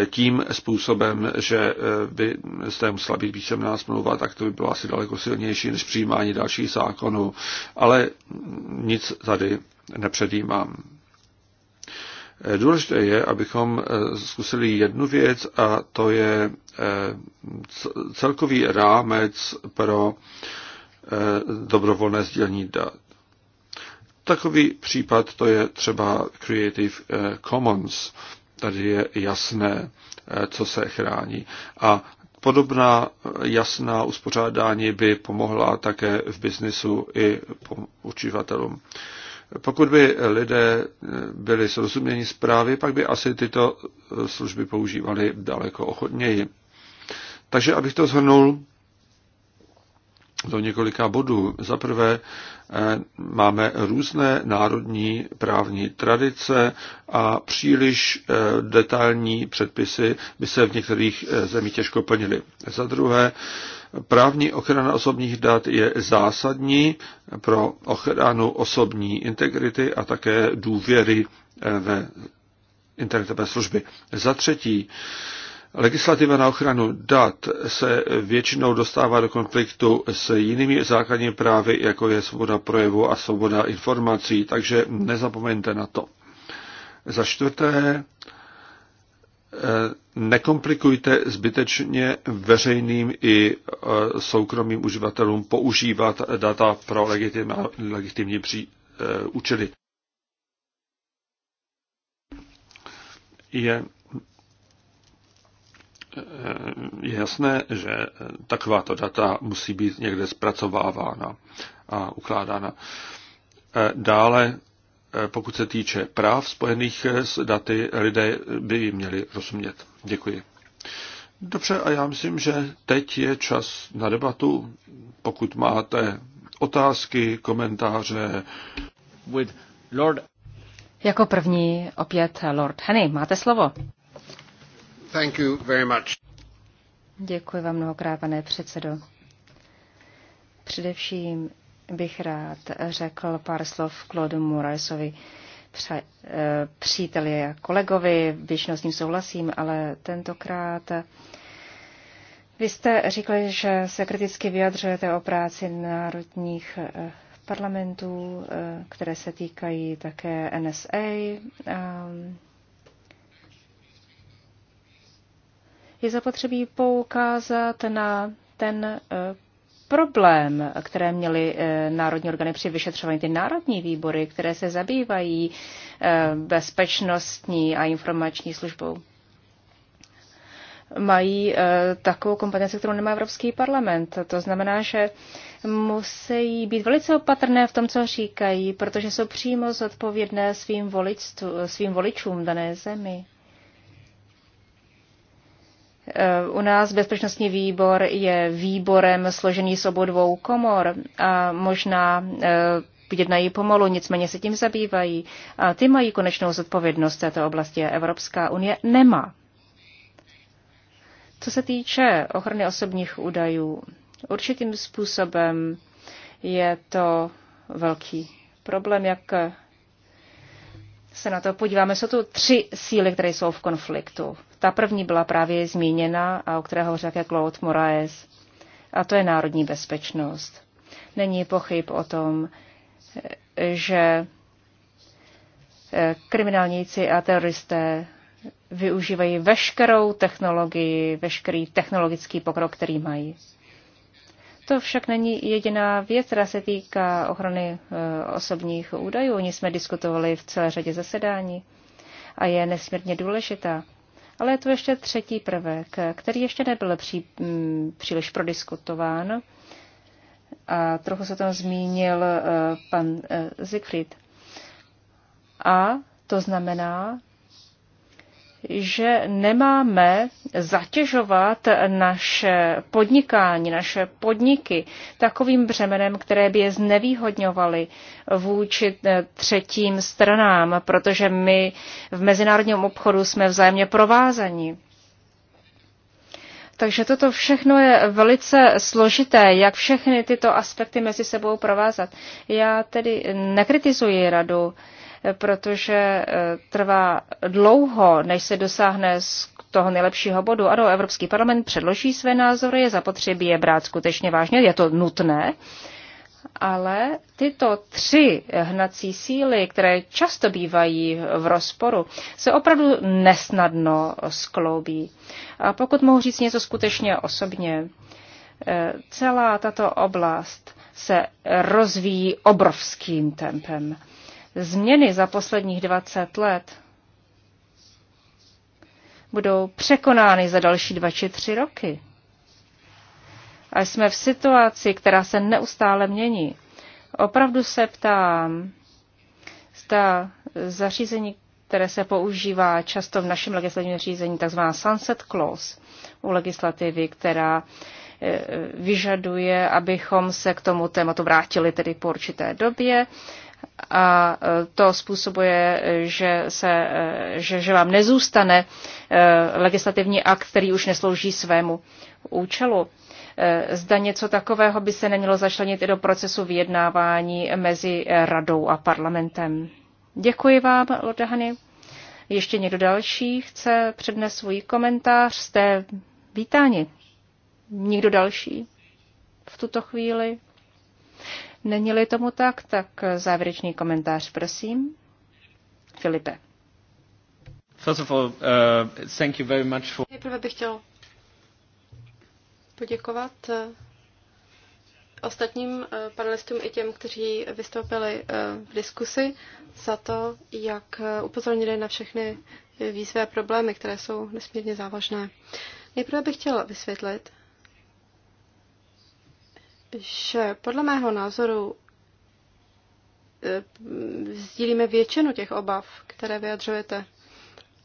tím způsobem, že by jste musela být písemná smlouva, tak to by bylo asi daleko silnější než přijímání dalších zákonů. Ale nic tady nepředjímám. Důležité je, abychom eh, zkusili jednu věc a to je eh, celkový rámec pro eh, dobrovolné sdělení dat. Takový případ to je třeba Creative Commons. Tady je jasné, co se chrání. A podobná jasná uspořádání by pomohla také v biznisu i uživatelům. Pokud by lidé eh, byli srozuměni zprávy, pak by asi tyto eh, služby používali daleko ochotněji. Takže abych to zhrnul do několika bodů. Za prvé eh, máme různé národní právní tradice a příliš detailní předpisy by se v některých zemích těžko plnily. Za druhé Právní ochrana osobních dat je zásadní pro ochranu osobní integrity a také důvěry eh, ve internetové služby. Za třetí, Legislativa na ochranu dat se většinou dostává do konfliktu s jinými základními právy, jako je svoboda projevu a svoboda informací, takže nezapomeňte na to. Za čtvrté, Eh, nekomplikujte zbytečně veřejným i eh, soukromým uživatelům používat data pro legitimní pří, eh, účely. Je, je jasné, že takováto data musí být někde zpracovávána a ukládána. Dále pokud se týče práv spojených s daty, lidé by ji měli rozumět. Děkuji. Dobře, a já myslím, že teď je čas na debatu. Pokud máte otázky, komentáře. With Lord... Jako první opět Lord Henny, máte slovo. Thank you very much. Děkuji vám mnohokrát, pane předsedo. Především bych rád řekl pár slov Claude Moraesovi, eh, příteli a kolegovi, většinou s ním souhlasím, ale tentokrát eh, vy jste říkali, že se kriticky vyjadřujete o práci národních eh, parlamentů, které se týkají také NSA. Je zapotřebí poukázat na ten problém, které měly eh, národní orgány při vyšetřování, ty národní výbory, které se zabývají eh, bezpečnostní a informační službou, mají eh, takovou kompetenci, kterou nemá Evropský parlament. To znamená, že musí být velice opatrné v tom, co říkají, protože jsou přímo zodpovědné svým, voličstv, svým voličům dané zemi. U nás bezpečnostní výbor je výborem složený z obou dvou komor a možná eh, jednají pomalu, nicméně se tím zabývají. A ty mají konečnou zodpovědnost této oblasti a Evropská unie nemá. Co se týče ochrany osobních údajů, určitým způsobem je to velký problém, jak se na to podíváme, jsou tu tři síly, které jsou v konfliktu. Ta první byla právě zmíněna, a o které hovoří také Claude Moraes, a to je národní bezpečnost. Není pochyb o tom, že eh, kriminálníci a teroristé využívají veškerou technologii, veškerý technologický pokrok, který mají. To však není jediná věc, která se týká ochrany e, osobních údajů. O ní jsme diskutovali v celé řadě zasedání a je nesmírně důležitá. Ale je tu ještě třetí prvek, který ještě nebyl pří, m, příliš prodiskutován. A trochu se tam zmínil uh, pan uh, Siegfried. A to znamená že nemáme zatěžovat naše podnikání, naše podniky takovým břemenem, které by je znevýhodňovaly vůči eh, třetím stranám, protože my v mezinárodním obchodu jsme vzájemně provázaní. Takže toto všechno je velice složité, jak všechny tyto aspekty mezi sebou provázat. Já tedy nekritizuji radu, protože eh, trvá dlouho, než se dosáhne z toho nejlepšího bodu. Ano, Evropský parlament předloží své názory, je zapotřebí je brát skutečně vážně, je to nutné, ale tyto tři hnací síly, které často bývají v rozporu, se opravdu nesnadno skloubí. A pokud mohu říct něco skutečně osobně, eh, celá tato oblast se rozvíjí obrovským tempem změny za posledních 20 let budou překonány za další dva či tři roky. A jsme v situaci, která se neustále mění. Opravdu se ptám, zda zařízení, které se používá často v našem legislativním řízení, takzvaná sunset clause u legislativy, která e, vyžaduje, abychom se k tomu tématu vrátili tedy po určité době, a e, to způsobuje, že, se, e, že, že vám nezůstane e, legislativní akt, který už neslouží svému účelu. Zda něco takového by se nemělo začlenit i do procesu vyjednávání mezi radou a parlamentem. Děkuji vám, Lodehany. Ještě někdo další chce přednes svůj komentář? Jste vítáni. Nikdo další v tuto chvíli? Není-li tomu tak, tak závěrečný komentář, prosím. Filipe. Uh, Nejprve bych chtěl poděkovat uh, ostatním uh, panelistům i těm, kteří vystoupili v diskusi za to, jak upozornili na všechny výzvy a problémy, které jsou nesmírně závažné. Nejprve bych chtěla vysvětlit, že podle mého názoru e, sdílíme většinu těch obav, které vyjadřujete.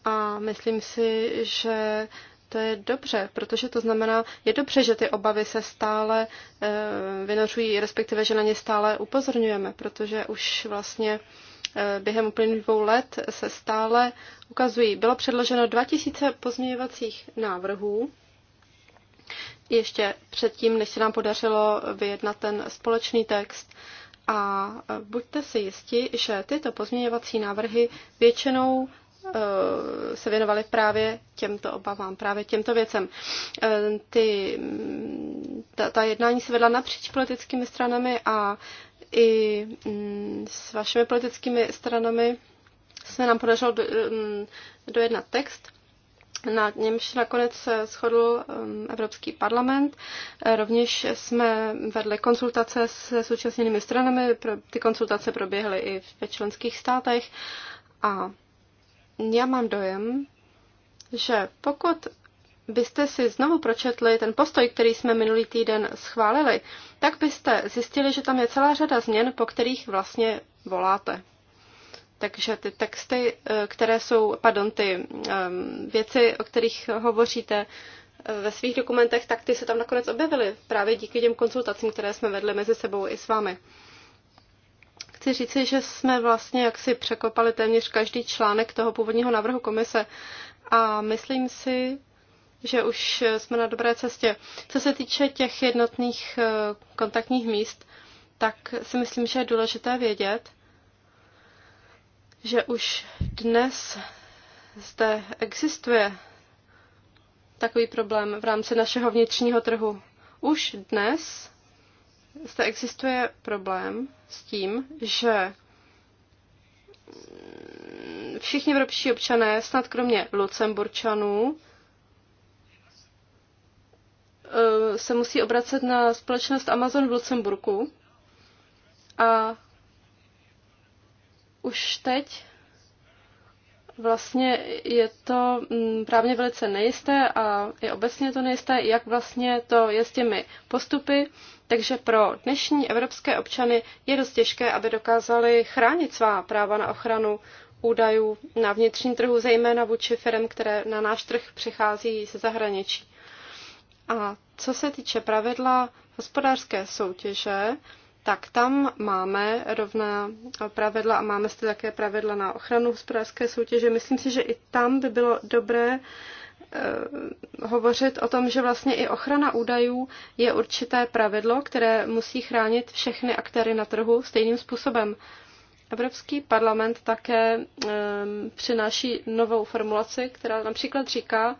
A myslím si, že to je dobře, protože to znamená, je dobře, že ty obavy se stále e, vynořují, respektive, že na ně stále upozorňujeme, protože už vlastně e, během uplynulých dvou let se stále ukazují. Bylo předloženo 2000 pozměňovacích návrhů ještě předtím, než se nám podařilo vyjednat ten společný text. A e, buďte si jisti, že tyto pozměňovací návrhy většinou e, se věnovali právě těmto obavám, právě těmto věcem. E, ty, mm, ta, ta jednání se vedla napříč politickými stranami a i mm, s vašimi politickými stranami se nám podařilo mm, dojednat text, na němž nakonec se shodl um, Evropský parlament. Rovněž jsme vedli konsultace se současnými stranami, ty konsultace proběhly i ve členských státech a já mám dojem, že pokud byste si znovu pročetli ten postoj, který jsme minulý týden schválili, tak byste zjistili, že tam je celá řada změn, po kterých vlastně voláte. Takže ty texty, eh, které jsou, pardon, ty eh, věci, o kterých hovoříte eh, ve svých dokumentech, tak ty se tam nakonec objevily právě díky těm konzultacím, které jsme vedli mezi sebou i s vámi. Chci říci, že jsme vlastně jaksi překopali téměř každý článek toho původního návrhu komise a myslím si, že už jsme na dobré cestě. Co se týče těch jednotných kontaktních míst, tak si myslím, že je důležité vědět, že už dnes zde existuje takový problém v rámci našeho vnitřního trhu. Už dnes zde existuje problém s tím, že všichni evropští občané, snad kromě Lucemburčanů, eh, se musí obracet na společnost Amazon v Lucemburku a už teď vlastně je to mm, právně velice nejisté a i obecně to nejisté, jak vlastně to je s těmi postupy. Takže pro dnešní evropské občany je dost těžké, aby dokázali chránit svá práva na ochranu údajů na vnitřním trhu, zejména vůči firm, které na náš trh přichází ze zahraničí. A co se týče pravidla hospodářské soutěže, tak tam máme rovná pravidla a máme zde také pravidla na ochranu hospodářské soutěže. Myslím si, že i tam by bylo dobré eh, hovořit o tom, že vlastně i ochrana údajů je určité pravidlo, které musí chránit všechny aktéry na trhu stejným způsobem. Evropský parlament také um, přináší novou formulaci, která například říká,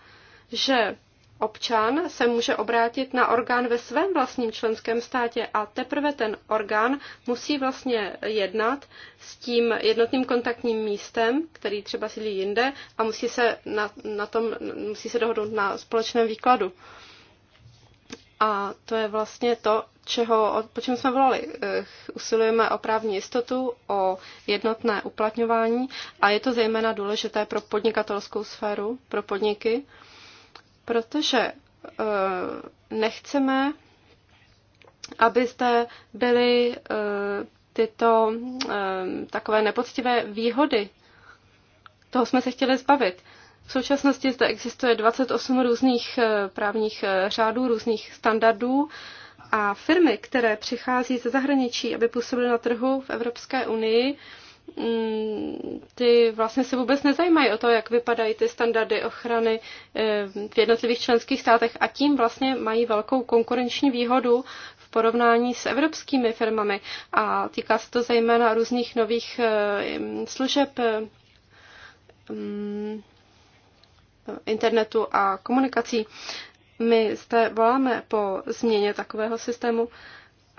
že občan se může obrátit na orgán ve svém vlastním členském státě a teprve ten orgán musí vlastně jednat s tím jednotným kontaktním místem, který třeba sídlí jinde a musí se, na, na tom, musí se dohodnout na společném výkladu. A to je vlastně to, čeho, po čem jsme volali. Eh, usilujeme o právní jistotu, o jednotné uplatňování a je to zejména důležité pro podnikatelskou sféru, pro podniky, protože eh, nechceme, abyste byli eh, tyto eh, takové nepoctivé výhody. Toho jsme se chtěli zbavit. V současnosti zde existuje 28 různých právních řádů, různých standardů a firmy, které přichází ze zahraničí, aby působily na trhu v Evropské unii, Mm, ty vlastně se vůbec nezajímají o to, jak vypadají ty standardy ochrany eh, v jednotlivých členských státech a tím vlastně mají velkou konkurenční výhodu v porovnání s evropskými firmami. A týká se to zejména různých nových eh, služeb eh, mm, internetu a komunikací. My zde voláme po změně takového systému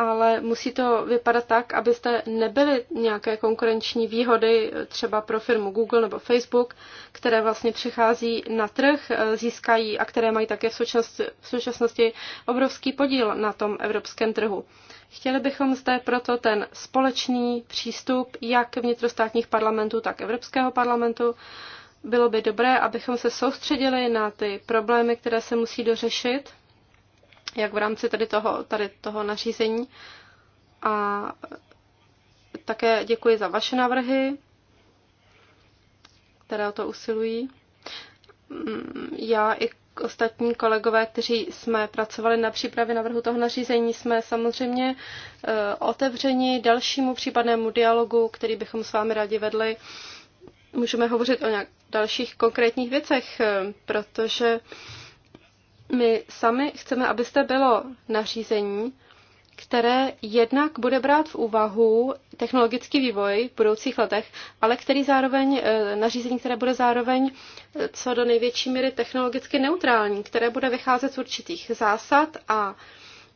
ale musí to vypadat tak, abyste nebyli nějaké konkurenční výhody eh, třeba pro firmu Google nebo Facebook, které vlastně přichází na trh, eh, získají a které mají také v současnosti, v současnosti obrovský podíl na tom evropském trhu. Chtěli bychom zde proto ten společný přístup jak vnitrostátních parlamentů, tak Evropského parlamentu. Bylo by dobré, abychom se soustředili na ty problémy, které se musí dořešit jak v rámci tady toho, tady toho nařízení. A také děkuji za vaše návrhy, které o to usilují. Já i ostatní kolegové, kteří jsme pracovali na přípravě navrhu toho nařízení, jsme samozřejmě eh, otevřeni dalšímu případnému dialogu, který bychom s vámi rádi vedli. Můžeme hovořit o nějak dalších konkrétních věcech, eh, protože my sami chceme, aby to bylo nařízení, které jednak bude brát v úvahu technologický vývoj v budoucích letech, ale který zároveň, eh, nařízení, které bude zároveň eh, co do největší míry technologicky neutrální, které bude vycházet z určitých zásad a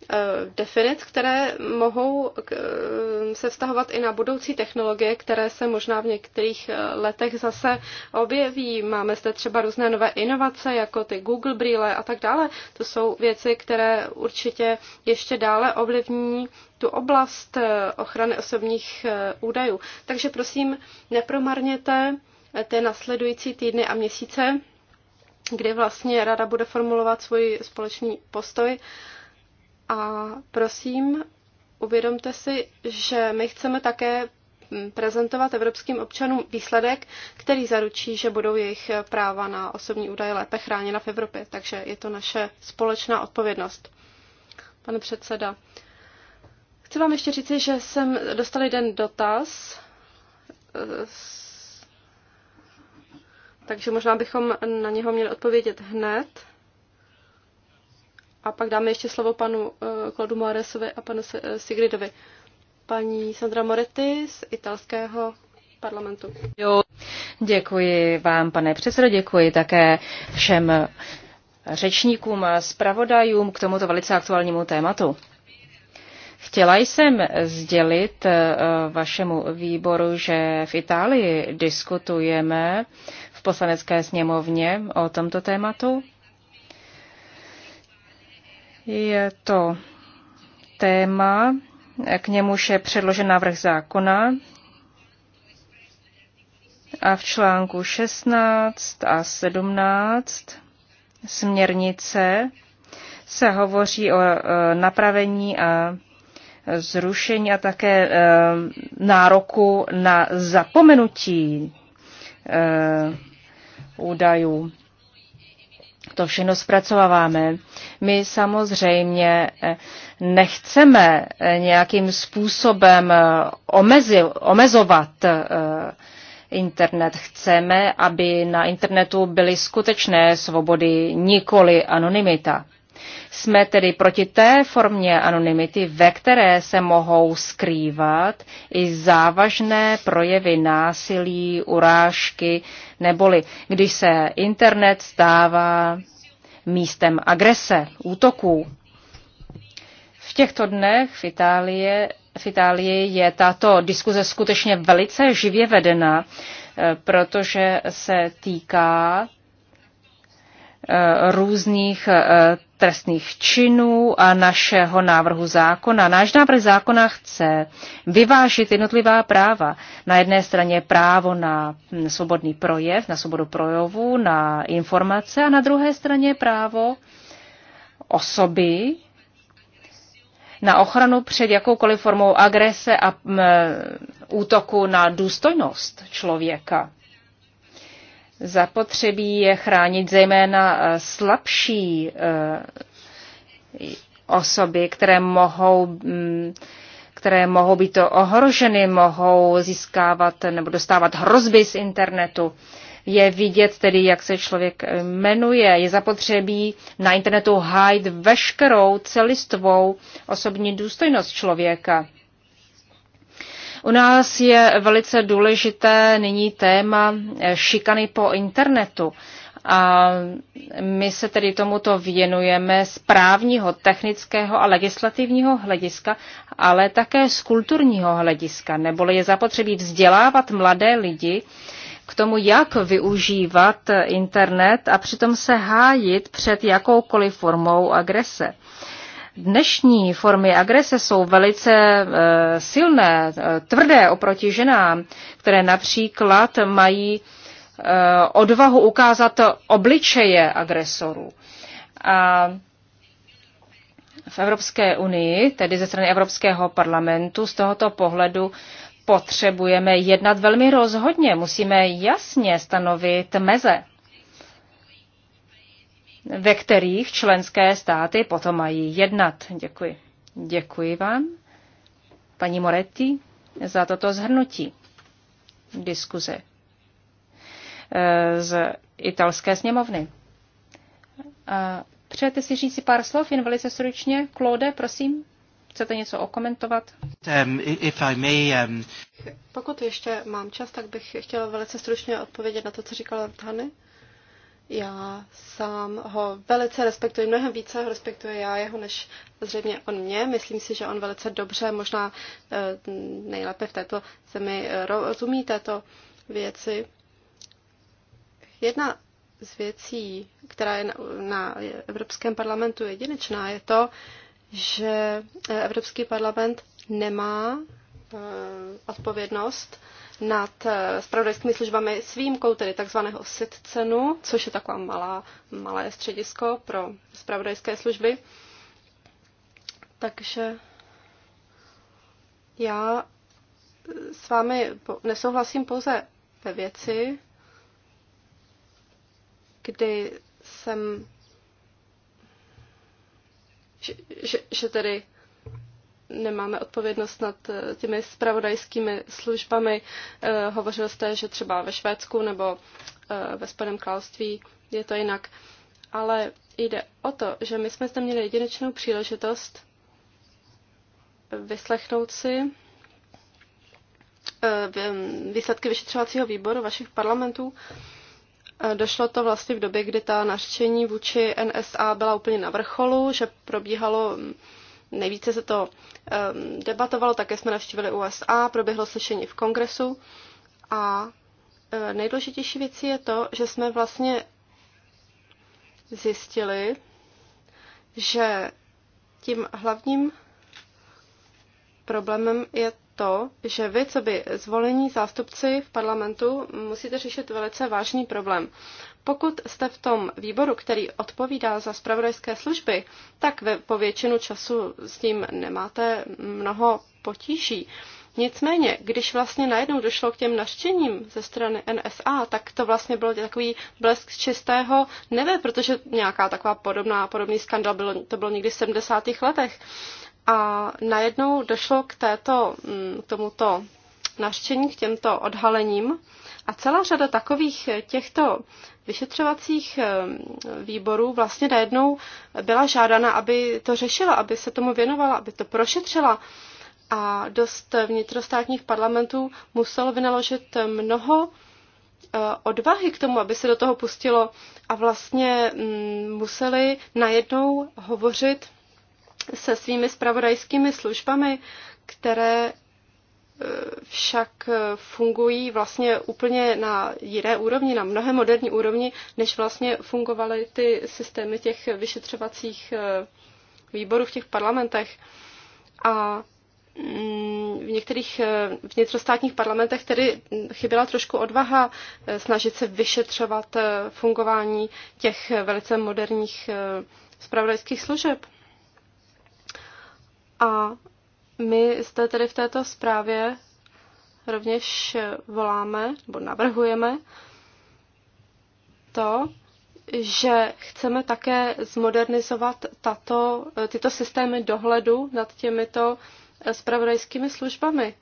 Eh, definic, které mohou eh, se vztahovat i na budoucí technologie, které se možná v některých eh, letech zase objeví. Máme zde třeba různé nové inovace, jako ty Google brýle a tak dále. To jsou věci, které určitě ještě dále ovlivní tu oblast ochrany osobních údajů. Takže prosím, nepromarněte ty nasledující týdny a měsíce, kdy vlastně Rada bude formulovat svůj společný postoj a prosím, uvědomte si, že my chceme také prezentovat evropským občanům výsledek, který zaručí, že budou jejich práva na osobní údaje lépe chráněna v Evropě. Takže je to naše společná odpovědnost. Pane předseda, chci vám ještě říci, že jsem dostal jeden dotaz, takže možná bychom na něho měli odpovědět hned. A pak dáme ještě slovo panu Kladu eh, Moresovi a panu eh, Sigridovi. Paní Sandra Moretti z italského parlamentu. Jo. Děkuji vám, pane předsedo, děkuji také všem řečníkům a zpravodajům k tomuto velice aktuálnímu tématu. Chtěla jsem sdělit eh, vašemu výboru, že v Itálii diskutujeme v poslanecké sněmovně o tomto tématu je to téma, k němuž je předložen návrh zákona a v článku 16 a 17 směrnice se hovoří o e, napravení a zrušení a také e, nároku na zapomenutí e, údajů. To všechno zpracováváme. My samozřejmě eh, nechceme eh, nějakým způsobem eh, omezi, omezovat internet. Chceme, aby na internetu byly skutečné svobody, nikoli anonymita. Jsme tedy proti té formě anonymity, ve které se mohou skrývat i závažné projevy násilí, urážky, neboli když se internet stává místem agrese, útoků. V těchto dnech v Itálie, v Itálii je tato diskuze skutečně velice živě vedena, eh, protože se týká Eh, různých eh, trestných činů a našeho návrhu zákona. Náš návrh zákona chce vyvážit jednotlivá práva. Na jedné straně právo na hm, svobodný projev, na svobodu projevu, na informace a na druhé straně právo osoby na ochranu před jakoukoliv formou agrese a hm, útoku na důstojnost člověka. Zapotřebí je chránit zejména eh, slabší eh, osoby, které mohou, mm, které mohou být ohroženy, mohou získávat nebo dostávat hrozby z internetu. Je vidět tedy, jak se člověk eh, jmenuje. Je zapotřebí na internetu hájit veškerou celistvou osobní důstojnost člověka. U nás je velice důležité nyní téma eh, šikany po internetu. A my se tedy tomuto věnujeme z právního, technického a legislativního hlediska, ale také z kulturního hlediska, neboli je zapotřebí vzdělávat mladé lidi k tomu, jak využívat internet a přitom se hájit před jakoukoliv formou agrese. Dnešní formy agrese jsou velice e, silné, e, tvrdé oproti ženám, které například mají e, odvahu ukázat obličeje agresorů. A v Evropské unii, tedy ze strany Evropského parlamentu, z tohoto pohledu potřebujeme jednat velmi rozhodně. Musíme jasně stanovit meze ve kterých členské státy potom mají jednat. Děkuji. Děkuji vám, paní Moretti, za toto zhrnutí diskuze e, z italské sněmovny. A přejete si říct si pár slov, jen velice stručně. Claude, prosím, chcete něco okomentovat? Um, if I may, um... Pokud ještě mám čas, tak bych chtěla velice stručně odpovědět na to, co říkala Tany. Já sám ho velice respektuji, mnohem více ho respektuji já jeho, než zřejmě on mě. Myslím si, že on velice dobře, možná eh, nejlépe v této zemi eh, rozumí této věci. Jedna z věcí, která je na, na Evropském parlamentu jedinečná, je to, že eh, Evropský parlament nemá odpovědnost nad eh, spravodajskými službami s výjimkou tedy takzvaného SITCENu, což je taková malá, malé středisko pro spravodajské služby. Takže já s vámi nesouhlasím pouze ve věci, kdy jsem, že, že, že tedy nemáme odpovědnost nad eh, těmi spravodajskými službami. Eh, hovořil jste, že třeba ve Švédsku nebo eh, ve Spojeném království je to jinak. Ale jde o to, že my jsme zde měli jedinečnou příležitost vyslechnout si výsledky vyšetřovacího výboru vašich parlamentů. Došlo to vlastně v době, kdy ta nařčení vůči NSA byla úplně na vrcholu, že probíhalo mm, Nejvíce se to um, debatovalo, také jsme navštívili USA, proběhlo slyšení v kongresu a uh, nejdůležitější věcí je to, že jsme vlastně zjistili, že tím hlavním problémem je to, že vy, co by zvolení zástupci v parlamentu, musíte řešit velice vážný problém. Pokud jste v tom výboru, který odpovídá za spravodajské služby, tak ve, po většinu času s tím nemáte mnoho potíží. Nicméně, když vlastně najednou došlo k těm naštěním ze strany NSA, tak to vlastně bylo takový blesk čistého nebe, protože nějaká taková podobná, podobný skandal bylo, to bylo někdy v 70. letech. A najednou došlo k, této, mm, k tomuto nařčení, k těmto odhalením. A celá řada takových těchto vyšetřovacích eh, výborů vlastně najednou byla žádána, aby to řešila, aby se tomu věnovala, aby to prošetřila. A dost vnitrostátních parlamentů muselo vynaložit mnoho eh, odvahy k tomu, aby se do toho pustilo a vlastně mm, museli najednou hovořit se svými spravodajskými službami, které e, však e, fungují vlastně úplně na jiné úrovni, na mnohem moderní úrovni, než vlastně fungovaly ty systémy těch vyšetřovacích e, výborů v těch parlamentech. A mm, v některých vnitrostátních parlamentech tedy chyběla trošku odvaha snažit se vyšetřovat fungování těch velice moderních spravodajských služeb. A my zde tedy v této zprávě rovněž voláme nebo navrhujeme to, že chceme také zmodernizovat tato, tyto systémy dohledu nad těmito spravodajskými službami,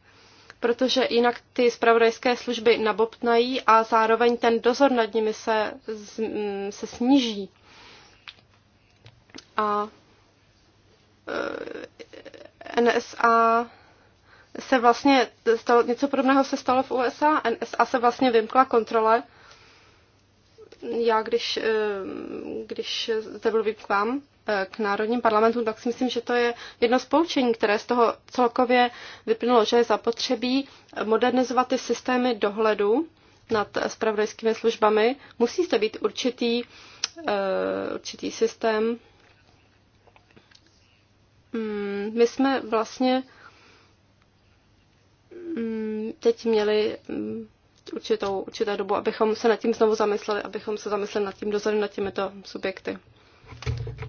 protože jinak ty spravodajské služby nabobtnají a zároveň ten dozor nad nimi se, mm, se sníží. A e, NSA se vlastně, stalo, něco podobného se stalo v USA, NSA se vlastně vymkla kontrole. Já když, eh, když zde budu eh, k národním parlamentům, tak si myslím, že to je jedno z poučení, které z toho celkově vyplynulo, že je zapotřebí modernizovat ty systémy dohledu nad spravodajskými službami. Musí zde být určitý, eh, určitý systém Hmm, my jsme vlastně hmm, teď měli hmm, určitou, určitou dobu, abychom se nad tím znovu zamysleli, abychom se zamysleli nad tím dozorem, nad těmito subjekty.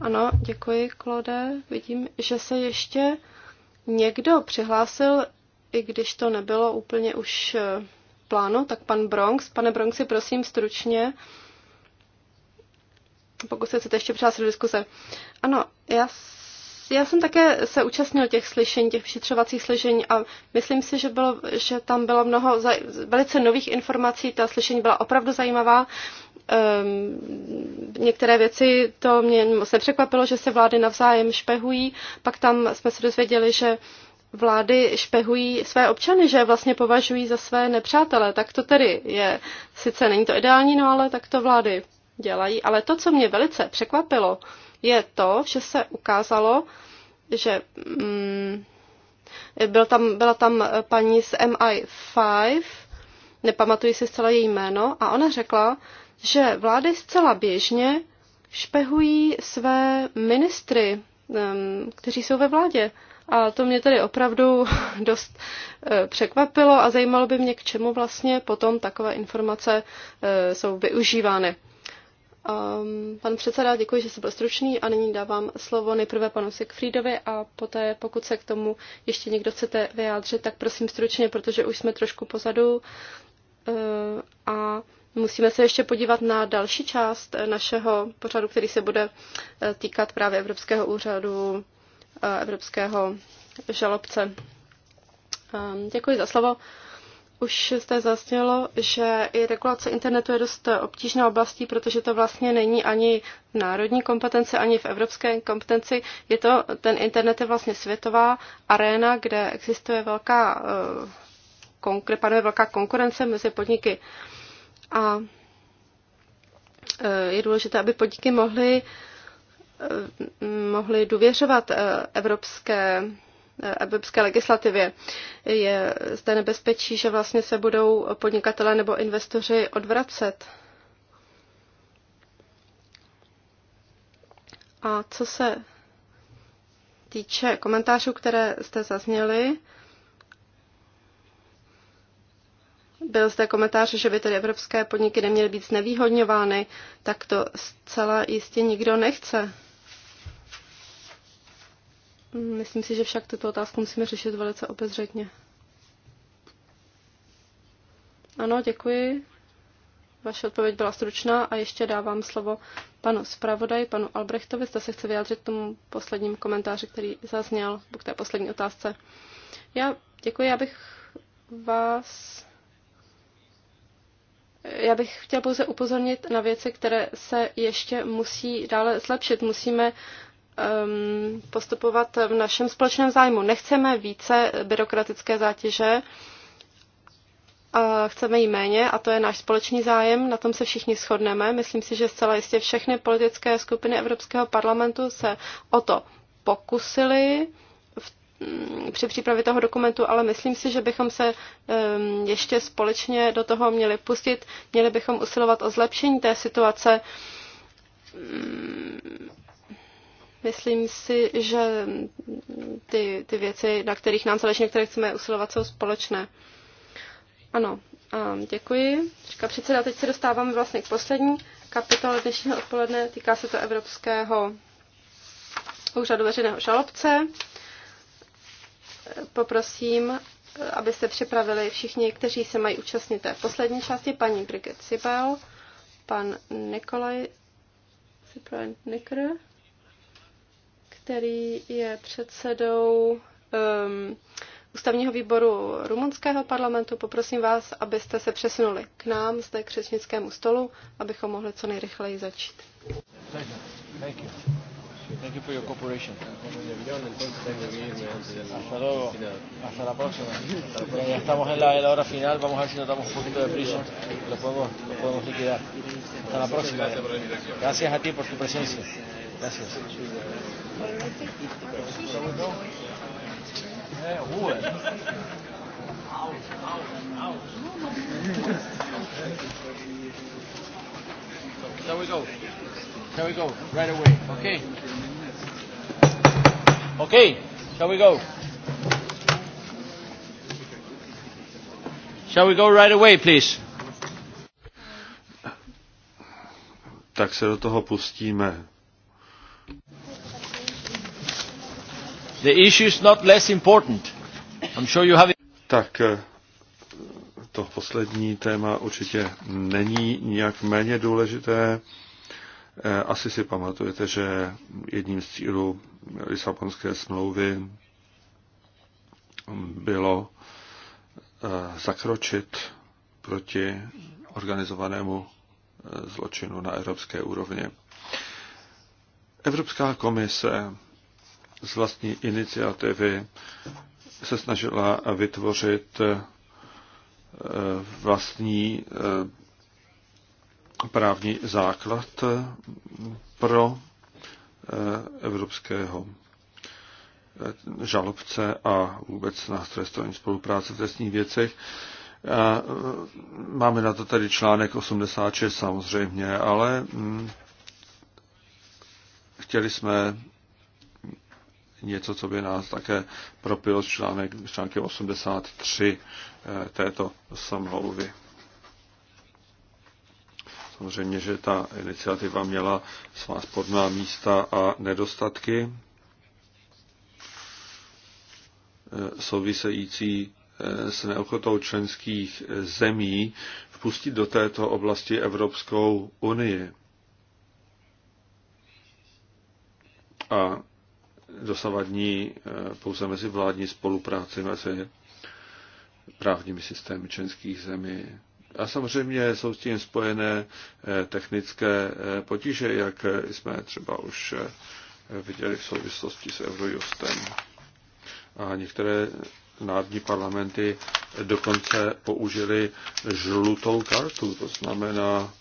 Ano, děkuji, Klode. Vidím, že se ještě někdo přihlásil, i když to nebylo úplně už eh, plánu, tak pan Bronx. Pane Bronxi, prosím stručně, pokud se chcete ještě přihlásit do diskuse. Ano, já já jsem také se účastnil těch slyšení, těch vyšetřovacích slyšení a myslím si, že, bylo, že tam bylo mnoho zaj- velice nových informací, ta slyšení byla opravdu zajímavá. Um, některé věci, to mě moc nepřekvapilo, že se vlády navzájem špehují, pak tam jsme se dozvěděli, že vlády špehují své občany, že vlastně považují za své nepřátele. Tak to tedy je, sice není to ideální, no ale tak to vlády dělají. Ale to, co mě velice překvapilo, uh, je to, že se ukázalo, že mm, byl tam, byla tam paní z MI5, nepamatuji si zcela její jméno, a ona řekla, že vlády zcela běžně špehují své ministry, mm, kteří jsou ve vládě. A to mě tedy opravdu (laughs) dost eh, překvapilo a zajímalo by mě, k čemu vlastně potom takové informace eh, jsou využívány. Um, pan předseda, děkuji, že jste byl stručný a nyní dávám slovo nejprve panu Siegfriedovi a poté, pokud se k tomu ještě někdo chcete vyjádřit, tak prosím stručně, protože už jsme trošku pozadu uh, a musíme se ještě podívat na další část eh, našeho pořadu, který se bude eh, týkat právě Evropského úřadu, Evropského žalobce. Um, děkuji za slovo. Už zde zaznělo, že i regulace internetu je dost obtížná oblastí, protože to vlastně není ani v národní kompetenci, ani v evropské kompetenci. Je to, ten internet je vlastně světová aréna, kde existuje velká, eh, kde panuje velká konkurence mezi podniky. A eh, je důležité, aby podniky mohly, eh, mohly důvěřovat evropské evropské legislativě. Je zde nebezpečí, že vlastně se budou podnikatelé nebo investoři odvracet. A co se týče komentářů, které jste zazněli, byl zde komentář, že by tedy evropské podniky neměly být znevýhodňovány, tak to zcela jistě nikdo nechce. Hm, myslím si, že však tuto otázku musíme řešit velice obezřetně. Ano, děkuji. Vaše odpověď byla stručná a ještě dávám slovo panu zpravodaji, panu Albrechtovi, zda se chce vyjádřit tomu posledním komentáři, který zazněl, k té poslední otázce. Já děkuji, já bych vás... Já bych chtěla pouze upozornit na věci, které se ještě musí dále zlepšit. Musíme um, postupovat v našem společném zájmu. Nechceme více byrokratické zátěže, a chceme jí méně a to je náš společný zájem, na tom se všichni shodneme. Myslím si, že zcela jistě všechny politické skupiny Evropského parlamentu se o to pokusili v, mm, při přípravě toho dokumentu, ale myslím si, že bychom se um, ještě společně do toho měli pustit, měli bychom usilovat o zlepšení té situace. Um, Myslím si, že ty, ty věci, na kterých nám záleží, na které chceme usilovat, jsou společné. Ano, děkuji. Říká předseda, teď se dostáváme vlastně k poslední kapitole dnešního odpoledne. Týká se to Evropského úřadu veřejného žalobce. Poprosím, abyste připravili všichni, kteří se mají účastnit té poslední části, paní Brigitte Sibel, pan Nikolaj Cyprian Nikr, který je předsedou um, ústavního výboru rumunského parlamentu. Poprosím vás, abyste se přesunuli k nám zde k řečnickému stolu, abychom mohli co nejrychleji začít. Thank you. Thank you. Thank you for your cooperation. Hasta luego. Hasta la próxima. Bueno, ya estamos en la, en la hora final. Vamos a ver si nos damos un poquito de prisa. Lo podemos, lo podemos liquidar. Hasta la próxima. Gracias a ti por tu presencia. Gracias. Eh, There we go. Shall we go? Right away. Okay. Okay. Shall we go? Shall we go right away, please? Tak se do toho pustíme. The issue is not less important. I'm sure you have it. Tak eh, to poslední téma určitě není nějak méně důležité. Eh, asi si pamatujete, že jedním z cílů Lisabonské smlouvy bylo eh, zakročit proti organizovanému eh, zločinu na evropské úrovni. Evropská komise z vlastní iniciativy se snažila vytvořit vlastní právní základ pro eh, evropského eh, žalobce a vůbec nástroje strany spolupráce v trestních věcech. Eh, máme na to tady článek 86 samozřejmě, ale hm, chtěli jsme něco, co by nás také propilo s článek, článkem 83 této samlouvy. Samozřejmě, že ta iniciativa měla svá sporná místa a nedostatky eh, související eh, s neochotou členských eh, zemí vpustit do této oblasti Evropskou unii. A dosavadní pouze mezi vládní spolupráci mezi právními systémy členských zemí a samozřejmě jsou s tím spojené eh, technické eh, potíže, jak jsme třeba už eh, viděli v souvislosti s Eurojustem. A některé národní parlamenty dokonce použili žlutou kartu, to znamená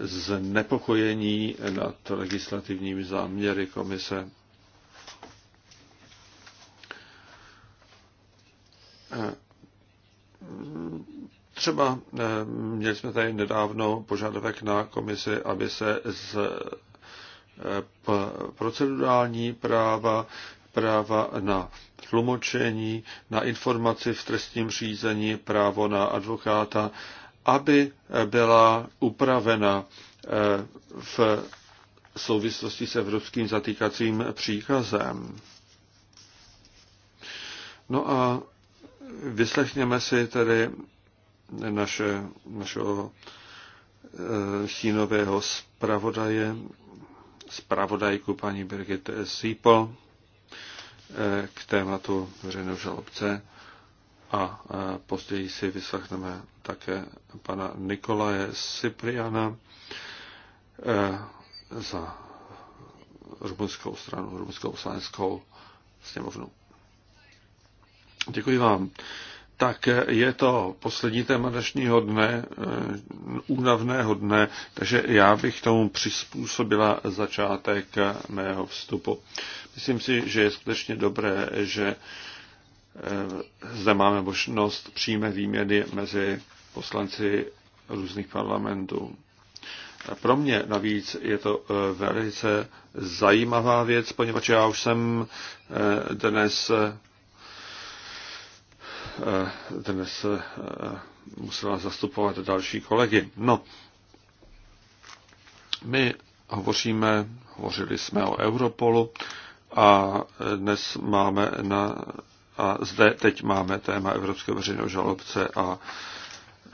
znepokojení nad legislativními záměry komise. Třeba eh, měli jsme tady nedávno požadavek na komisi, aby se z eh, procedurální práva, práva na tlumočení, na informaci v trestním řízení, právo na advokáta, aby byla upravena eh, v souvislosti s evropským zatýkacím příkazem. No a Vyslechněme si tedy naše, našeho eh, stínového zpravodaje, zpravodajku paní Birgit Sýpl eh, k tématu veřejného žalobce a eh, později si vyslechneme také pana Nikolaje Cypriana za rumunskou stranu, rumunskou slánskou sněmovnu. Děkuji vám. Tak je to poslední téma dnešního dne, eh, únavného dne, takže já bych tomu přizpůsobila začátek mého vstupu. Myslím si, že je skutečně dobré, že eh, zde máme možnost přímé výměny mezi poslanci různých parlamentů. Pro mě navíc je to eh, velice zajímavá věc, poněvadž já už jsem dnes Eh, dnes eh, musela zastupovat další kolegy. No, my hovoříme, hovořili jsme o Europolu a dnes máme na, a zde teď máme téma Evropského veřejného žalobce a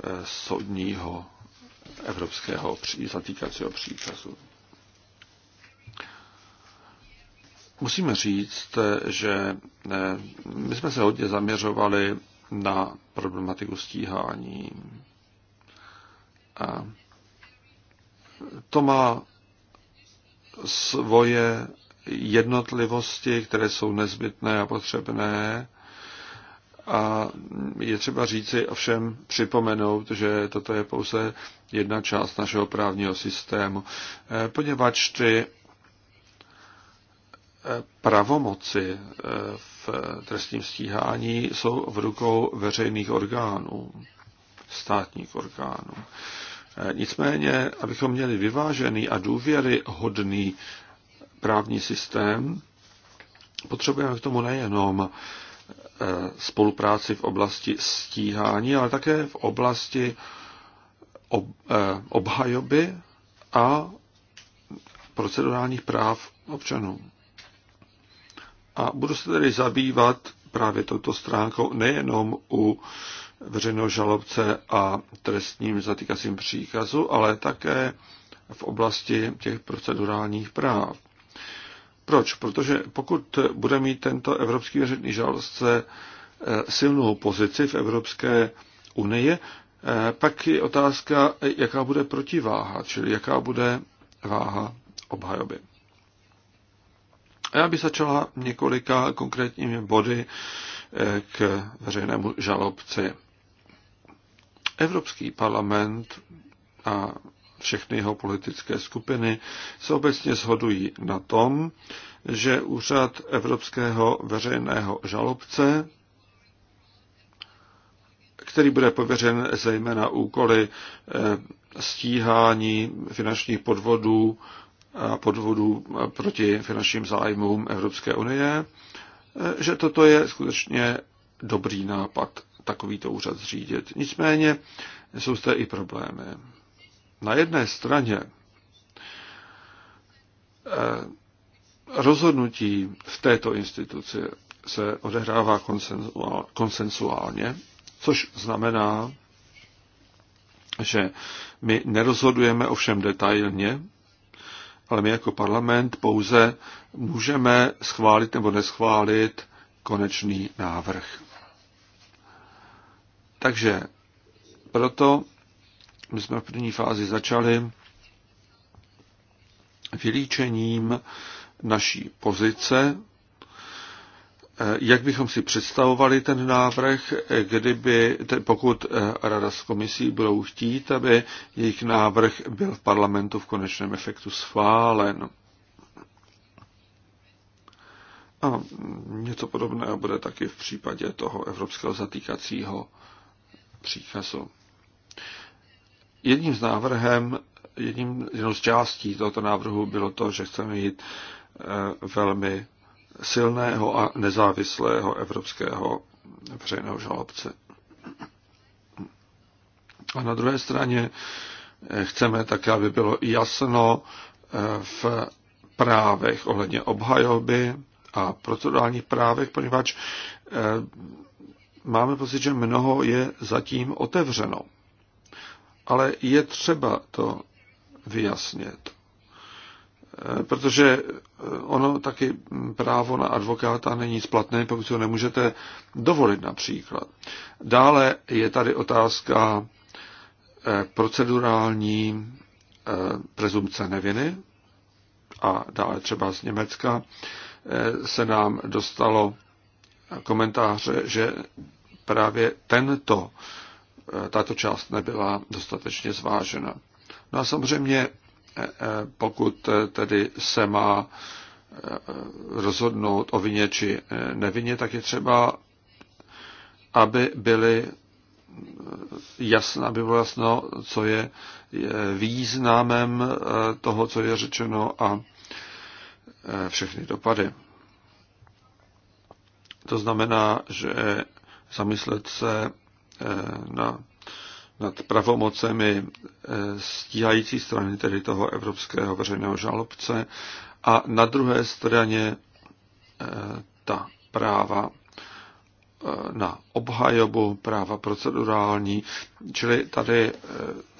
eh, soudního evropského zatýkacího příkazu. Musíme říct, že my jsme se hodně zaměřovali na problematiku stíhání. A to má svoje jednotlivosti, které jsou nezbytné a potřebné. A je třeba říci ovšem připomenout, že toto je pouze jedna část našeho právního systému, eh, poněvadž ty pravomoci eh, v trestním stíhání jsou v rukou veřejných orgánů, státních orgánů. Eh, nicméně, abychom měli vyvážený a důvěryhodný právní systém, potřebujeme k tomu nejenom eh, spolupráci v oblasti stíhání, ale také v oblasti ob, obhajoby a procedurálních práv občanů. A budu se tedy zabývat právě touto stránkou nejenom u veřejného žalobce a trestním zatýkacím příkazu, ale také v oblasti těch procedurálních práv. Proč? Protože pokud bude mít tento evropský veřejný žalobce eh, silnou pozici v Evropské unii, eh, pak je otázka, jaká bude protiváha, čili jaká bude váha obhajoby. Já bych začala několika konkrétními body eh, k veřejnému žalobci. Evropský parlament a všechny jeho politické skupiny se obecně shodují na tom, že úřad Evropského veřejného žalobce, který bude pověřen zejména úkoly eh, stíhání finančních podvodů podvodů proti finančním zájmům Evropské unie, že toto je skutečně dobrý nápad takovýto úřad zřídit. Nicméně jsou zde i problémy. Na jedné straně eh, rozhodnutí v této instituci se odehrává konsensuálně, což znamená, že my nerozhodujeme ovšem detailně, ale my jako parlament pouze můžeme schválit nebo neschválit konečný návrh. Takže proto my jsme v první fázi začali vylíčením naší pozice jak bychom si představovali ten návrh, kdyby, pokud eh, Rada s komisí budou chtít, aby jejich návrh byl v parlamentu v konečném efektu schválen. A něco podobného bude taky v případě toho evropského zatýkacího příkazu. Jedním z návrhem, jedním, jednou z částí tohoto návrhu bylo to, že chceme jít eh, velmi silného a nezávislého evropského veřejného žalobce. A na druhé straně eh, chceme také, aby bylo jasno eh, v právech ohledně obhajoby a procedurálních právech, poněvadž eh, máme pocit, že mnoho je zatím otevřeno. Ale je třeba to vyjasnit. Eh, protože eh, ono taky právo na advokáta není splatné, pokud si ho nemůžete dovolit například. Dále je tady otázka eh, procedurální prezumce neviny a dále třeba z Německa se nám dostalo komentáře, že právě tento, tato část nebyla dostatečně zvážena. No a samozřejmě Eh, eh, pokud eh, tedy se má rozhodnout o vině či nevině, tak je třeba, aby byly jasno, aby bylo jasno, co je významem toho, co je řečeno a všechny dopady. To znamená, že zamyslet se na nad pravomocemi eh, stíhající strany, tedy toho evropského veřejného žalobce, a na druhé straně eh, ta práva eh, na obhajobu, práva procedurální. Čili tady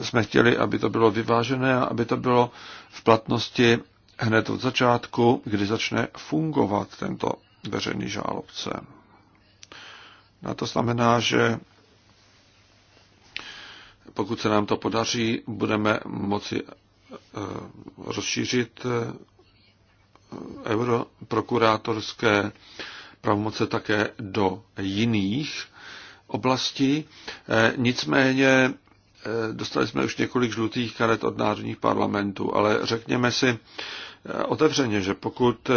jsme chtěli, aby to bylo vyvážené a aby to bylo v platnosti hned od začátku, kdy začne fungovat tento veřejný žálobce. A to znamená, že pokud se nám to podaří, budeme moci eh, rozšířit eh, europrokurátorské pravomoce také do jiných oblastí. Eh, nicméně dostali jsme už několik žlutých karet od národních parlamentů, ale řekněme si otevřeně, že pokud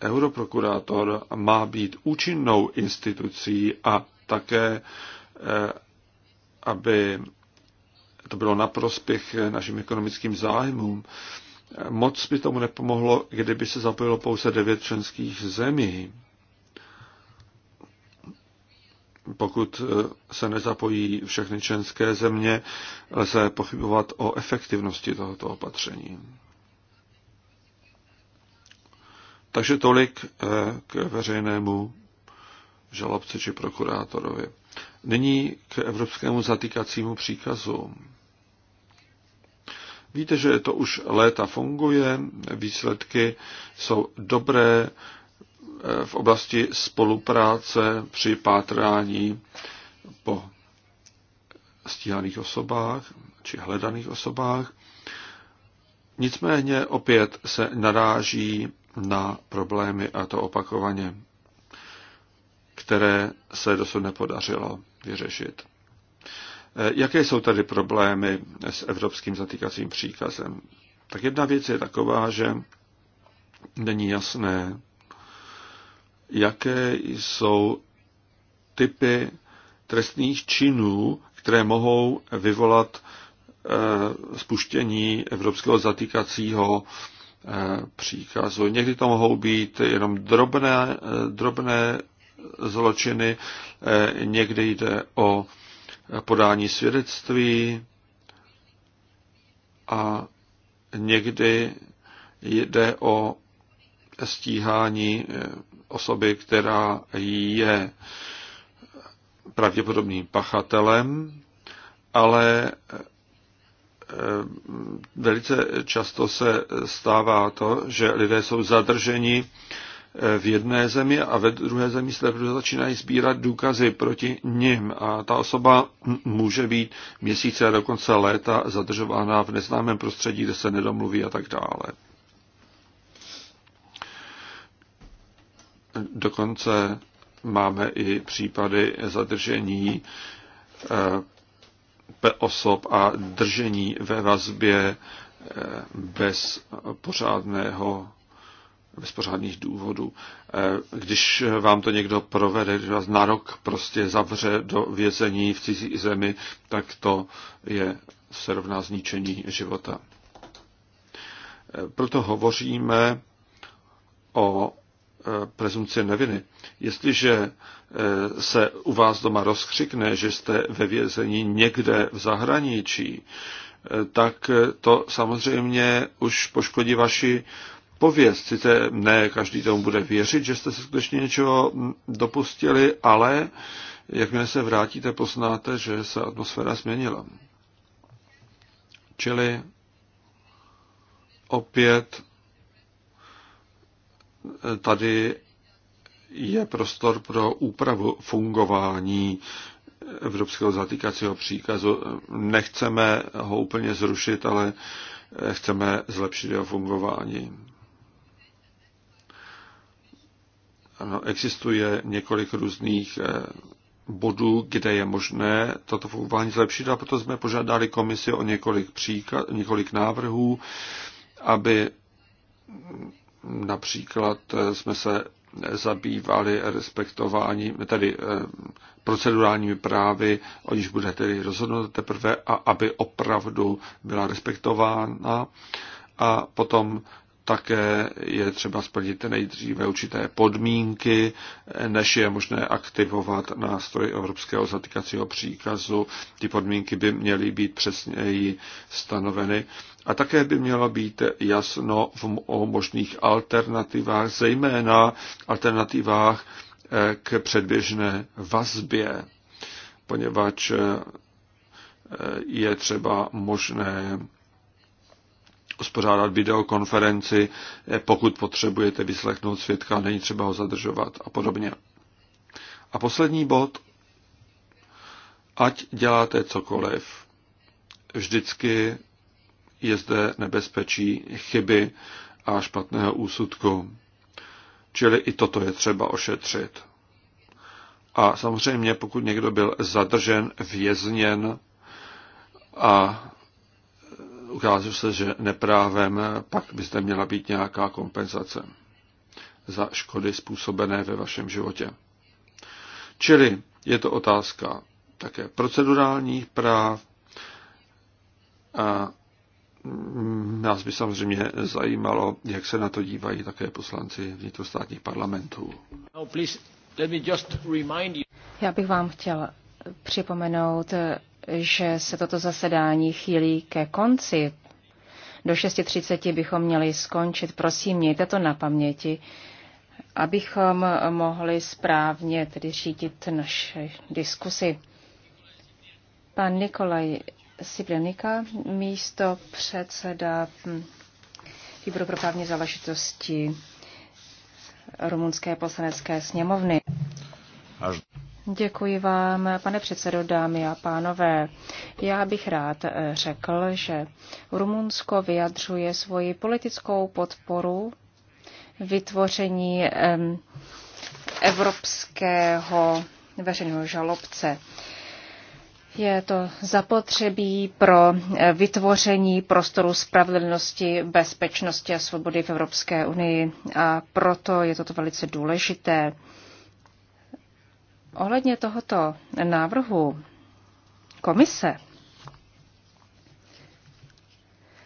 europrokurátor má být účinnou institucí a také aby to bylo na prospěch našim ekonomickým zájmům. Moc by tomu nepomohlo, kdyby se zapojilo pouze devět členských zemí. Pokud se nezapojí všechny členské země, lze pochybovat o efektivnosti tohoto opatření. Takže tolik eh, k veřejnému žalobci či prokurátorovi. Nyní k evropskému zatýkacímu příkazu. Víte, že to už léta funguje, výsledky jsou dobré eh, v oblasti spolupráce při pátrání po stíhaných osobách či hledaných osobách. Nicméně opět se naráží na problémy a to opakovaně které se dosud nepodařilo vyřešit. E, jaké jsou tady problémy s evropským zatýkacím příkazem? Tak jedna věc je taková, že není jasné, jaké jsou typy trestných činů, které mohou vyvolat e, spuštění evropského zatýkacího e, příkazu. Někdy to mohou být jenom drobné, drobné zločiny, eh, někdy jde o podání svědectví a někdy jde o stíhání eh, osoby, která je pravděpodobným pachatelem, ale eh, velice často se stává to, že lidé jsou zadrženi v jedné zemi a ve druhé zemi se začínají sbírat důkazy proti nim a ta osoba může být měsíce a dokonce léta zadržována v neznámém prostředí, kde se nedomluví a tak dále. Dokonce máme i případy zadržení eh, osob a držení ve vazbě eh, bez pořádného pořádných důvodů. Eh, když vám to někdo provede, že vás na rok prostě zavře do vězení v cizí zemi, tak to je se rovná zničení života. Eh, proto hovoříme o eh, prezumci neviny. Jestliže se u vás doma rozkřikne, že jste ve vězení někde v zahraničí, tak to samozřejmě už poškodí vaši pověst. Sice ne každý tomu bude věřit, že jste se skutečně něčeho dopustili, ale jakmile se vrátíte, poznáte, že se atmosféra změnila. Čili opět tady je prostor pro úpravu fungování evropského zatýkacího příkazu. Nechceme ho úplně zrušit, ale chceme zlepšit jeho fungování. Ano, existuje několik různých eh, bodů, kde je možné toto fungování zlepšit a proto jsme požádali komisi o několik, příklad, několik návrhů, aby například eh, jsme se zabývali respektováním, tedy eh, procedurálními právy, o níž bude tedy rozhodnout teprve, a aby opravdu byla respektována. A potom také je třeba splnit nejdříve určité podmínky, než je možné aktivovat nástroj Evropského zatýkacího příkazu. Ty podmínky by měly být přesněji stanoveny. A také by mělo být jasno v, o možných alternativách, zejména alternativách eh, k předběžné vazbě, poněvadž eh, je třeba možné uspořádat videokonferenci, eh, pokud potřebujete vyslechnout svědka, není třeba ho zadržovat a podobně. A poslední bod, ať děláte cokoliv, vždycky je zde nebezpečí chyby a špatného úsudku. Čili i toto je třeba ošetřit. A samozřejmě, pokud někdo byl zadržen, vězněn a ukáže se, že neprávem, pak by zde měla být nějaká kompenzace za škody způsobené ve vašem životě. Čili je to otázka také procedurálních práv. A nás by samozřejmě zajímalo, jak se na to dívají také poslanci vnitrostátních parlamentů. No, Já bych vám chtěl připomenout, že se toto zasedání chýlí ke konci. Do 6.30 bychom měli skončit. Prosím, mějte to na paměti, abychom mohli správně tedy řídit naše diskusy. Pan Nikolaj Sibrenika, místo předseda hm, výboru pro právní záležitosti rumunské poslanecké sněmovny. Až... Děkuji vám, pane předsedo, dámy a pánové. Já bych rád eh, řekl, že Rumunsko vyjadřuje svoji politickou podporu vytvoření evropského veřejného žalobce. Je to zapotřebí pro eh, vytvoření prostoru spravedlnosti, bezpečnosti a svobody v Evropské unii a proto je toto velice důležité. Ohledně tohoto návrhu komise,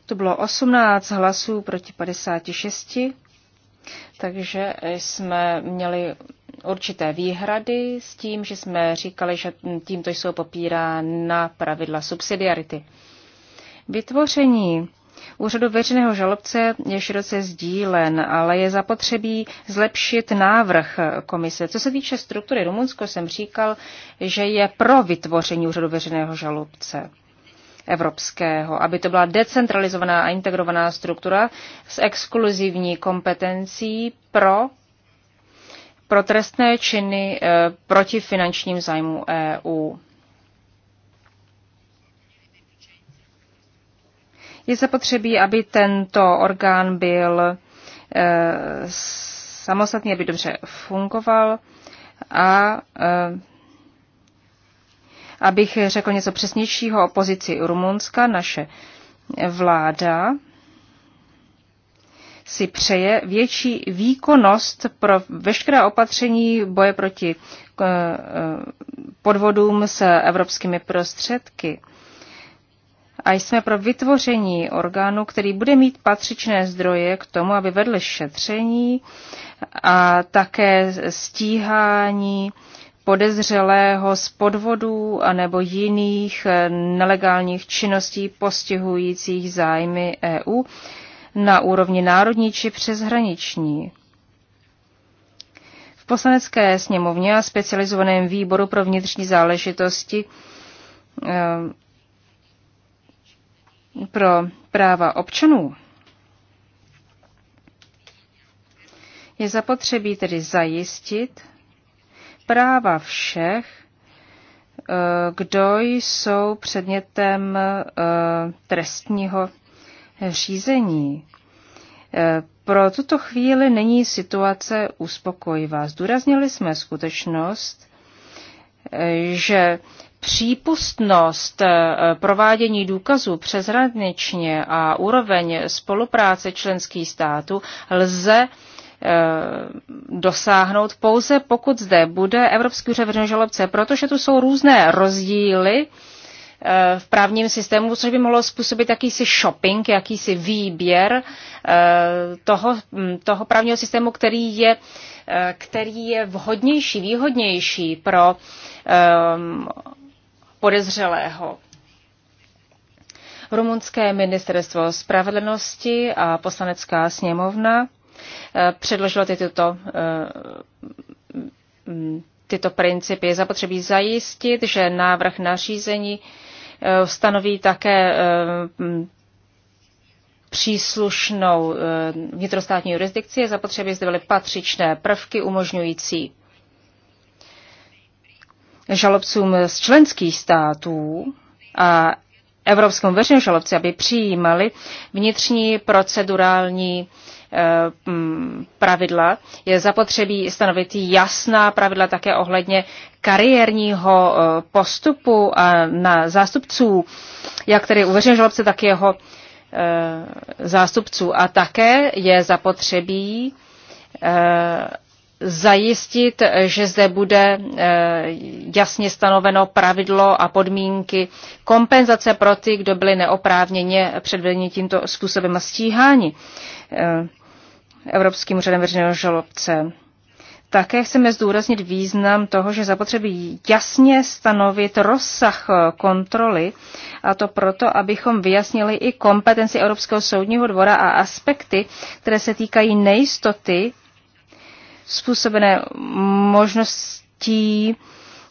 to bylo 18 hlasů proti 56, takže jsme měli určité výhrady s tím, že jsme říkali, že tímto jsou popírána pravidla subsidiarity. Vytvoření úřadu veřejného žalobce je široce sdílen, ale je zapotřebí zlepšit návrh komise. Co se týče struktury Rumunsko, jsem říkal, že je pro vytvoření úřadu veřejného žalobce evropského, aby to byla decentralizovaná a integrovaná struktura s exkluzivní kompetencí pro, pro trestné činy eh, proti finančním zájmu e EU. Je zapotřebí, aby tento orgán byl eh, samostatný, aby dobře fungoval a eh, abych řekl něco přesnějšího o pozici Rumunska, naše vláda si přeje větší výkonnost pro veškerá opatření boje proti eh, podvodům s evropskými prostředky a jsme pro vytvoření orgánu, který bude mít patřičné zdroje k tomu, aby vedl šetření a také stíhání podezřelého z podvodů anebo jiných eh, nelegálních činností postihujících zájmy EU na úrovni národní či přeshraniční. V poslanecké sněmovně a specializovaném výboru pro vnitřní záležitosti eh, pro práva občanů je zapotřebí tedy zajistit práva všech, eh, kdo jsou předmětem eh, trestního řízení. Eh, pro tuto chvíli není situace uspokojivá. Zdůraznili jsme skutečnost, že přípustnost eh, provádění důkazů přeshraničně a úroveň spolupráce členských států lze eh, dosáhnout pouze pokud zde bude Evropský úřad veřejného žalobce, protože tu jsou různé rozdíly eh, v právním systému, což by mohlo způsobit jakýsi shopping, jakýsi výběr toho, hm, toho právního systému, který je, který je vhodnější, výhodnější pro ehm, podezřelého. Rumunské ministerstvo spravedlnosti a poslanecká sněmovna eh, předložilo tyto, eh, mm, tyto principy. Je zapotřebí zajistit, že návrh nařízení eh, stanoví také mm, příslušnou vnitrostátní jurisdikci. Je zapotřebí, zde byly patřičné prvky umožňující žalobcům z členských států a Evropskému veřejnému žalobci, aby přijímali vnitřní procedurální eh, mm, pravidla. Je zapotřebí stanovit jasná pravidla také ohledně kariérního eh, postupu a na zástupců, jak tedy u veřejného žalobce, tak jeho eh, zástupců. A také je zapotřebí zajistit, že zde bude eh, jasně stanoveno pravidlo a podmínky kompenzace pro ty, kdo byli neoprávněně předvedeni tímto způsobem a stíháni eh, Evropským úřadem veřejného žalobce. Také chceme zdůraznit význam toho, že zapotřebí jasně stanovit rozsah kontroly, a to proto, abychom vyjasnili i kompetenci Evropského soudního dvora a aspekty, které se týkají nejistoty způsobené možností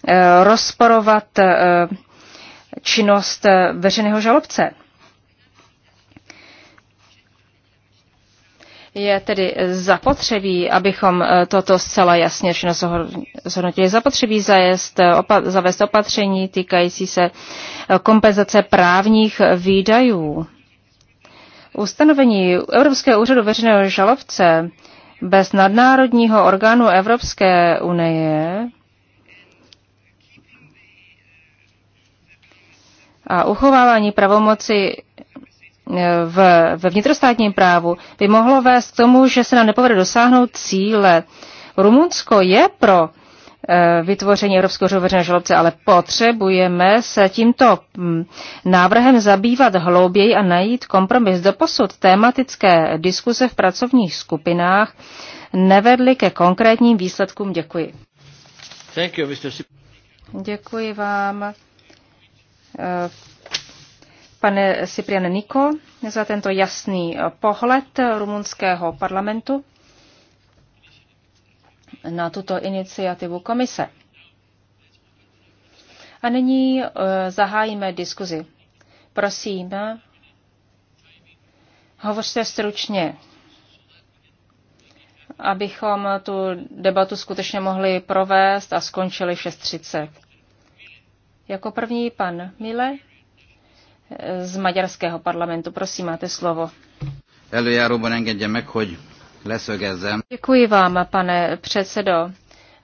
eh, rozporovat eh, činnost eh, veřejného žalobce. Je tedy zapotřebí, abychom toto zcela jasně všechno zhodnotili. Zapotřebí zajest, opa, zavést opatření týkající se kompenzace právních výdajů. Ustanovení Evropského úřadu veřejného žalobce bez nadnárodního orgánu Evropské unie a uchovávání pravomoci e, v, ve vnitrostátním právu by mohlo vést k tomu, že se nám nepovede dosáhnout cíle. Rumunsko je pro Eh, vytvoření Evropského veřejného žalobce, ale potřebujeme se tímto mm, návrhem zabývat hlouběji a najít kompromis. Doposud tématické diskuse v pracovních skupinách nevedly ke konkrétním výsledkům. Děkuji. Thank you, Mr. Děkuji vám, eh, pane Cyprian Niko, za tento jasný pohled rumunského parlamentu na tuto iniciativu komise. A nyní eh, zahájíme diskuzi. Prosím, hovořte stručně, abychom tu debatu skutečně mohli provést a skončili 6.30. Jako první pan Mile eh, z maďarského parlamentu. Prosím, máte slovo. Előjáróban engedje meg, hogy Děkuji vám, pane předsedo.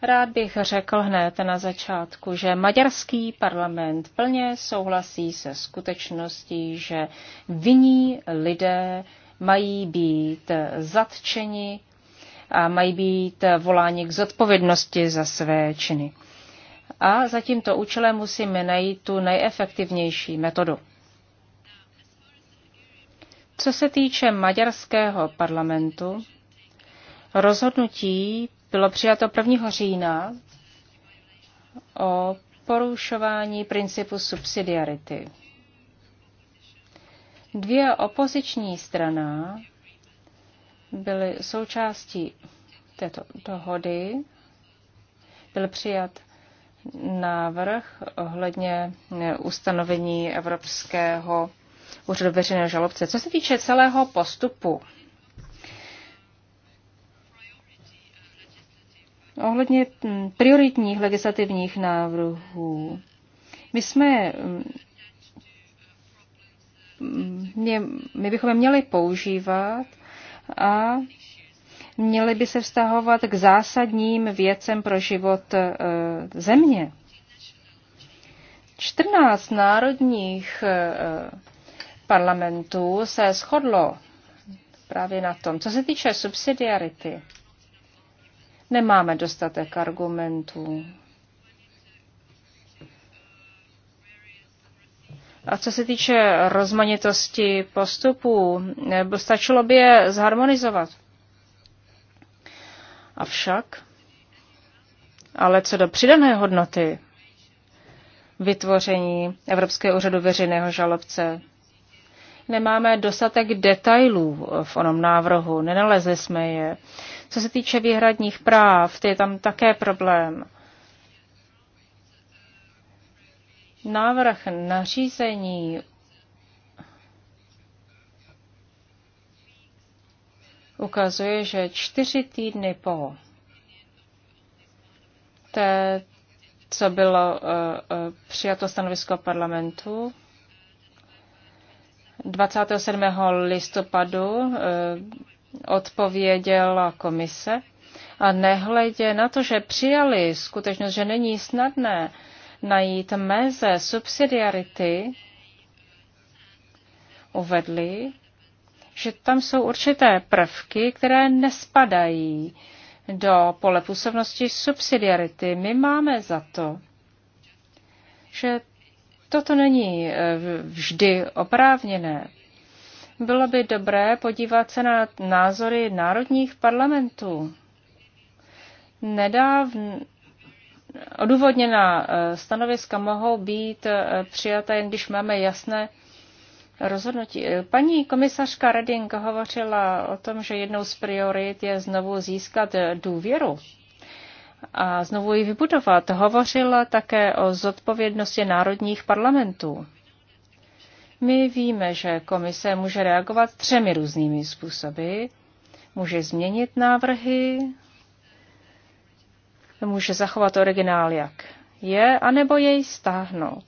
Rád bych řekl hned na začátku, že maďarský parlament plně souhlasí se skutečností, že vinní lidé mají být zatčeni a mají být voláni k zodpovědnosti za své činy. A za tímto účelem musíme najít tu nejefektivnější metodu. Co se týče maďarského parlamentu, Rozhodnutí bylo přijato 1. října o porušování principu subsidiarity. Dvě opoziční strana byly součástí této dohody. Byl přijat návrh ohledně ustanovení Evropského úřadu veřejného žalobce. Co se týče celého postupu, Ohledně hm, prioritních legislativních návrhů. My jsme hm, my bychom je měli používat a měly by se vztahovat k zásadním věcem pro život e, země. 14 národních e, parlamentů se shodlo právě na tom. Co se týče subsidiarity, Nemáme dostatek argumentů. A co se týče rozmanitosti postupů, stačilo by je zharmonizovat. Avšak, ale co do přidané hodnoty vytvoření Evropského úřadu veřejného žalobce, nemáme dostatek detailů v onom návrhu, nenalezli jsme je. Co se týče výhradních práv, to je tam také problém. Návrh nařízení ukazuje, že čtyři týdny po té, co bylo eh, eh, přijato stanovisko parlamentu, 27. listopadu eh, odpověděla komise. A nehledě na to, že přijali skutečnost, že není snadné najít meze subsidiarity, uvedli, že tam jsou určité prvky, které nespadají do pole působnosti subsidiarity. My máme za to, že toto není eh, vždy oprávněné. Bylo by dobré podívat se na názory národních parlamentů. Nedávno Odůvodněná eh, stanoviska mohou být eh, přijata, jen když máme jasné rozhodnutí. Eh, paní komisařka Reding hovořila o tom, že jednou z priorit je znovu získat důvěru a znovu ji vybudovat. Hovořila také o zodpovědnosti národních parlamentů. My víme, že komise může reagovat třemi různými způsoby. Může změnit návrhy, může zachovat originál, jak je, anebo jej stáhnout.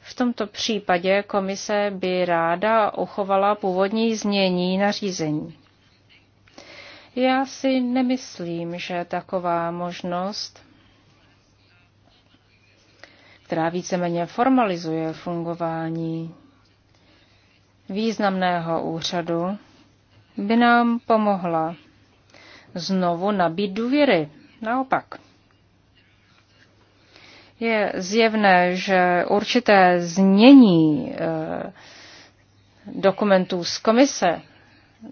V tomto případě komise by ráda uchovala původní změní nařízení. Já si nemyslím, že taková možnost, která víceméně formalizuje fungování významného úřadu by nám pomohla znovu nabít důvěry. Naopak. Je zjevné, že určité znění eh, dokumentů z komise,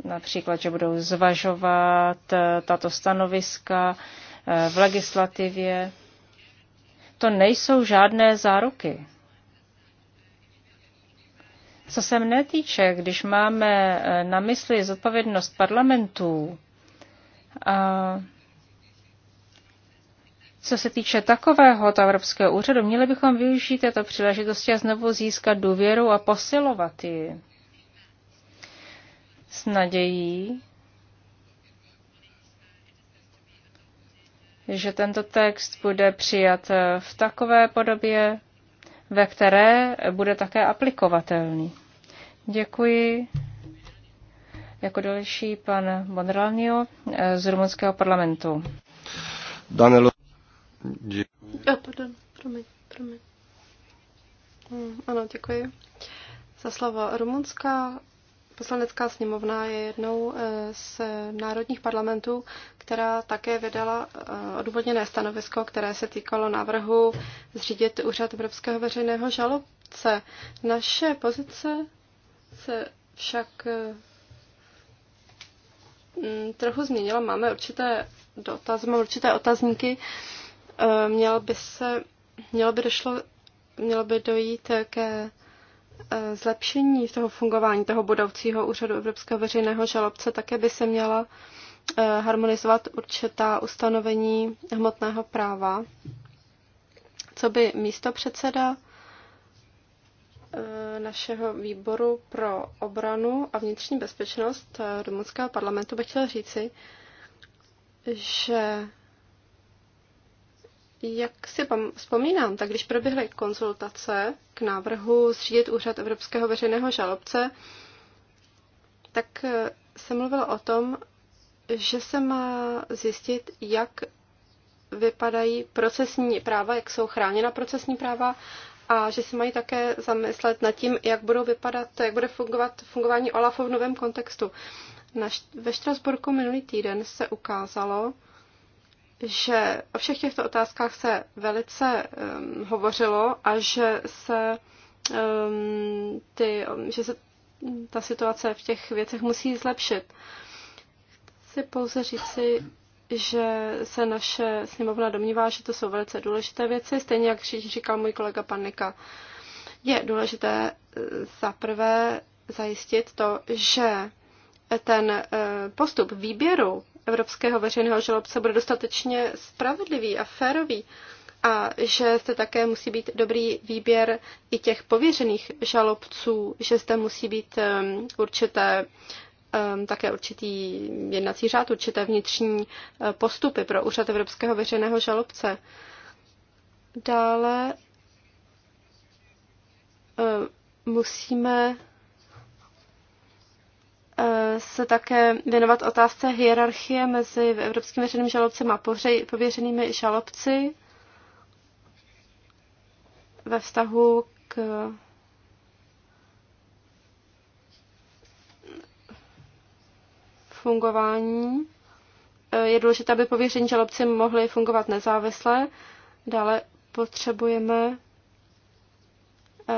například, že budou zvažovat eh, tato stanoviska eh, v legislativě, to nejsou žádné záruky. Co se mne týče, když máme eh, na mysli zodpovědnost parlamentů, a co se týče takového to Evropského úřadu, měli bychom využít této příležitosti a znovu získat důvěru a posilovat ji. S nadějí, že tento text bude přijat eh, v takové podobě, ve které bude také aplikovatelný. Děkuji. Jako další pan Bondralnio eh, z rumunského parlamentu. Danilo. Děkuji. A, eh, pardon, promiň, promiň. Hmm, ano, děkuji. Za slovo Rumunská Poslanecká sněmovna je jednou eh, z národních parlamentů, která také vydala eh, odůvodněné stanovisko, které se týkalo návrhu zřídit úřad Evropského veřejného žalobce. Naše pozice se však eh, mm, trochu změnila. Máme určité dotazy, máme určité otazníky. Mělo by se, mělo by došlo, mělo by dojít ke Eh, zlepšení toho fungování toho budoucího úřadu Evropského veřejného žalobce také by se měla eh, harmonizovat určitá ustanovení hmotného práva, co by místo předseda eh, našeho výboru pro obranu a vnitřní bezpečnost rumunského parlamentu by chtěl říci, že jak si vzpomínám, tak když proběhly konzultace k návrhu zřídit úřad Evropského veřejného žalobce, tak eh, se mluvilo o tom, že se má zjistit, jak vypadají procesní práva, jak jsou chráněna procesní práva a že se mají také zamyslet nad tím, jak budou vypadat, jak bude fungovat fungování OLAFu v novém kontextu. Na, ve Štrasburku minulý týden se ukázalo, že o všech těchto otázkách se velice um, hovořilo a že se, um, ty, že se ta situace v těch věcech musí zlepšit. Chci pouze říci, že se naše sněmovna domnívá, že to jsou velice důležité věci, stejně jak říkal můj kolega Panika. Je důležité eh, zaprvé zajistit to, že ten eh, postup výběru evropského veřejného žalobce bude dostatečně spravedlivý a férový a že zde také musí být dobrý výběr i těch pověřených žalobců, že zde musí být ehm, určité ehm, také určitý jednací řád, určité vnitřní eh, postupy pro úřad Evropského veřejného žalobce. Dále eh, musíme se také věnovat otázce hierarchie mezi evropským veřejným žalobcem a pověřenými žalobci ve vztahu k fungování. Je důležité, aby pověření žalobci mohli fungovat nezávisle. Dále potřebujeme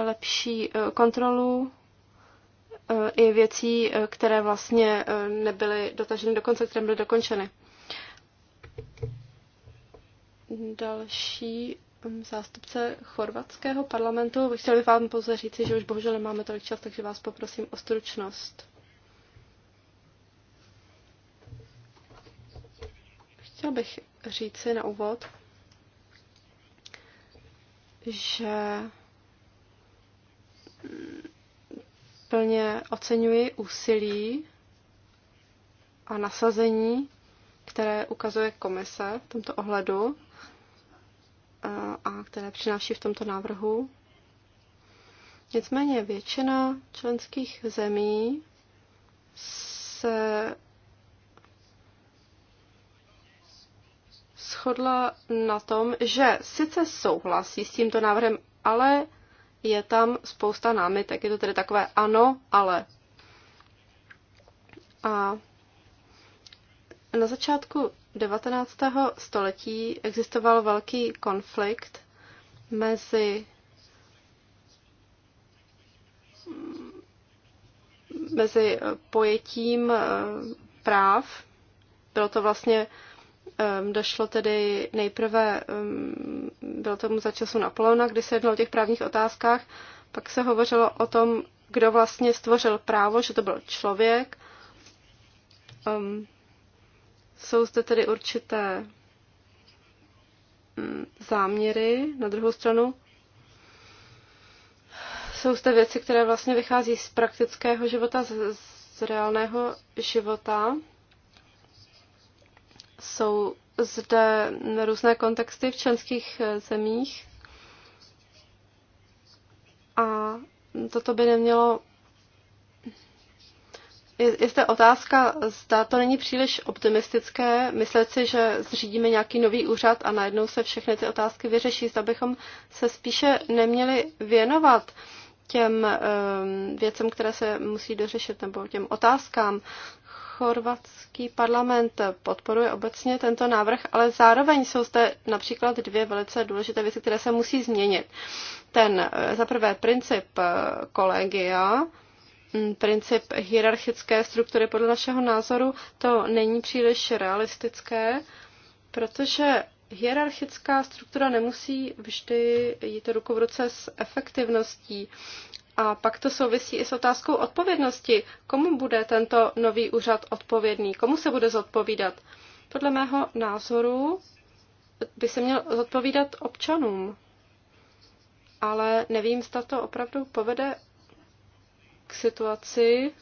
lepší eh, kontrolu i věcí, eh, které vlastně eh, nebyly dotaženy do konce, které byly dokončeny. Další mm, zástupce chorvatského parlamentu. Chtěl bych vám pouze říci, že už bohužel nemáme tolik čas, takže vás poprosím o stručnost. Chtěl bych říci na úvod, že plně oceňuji úsilí a nasazení, které ukazuje komise v tomto ohledu a které přináší v tomto návrhu. Nicméně většina členských zemí se shodla na tom, že sice souhlasí s tímto návrhem, ale je tam spousta námitek. Je to tedy takové ano, ale. A na začátku 19. století existoval velký konflikt mezi mezi pojetím eh, práv. Bylo to vlastně Došlo tedy nejprve, bylo tomu za času Napoleona, kdy se jednalo o těch právních otázkách, pak se hovořilo o tom, kdo vlastně stvořil právo, že to byl člověk. Um, jsou zde tedy určité mm, záměry, na druhou stranu jsou zde věci, které vlastně vychází z praktického života, z, z reálného života. Jsou zde různé kontexty v členských eh, zemích a toto by nemělo je zde otázka, zda to není příliš optimistické myslet si, že zřídíme nějaký nový úřad a najednou se všechny ty otázky vyřeší, zda bychom se spíše neměli věnovat těm um, věcem, které se musí dořešit, nebo těm otázkám chorvatský parlament podporuje obecně tento návrh, ale zároveň jsou zde například dvě velice důležité věci, které se musí změnit. Ten eh, za prvé princip eh, kolegia, mm, princip hierarchické struktury podle našeho názoru, to není příliš realistické, protože hierarchická struktura nemusí vždy jít ruku v ruce s efektivností. A pak to souvisí i s otázkou odpovědnosti. Komu bude tento nový úřad odpovědný? Komu se bude zodpovídat? Podle mého názoru by se měl zodpovídat občanům. Ale nevím, zda to opravdu povede k situaci,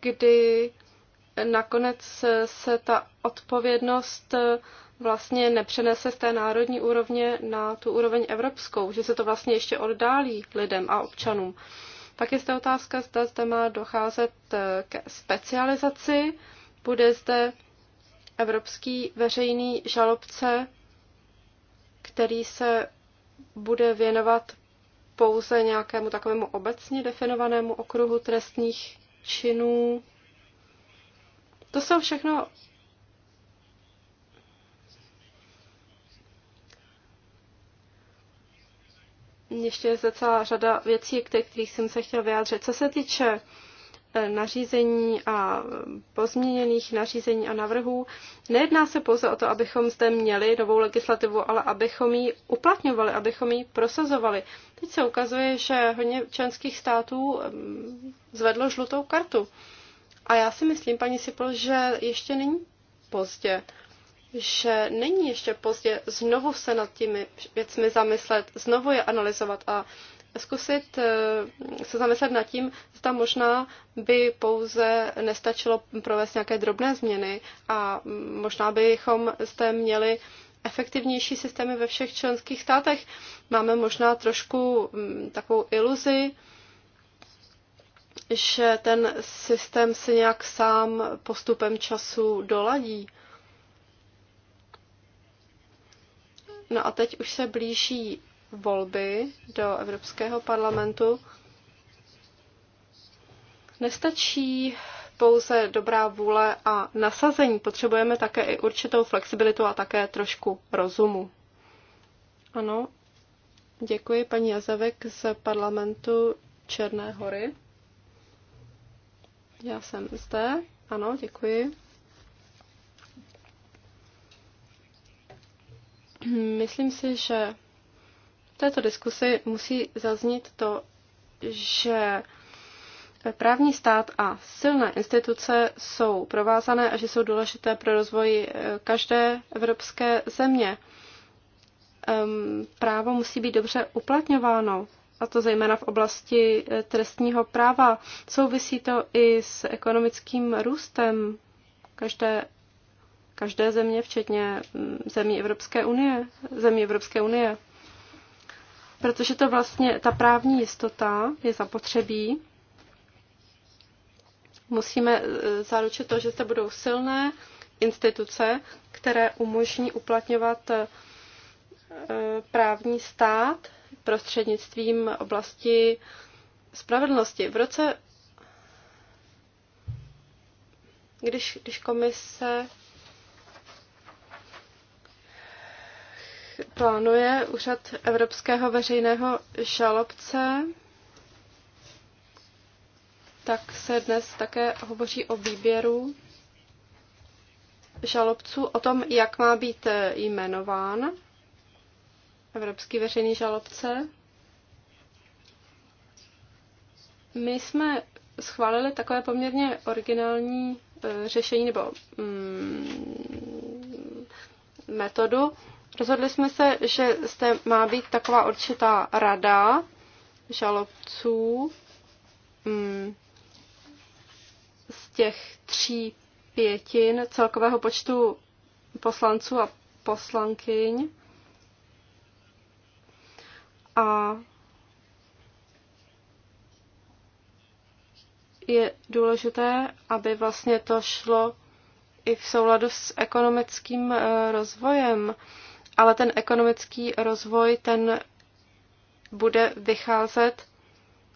kdy nakonec se ta odpovědnost vlastně nepřenese z té národní úrovně na tu úroveň evropskou, že se to vlastně ještě oddálí lidem a občanům. Pak je zde otázka, zda zde má docházet eh, ke specializaci. Bude zde evropský veřejný žalobce, který se bude věnovat pouze nějakému takovému obecně definovanému okruhu trestních činů. To jsou všechno ještě je zde celá řada věcí, ke kterých jsem se chtěl vyjádřit. Co se týče e, nařízení a e, pozměněných nařízení a navrhů. Nejedná se pouze o to, abychom zde měli novou legislativu, ale abychom ji uplatňovali, abychom ji prosazovali. Teď se ukazuje, že hodně členských států e, zvedlo žlutou kartu. A já si myslím, paní Sipl, že ještě není pozdě že není ještě pozdě znovu se nad těmi věcmi zamyslet, znovu je analyzovat a zkusit eh, se zamyslet nad tím, zda možná by pouze nestačilo provést nějaké drobné změny a možná bychom zde měli efektivnější systémy ve všech členských státech. Máme možná trošku mm, takovou iluzi, že ten systém se nějak sám postupem času doladí. No a teď už se blíží volby do Evropského parlamentu. Nestačí pouze dobrá vůle a nasazení. Potřebujeme také i určitou flexibilitu a také trošku rozumu. Ano, děkuji paní Jazavek z parlamentu Černé hory. Já jsem zde. Ano, děkuji. Myslím si, že v této diskusi musí zaznít to, že Právní stát a silné instituce jsou provázané a že jsou důležité pro rozvoj eh, každé evropské země. Ehm, právo musí být dobře uplatňováno, a to zejména v oblasti eh, trestního práva. Souvisí to i s ekonomickým růstem každé každé země, včetně mm, zemí Evropské unie, zemí Evropské unie. Protože to vlastně, ta právní jistota je zapotřebí. Musíme e, zaručit to, že se budou silné instituce, které umožní uplatňovat e, právní stát prostřednictvím oblasti spravedlnosti. V roce, když, když komise plánuje úřad Evropského veřejného žalobce, tak se dnes také hovoří o výběru žalobců, o tom, jak má být eh, jmenován Evropský veřejný žalobce. My jsme schválili takové poměrně originální eh, řešení nebo mm, metodu, Rozhodli jsme se, že zde má být taková určitá rada žalobců mm, z těch tří pětin celkového počtu poslanců a poslankyň. A je důležité, aby vlastně to šlo i v souladu s ekonomickým eh, rozvojem ale ten ekonomický rozvoj, ten bude vycházet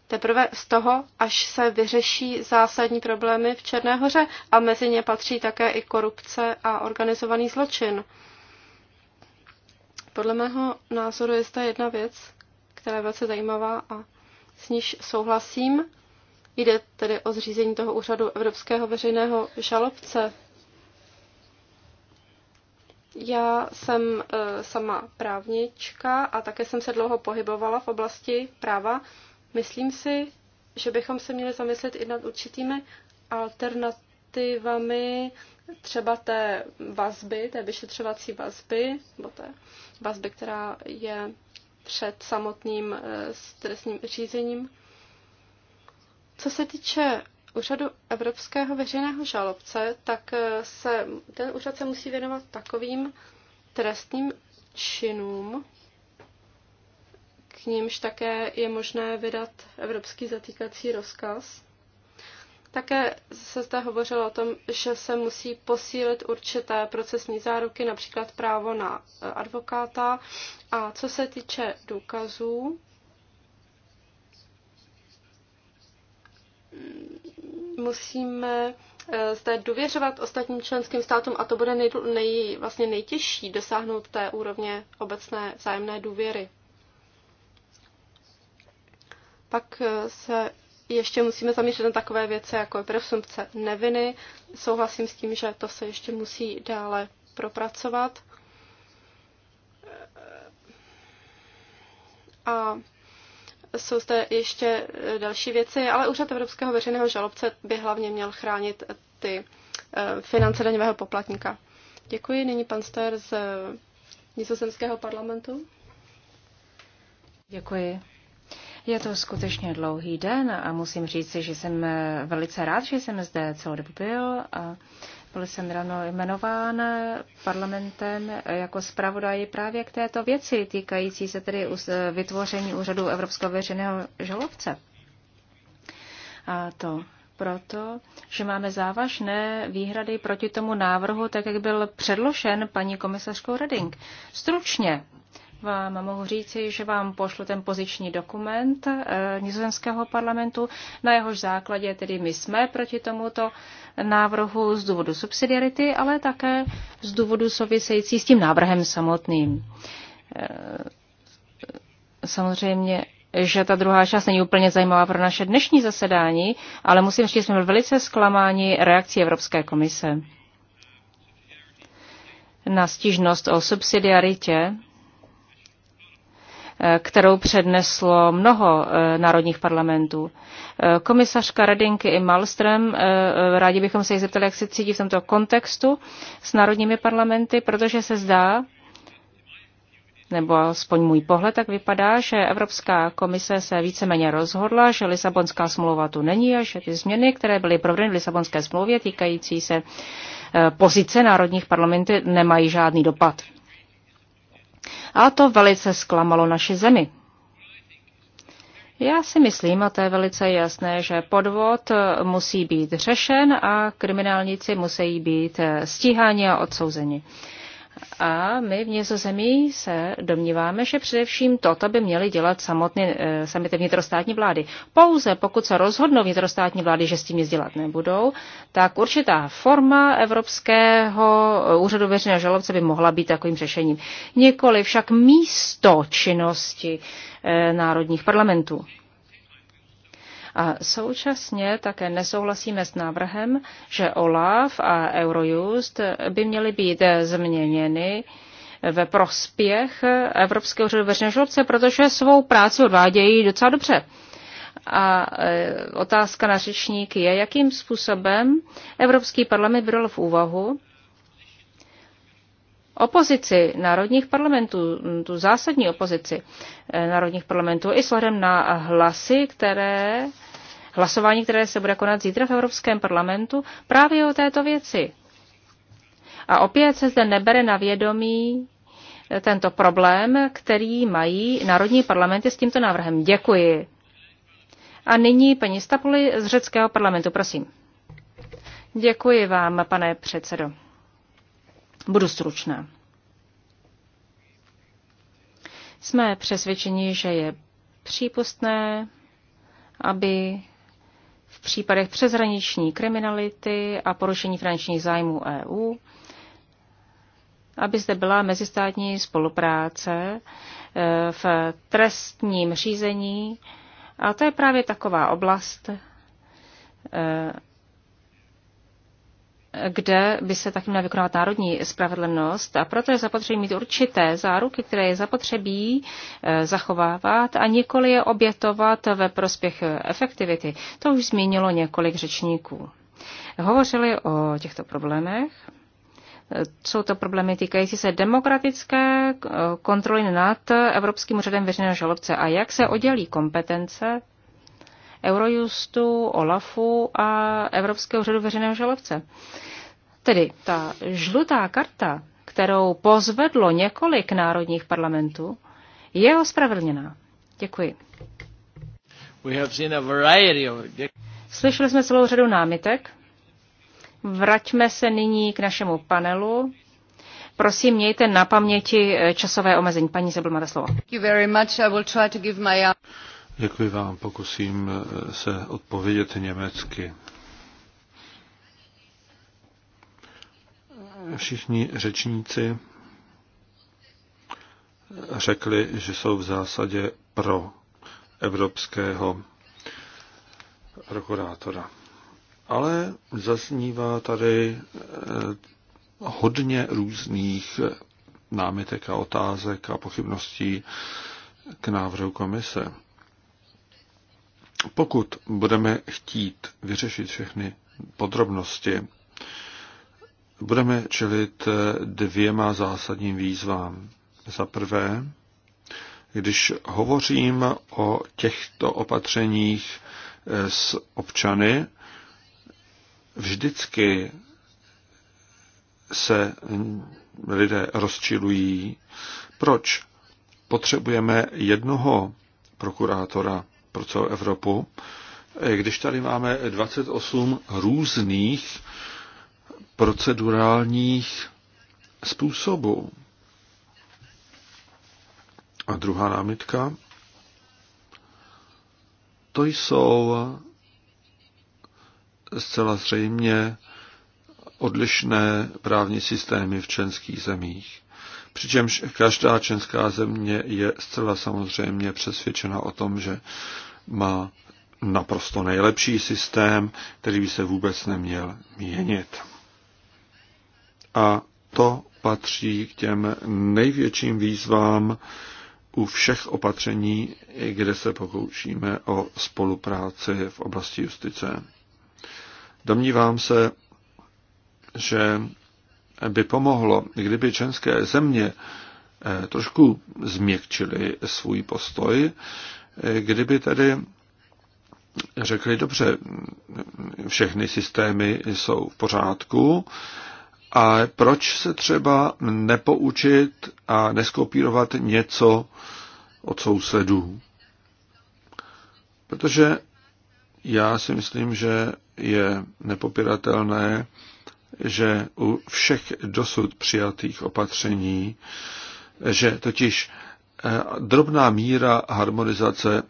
teprve z toho, až se vyřeší zásadní problémy v Černé hoře a mezi ně patří také i korupce a organizovaný zločin. Podle mého názoru je zde jedna věc, která je velice zajímavá a s níž souhlasím. Jde tedy o zřízení toho úřadu Evropského veřejného žalobce. Já jsem e, sama právnička a také jsem se dlouho pohybovala v oblasti práva. Myslím si, že bychom se měli zamyslet i nad určitými alternativami třeba té vazby, té vyšetřovací vazby, nebo té vazby, která je před samotným e, stresním řízením. Co se týče úřadu Evropského veřejného žalobce, tak eh, se, ten úřad se musí věnovat takovým trestným činům, k nímž také je možné vydat evropský zatýkací rozkaz. Také se zde hovořilo o tom, že se musí posílit určité procesní záruky, například právo na eh, advokáta. A co se týče důkazů, musíme eh, zde důvěřovat ostatním členským státům a to bude nej, nej, vlastně nejtěžší dosáhnout té úrovně obecné vzájemné důvěry. Pak eh, se ještě musíme zaměřit na takové věci, jako je presumpce neviny. Souhlasím s tím, že to se ještě musí dále propracovat. Eh, a jsou zde ještě eh, další věci, ale úřad Evropského veřejného žalobce by hlavně měl chránit eh, ty eh, finance daňového poplatníka. Děkuji. Nyní pan Ster z nizozemského parlamentu. Děkuji. Je to skutečně dlouhý den a musím říct, že jsem velice rád, že jsem zde celou dobu byl a byl jsem ráno jmenován parlamentem jako zpravodaj právě k této věci, týkající se tedy vytvoření úřadu Evropského veřejného žalobce. A to proto, že máme závažné výhrady proti tomu návrhu, tak jak byl předložen paní komisařkou Reding. Stručně vám mohu říci, že vám pošlu ten poziční dokument eh, nizozemského parlamentu, na jehož základě tedy my jsme proti tomuto návrhu z důvodu subsidiarity, ale také z důvodu související s tím návrhem samotným. Eh, samozřejmě že ta druhá část není úplně zajímavá pro naše dnešní zasedání, ale musím říct, že jsme byli velice zklamáni reakcí Evropské komise na stížnost o subsidiaritě Eh, kterou předneslo mnoho eh, národních parlamentů. Eh, komisařka Redinky i Malström, rádi bychom se jí zeptali, jak se cítí v tomto kontextu s národními parlamenty, protože se zdá, nebo alespoň můj pohled tak vypadá, že Evropská komise se víceméně rozhodla, že Lisabonská smlouva tu není a že ty změny, které byly provedeny v Lisabonské smlouvě týkající se pozice národních parlamentů, nemají žádný dopad. A to velice zklamalo naši zemi. Já si myslím, a to je velice jasné, že podvod musí být řešen a kriminálníci musí být stíháni a odsouzeni. A my v Nizozemí se domníváme, že především toto by měly dělat eh, samotné, sami ty vnitrostátní vlády. Pouze pokud se rozhodnou vnitrostátní vlády, že s tím nic dělat nebudou, tak určitá forma Evropského eh, úřadu veřejného žalobce by mohla být takovým řešením. Nikoli však místo činnosti eh, národních parlamentů. A současně také nesouhlasíme s návrhem, že OLAF a Eurojust by měly být změněny ve prospěch Evropského řadu veřejného žalobce, protože svou práci odvádějí docela dobře. A eh, otázka na řečník je, jakým způsobem Evropský parlament bral v úvahu opozici národních parlamentů, hm, tu zásadní opozici eh, národních parlamentů, i s na hlasy, které hlasování, které se bude konat zítra v Evropském parlamentu, právě o této věci. A opět se zde nebere na vědomí eh, tento problém, který mají národní parlamenty s tímto návrhem. Děkuji. A nyní paní Stapuli z řeckého parlamentu, prosím. Děkuji vám, pane předsedo. Budu stručná. Jsme přesvědčeni, že je přípustné, aby případech přezraniční kriminality a porušení finančních zájmů EU, aby zde byla mezistátní spolupráce e, v trestním řízení. A to je právě taková oblast, e, kde by se taky měla vykonávat národní spravedlnost a proto je zapotřebí mít určité záruky, které je zapotřebí eh, zachovávat a nikoli je obětovat ve prospěch efektivity. To už zmínilo několik řečníků. Hovořili o těchto problémech. Eh, jsou to problémy týkající se demokratické eh, kontroly nad Evropským úřadem veřejného žalobce a jak se oddělí kompetence Eurojustu, OLAFu a Evropského řadu veřejného žalovce. Tedy ta žlutá karta, kterou pozvedlo několik národních parlamentů, je ospravedlněná. Děkuji. Slyšeli jsme celou řadu námitek. Vraťme se nyní k našemu panelu. Prosím, mějte na paměti časové omezení. Paní Sebl, máte slovo. Děkuji vám, pokusím eh, se odpovědět německy. Všichni řečníci řekli, že jsou v zásadě pro evropského prokurátora. Ale zaznívá tady eh, hodně různých eh, námitek a otázek a pochybností k návrhu komise. Pokud budeme chtít vyřešit všechny podrobnosti, budeme čelit dvěma zásadním výzvám. Za prvé, když hovořím o těchto opatřeních eh, s občany, vždycky se lidé rozčilují. Proč? Potřebujeme jednoho prokurátora pro celou Evropu, když tady máme 28 různých procedurálních způsobů. A druhá námitka, to jsou zcela zřejmě odlišné právní systémy v členských zemích. Přičemž každá členská země je zcela samozřejmě přesvědčena o tom, že má naprosto nejlepší systém, který by se vůbec neměl měnit. A to patří k těm největším výzvám u všech opatření, kde se pokoušíme o spolupráci v oblasti justice. Domnívám se, že by pomohlo, kdyby členské země eh, trošku změkčily svůj postoj, eh, kdyby tedy řekli, dobře, všechny systémy jsou v pořádku, a proč se třeba nepoučit a neskopírovat něco od sousedů? Protože já si myslím, že je nepopiratelné, že u všech dosud přijatých opatření, že totiž eh, drobná míra harmonizace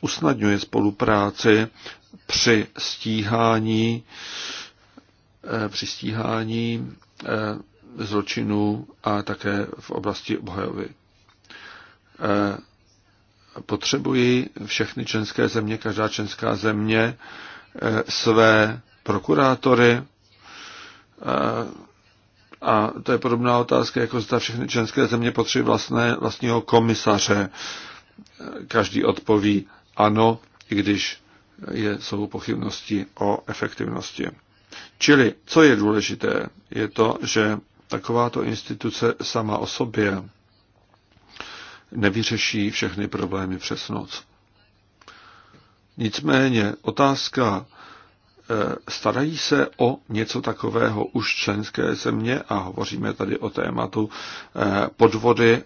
usnadňuje spolupráci při stíhání, eh, při stíhání eh, zločinů a také v oblasti obhajovy. Potřebují všechny členské země, každá členská země, své prokurátory, a to je podobná otázka, jako zda všechny členské země potřebují vlastné, vlastního komisaře. Každý odpoví ano, i když je, jsou pochybnosti o efektivnosti. Čili, co je důležité, je to, že takováto instituce sama o sobě nevyřeší všechny problémy přes noc. Nicméně otázka E, starají se o něco takového už členské země a hovoříme tady o tématu e, podvody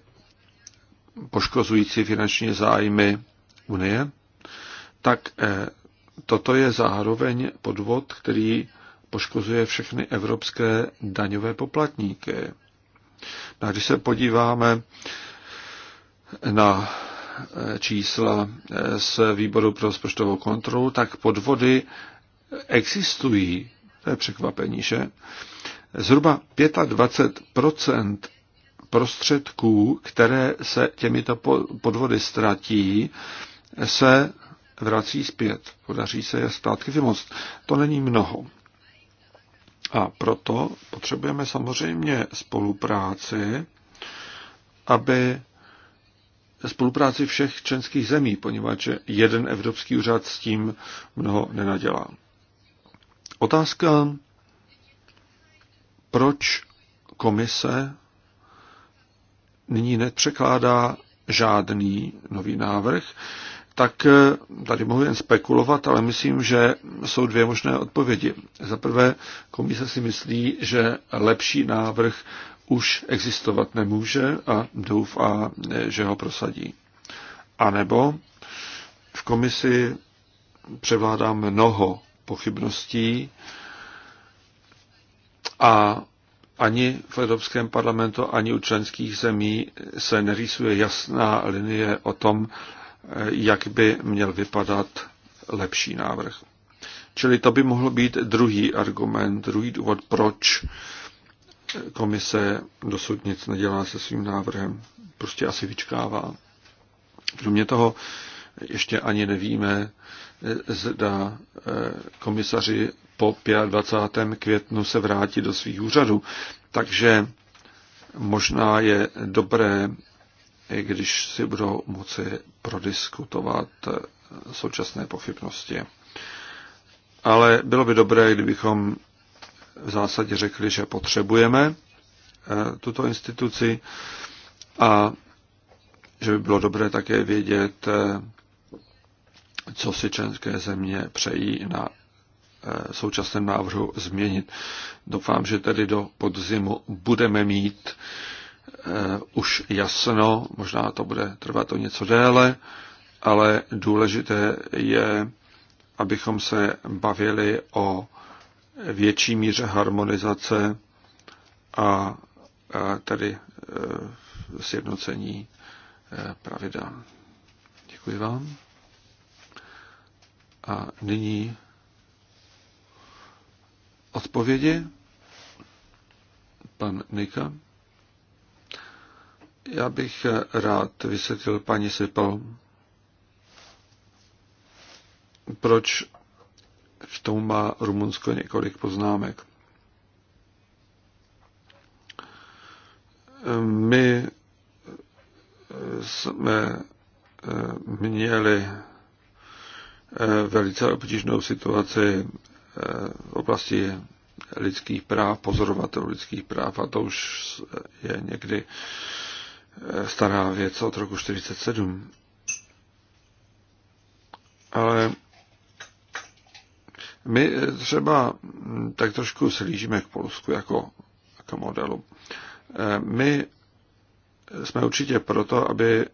poškozující finanční zájmy Unie, tak e, toto je zároveň podvod, který poškozuje všechny evropské daňové poplatníky. No a když se podíváme na čísla z výboru pro rozpočtovou kontrolu, tak podvody existují, to je překvapení, že? Zhruba 25 prostředků, které se těmito podvody ztratí, se vrací zpět. Podaří se je zpátky vymoct. To není mnoho. A proto potřebujeme samozřejmě spolupráci, aby spolupráci všech členských zemí, poněvadž jeden evropský úřad s tím mnoho nenadělá. Otázka, proč komise nyní nepřekládá žádný nový návrh, tak eh, tady mohu jen spekulovat, ale myslím, že jsou dvě možné odpovědi. Za prvé, komise si myslí, že lepší návrh už existovat nemůže a doufá, eh, že ho prosadí. A nebo v komisi převládá mnoho pochybností a ani v Evropském parlamentu, ani u členských zemí se nerýsuje jasná linie o tom, jak by měl vypadat lepší návrh. Čili to by mohl být druhý argument, druhý důvod, proč komise dosud nic nedělá se svým návrhem. Prostě asi vyčkává. Kromě toho ještě ani nevíme, zda eh, komisaři po 25. květnu se vrátí do svých úřadů. Takže možná je dobré, i když si budou moci prodiskutovat eh, současné pochybnosti. Ale bylo by dobré, kdybychom v zásadě řekli, že potřebujeme eh, tuto instituci a že by bylo dobré také vědět, co si členské země přejí na eh, současném návrhu změnit. Doufám, že tedy do podzimu budeme mít eh, už jasno, možná to bude trvat o něco déle, ale důležité je, abychom se bavili o větší míře harmonizace a tedy eh, sjednocení pravidel. Děkuji vám. A nyní odpovědi. Pan Nika. Já bych rád vysvětlil paní Sipal, proč k tomu má Rumunsko několik poznámek. My jsme měli Eh, velice obtížnou situaci eh, v oblasti lidských práv, pozorovatelů lidských práv, a to už je někdy eh, stará věc od roku 47. Ale my třeba hm, tak trošku slížíme k Polsku jako jako modelu. My jsme určitě proto, aby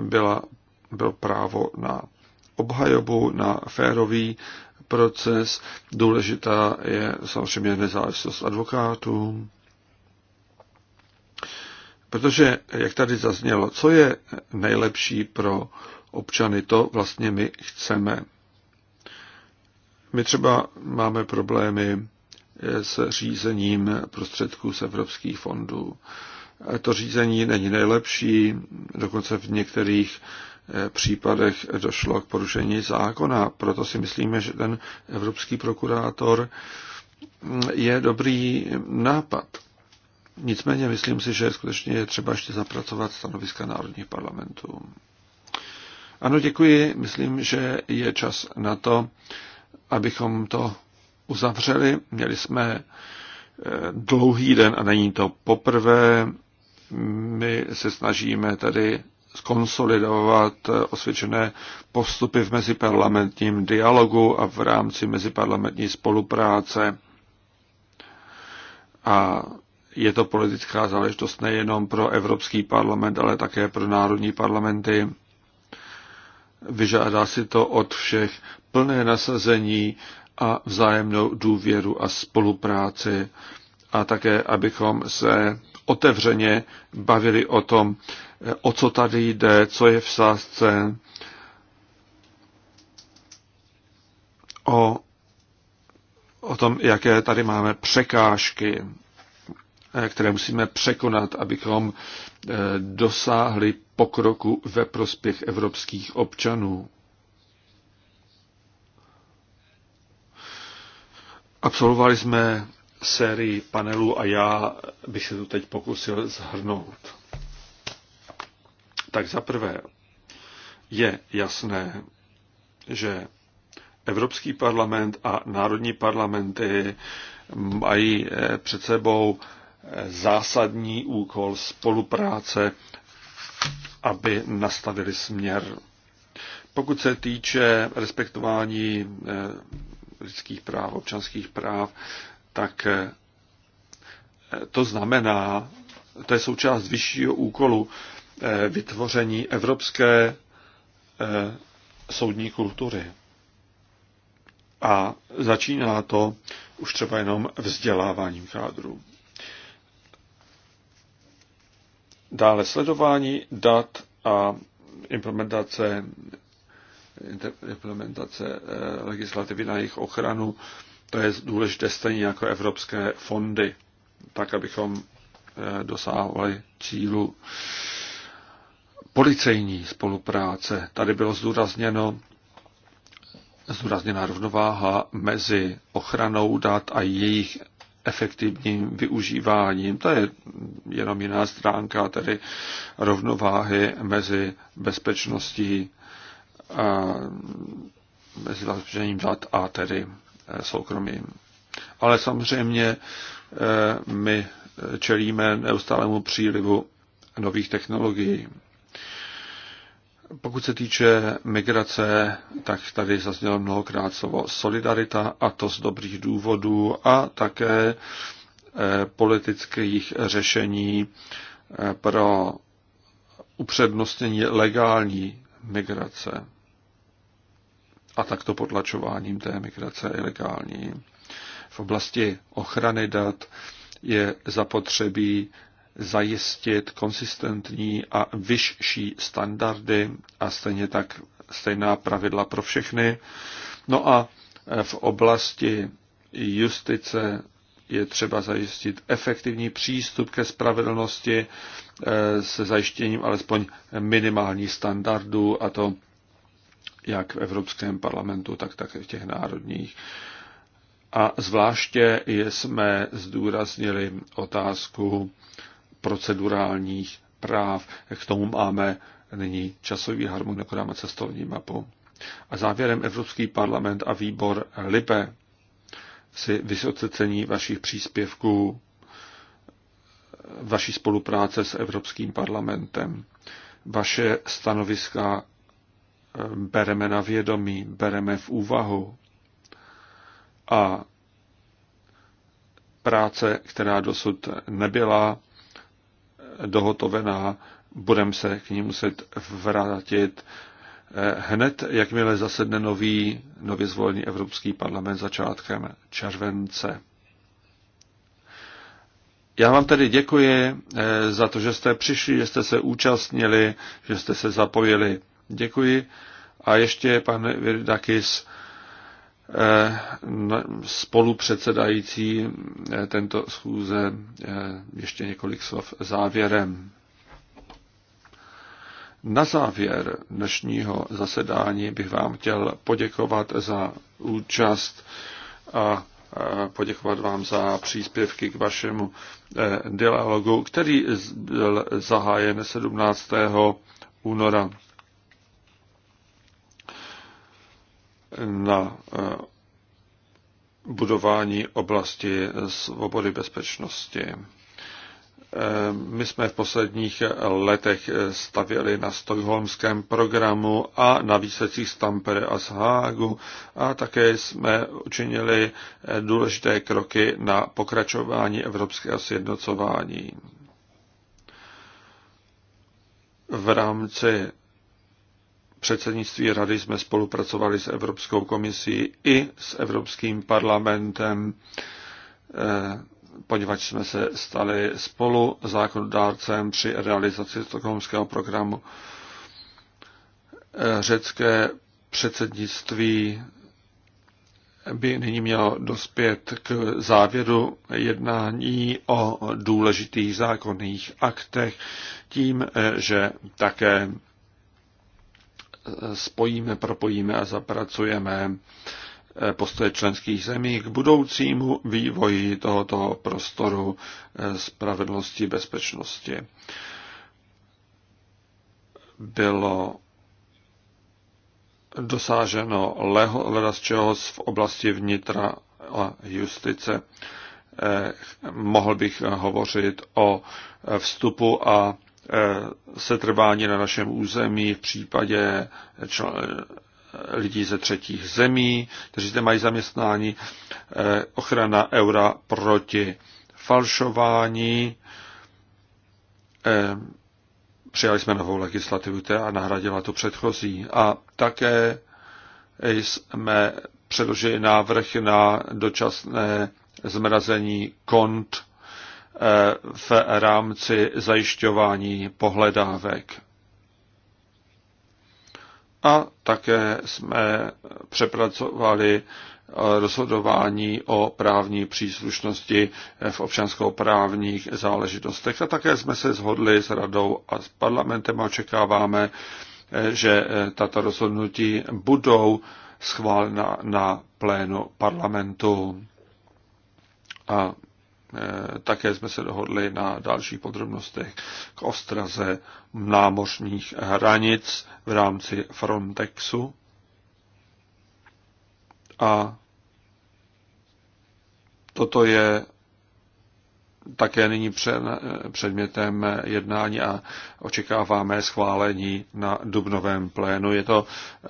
byla, bylo právo na obhajobu, na férový proces. Důležitá je samozřejmě nezávislost advokátů. Protože, jak tady zaznělo, co je nejlepší pro občany, to vlastně my chceme. My třeba máme problémy s řízením prostředků z evropských fondů. To řízení není nejlepší, dokonce v některých případech došlo k porušení zákona. Proto si myslíme, že ten evropský prokurátor je dobrý nápad. Nicméně myslím si, že skutečně je třeba ještě zapracovat stanoviska národních parlamentů. Ano, děkuji. Myslím, že je čas na to, abychom to uzavřeli. Měli jsme eh, dlouhý den a není to poprvé. My se snažíme tady skonsolidovat eh, osvědčené postupy v meziparlamentním dialogu a v rámci meziparlamentní spolupráce. A je to politická záležitost nejenom pro Evropský parlament, ale také pro národní parlamenty. Vyžádá si to od všech plné nasazení a vzájemnou důvěru a spolupráci a také, abychom se otevřeně bavili o tom, Eh, o co tady jde, co je v sázce, o, o tom, jaké tady máme překážky, eh, které musíme překonat, abychom eh, dosáhli pokroku ve prospěch evropských občanů. Absolvovali jsme sérii panelů a já bych se tu teď pokusil zhrnout. Tak za prvé je jasné, že Evropský parlament a národní parlamenty mají eh, před sebou eh, zásadní úkol spolupráce, aby nastavili směr. Pokud se týče respektování eh, lidských práv, občanských práv, tak to znamená, to je součást vyššího úkolu Eh, vytvoření evropské eh, soudní kultury. A začíná to už třeba jenom vzděláváním kádru. Dále sledování dat a implementace, implementace eh, legislativy na jejich ochranu, to je důležité stejně jako evropské fondy, tak abychom dosáhli cílu policejní spolupráce. Tady bylo zdůrazněno, zdůrazněna rovnováha mezi ochranou dat a jejich efektivním využíváním. To je jenom jiná stránka, tedy rovnováhy mezi bezpečností a mezi zabezpečením dat a tedy eh, soukromím. Ale samozřejmě eh, my čelíme neustálému přílivu nových technologií. Pokud se týče migrace, tak tady zaznělo mnohokrát slovo solidarita a to z dobrých důvodů a také eh, politických řešení eh, pro upřednostnění legální migrace a takto potlačováním té migrace ilegální. V oblasti ochrany dat je zapotřebí zajistit konsistentní a vyšší standardy a stejně tak stejná pravidla pro všechny. No a e, v oblasti justice je třeba zajistit efektivní přístup ke spravedlnosti e, se zajištěním alespoň minimálních standardů, a to jak v Evropském parlamentu, tak také v těch národních. A zvláště jsme zdůraznili otázku procedurálních práv. K tomu máme nyní časový jako a cestovní mapu. A závěrem Evropský parlament a výbor LIPE si vysoce cení vašich příspěvků, vaší spolupráce s Evropským parlamentem. Vaše stanoviska eh, bereme na vědomí, bereme v úvahu a práce, která dosud nebyla dohotovená, budeme se k ní muset vrátit eh, hned, jakmile zasedne nový, nově zvolený Evropský parlament začátkem července. Já vám tedy děkuji eh, za to, že jste přišli, že jste se účastnili, že jste se zapojili. Děkuji. A ještě pan Virdakis Eh, spolupředsedající eh, tento schůze eh, ještě několik slov závěrem. Na závěr dnešního zasedání bych vám chtěl poděkovat za účast a poděkovat vám za příspěvky k vašemu dialogu, který byl zahájen 17. února. na eh, budování oblasti svobody bezpečnosti. Eh, my jsme v posledních letech stavěli na stokholmském programu a na výsledcích z Tampere a z Hágu a také jsme učinili důležité kroky na pokračování evropského sjednocování. V rámci předsednictví rady jsme spolupracovali s Evropskou komisí i s Evropským parlamentem, eh, poněvadž jsme se stali spolu zákonodárcem při realizaci stokholmského programu. Eh, řecké předsednictví by nyní mělo dospět k závěru jednání o důležitých zákonných aktech tím, eh, že také spojíme, propojíme a zapracujeme eh, postoje členských zemí k budoucímu vývoji tohoto prostoru eh, spravedlnosti bezpečnosti. Bylo dosáženo leda z čeho v oblasti vnitra a justice. Eh, mohl bych hovořit o vstupu a Eh, setrvání na našem území v případě čl- lidí ze třetích zemí, kteří zde mají zaměstnání, eh, ochrana eura proti falšování. Eh, přijali jsme novou legislativu a nahradila to předchozí. A také jsme předložili návrh na dočasné zmrazení kont v rámci zajišťování pohledávek. A také jsme přepracovali rozhodování o právní příslušnosti v občanskoprávních záležitostech. A také jsme se shodli s radou a s parlamentem a očekáváme, že tato rozhodnutí budou schválena na plénu parlamentu. A Eh, také jsme se dohodli na dalších podrobnostech k ostraze námořních hranic v rámci Frontexu. A toto je také nyní eh, předmětem jednání a očekáváme schválení na dubnovém plénu. Je to eh,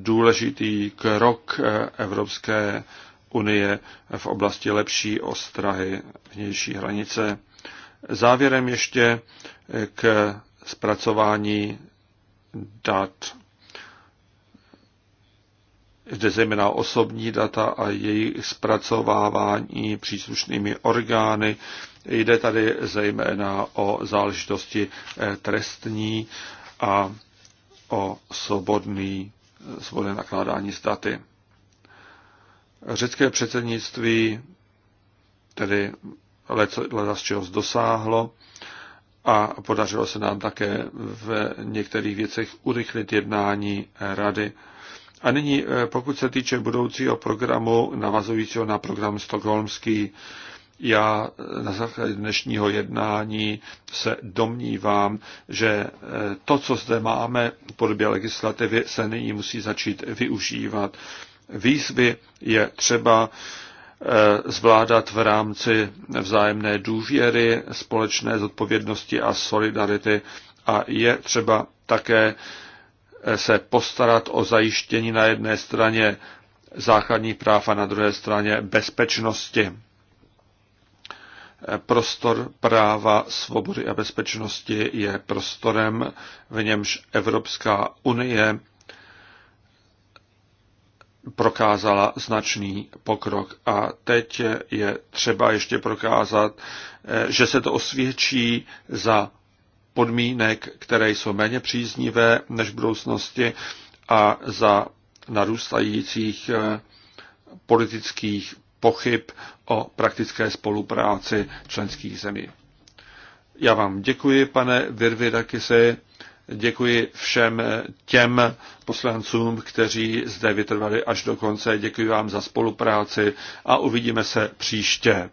důležitý krok Evropské unie v oblasti lepší ostrahy vnější hranice. Závěrem ještě k zpracování dat. Jde zejména osobní data a jejich zpracovávání příslušnými orgány. Jde tady zejména o záležitosti eh, trestní a o svobodný, svobodné nakládání s daty. Řecké předsednictví tedy leda z čeho dosáhlo a podařilo se nám také v některých věcech urychlit jednání rady. A nyní, eh, pokud se týče budoucího programu navazujícího na program Stockholmský, já eh, na základě dnešního jednání se domnívám, že eh, to, co zde máme v podobě legislativy, se nyní musí začít využívat výzvy je třeba eh, zvládat v rámci vzájemné důvěry, společné zodpovědnosti a solidarity a je třeba také eh, se postarat o zajištění na jedné straně základních práv a na druhé straně bezpečnosti. Eh, prostor práva, svobody a bezpečnosti je prostorem, v němž Evropská unie prokázala značný pokrok. A teď je třeba ještě prokázat, eh, že se to osvědčí za podmínek, které jsou méně příznivé než v budoucnosti a za narůstajících eh, politických pochyb o praktické spolupráci členských zemí. Já vám děkuji, pane Virvidakise, Děkuji všem těm poslancům, kteří zde vytrvali až do konce. Děkuji vám za spolupráci a uvidíme se příště.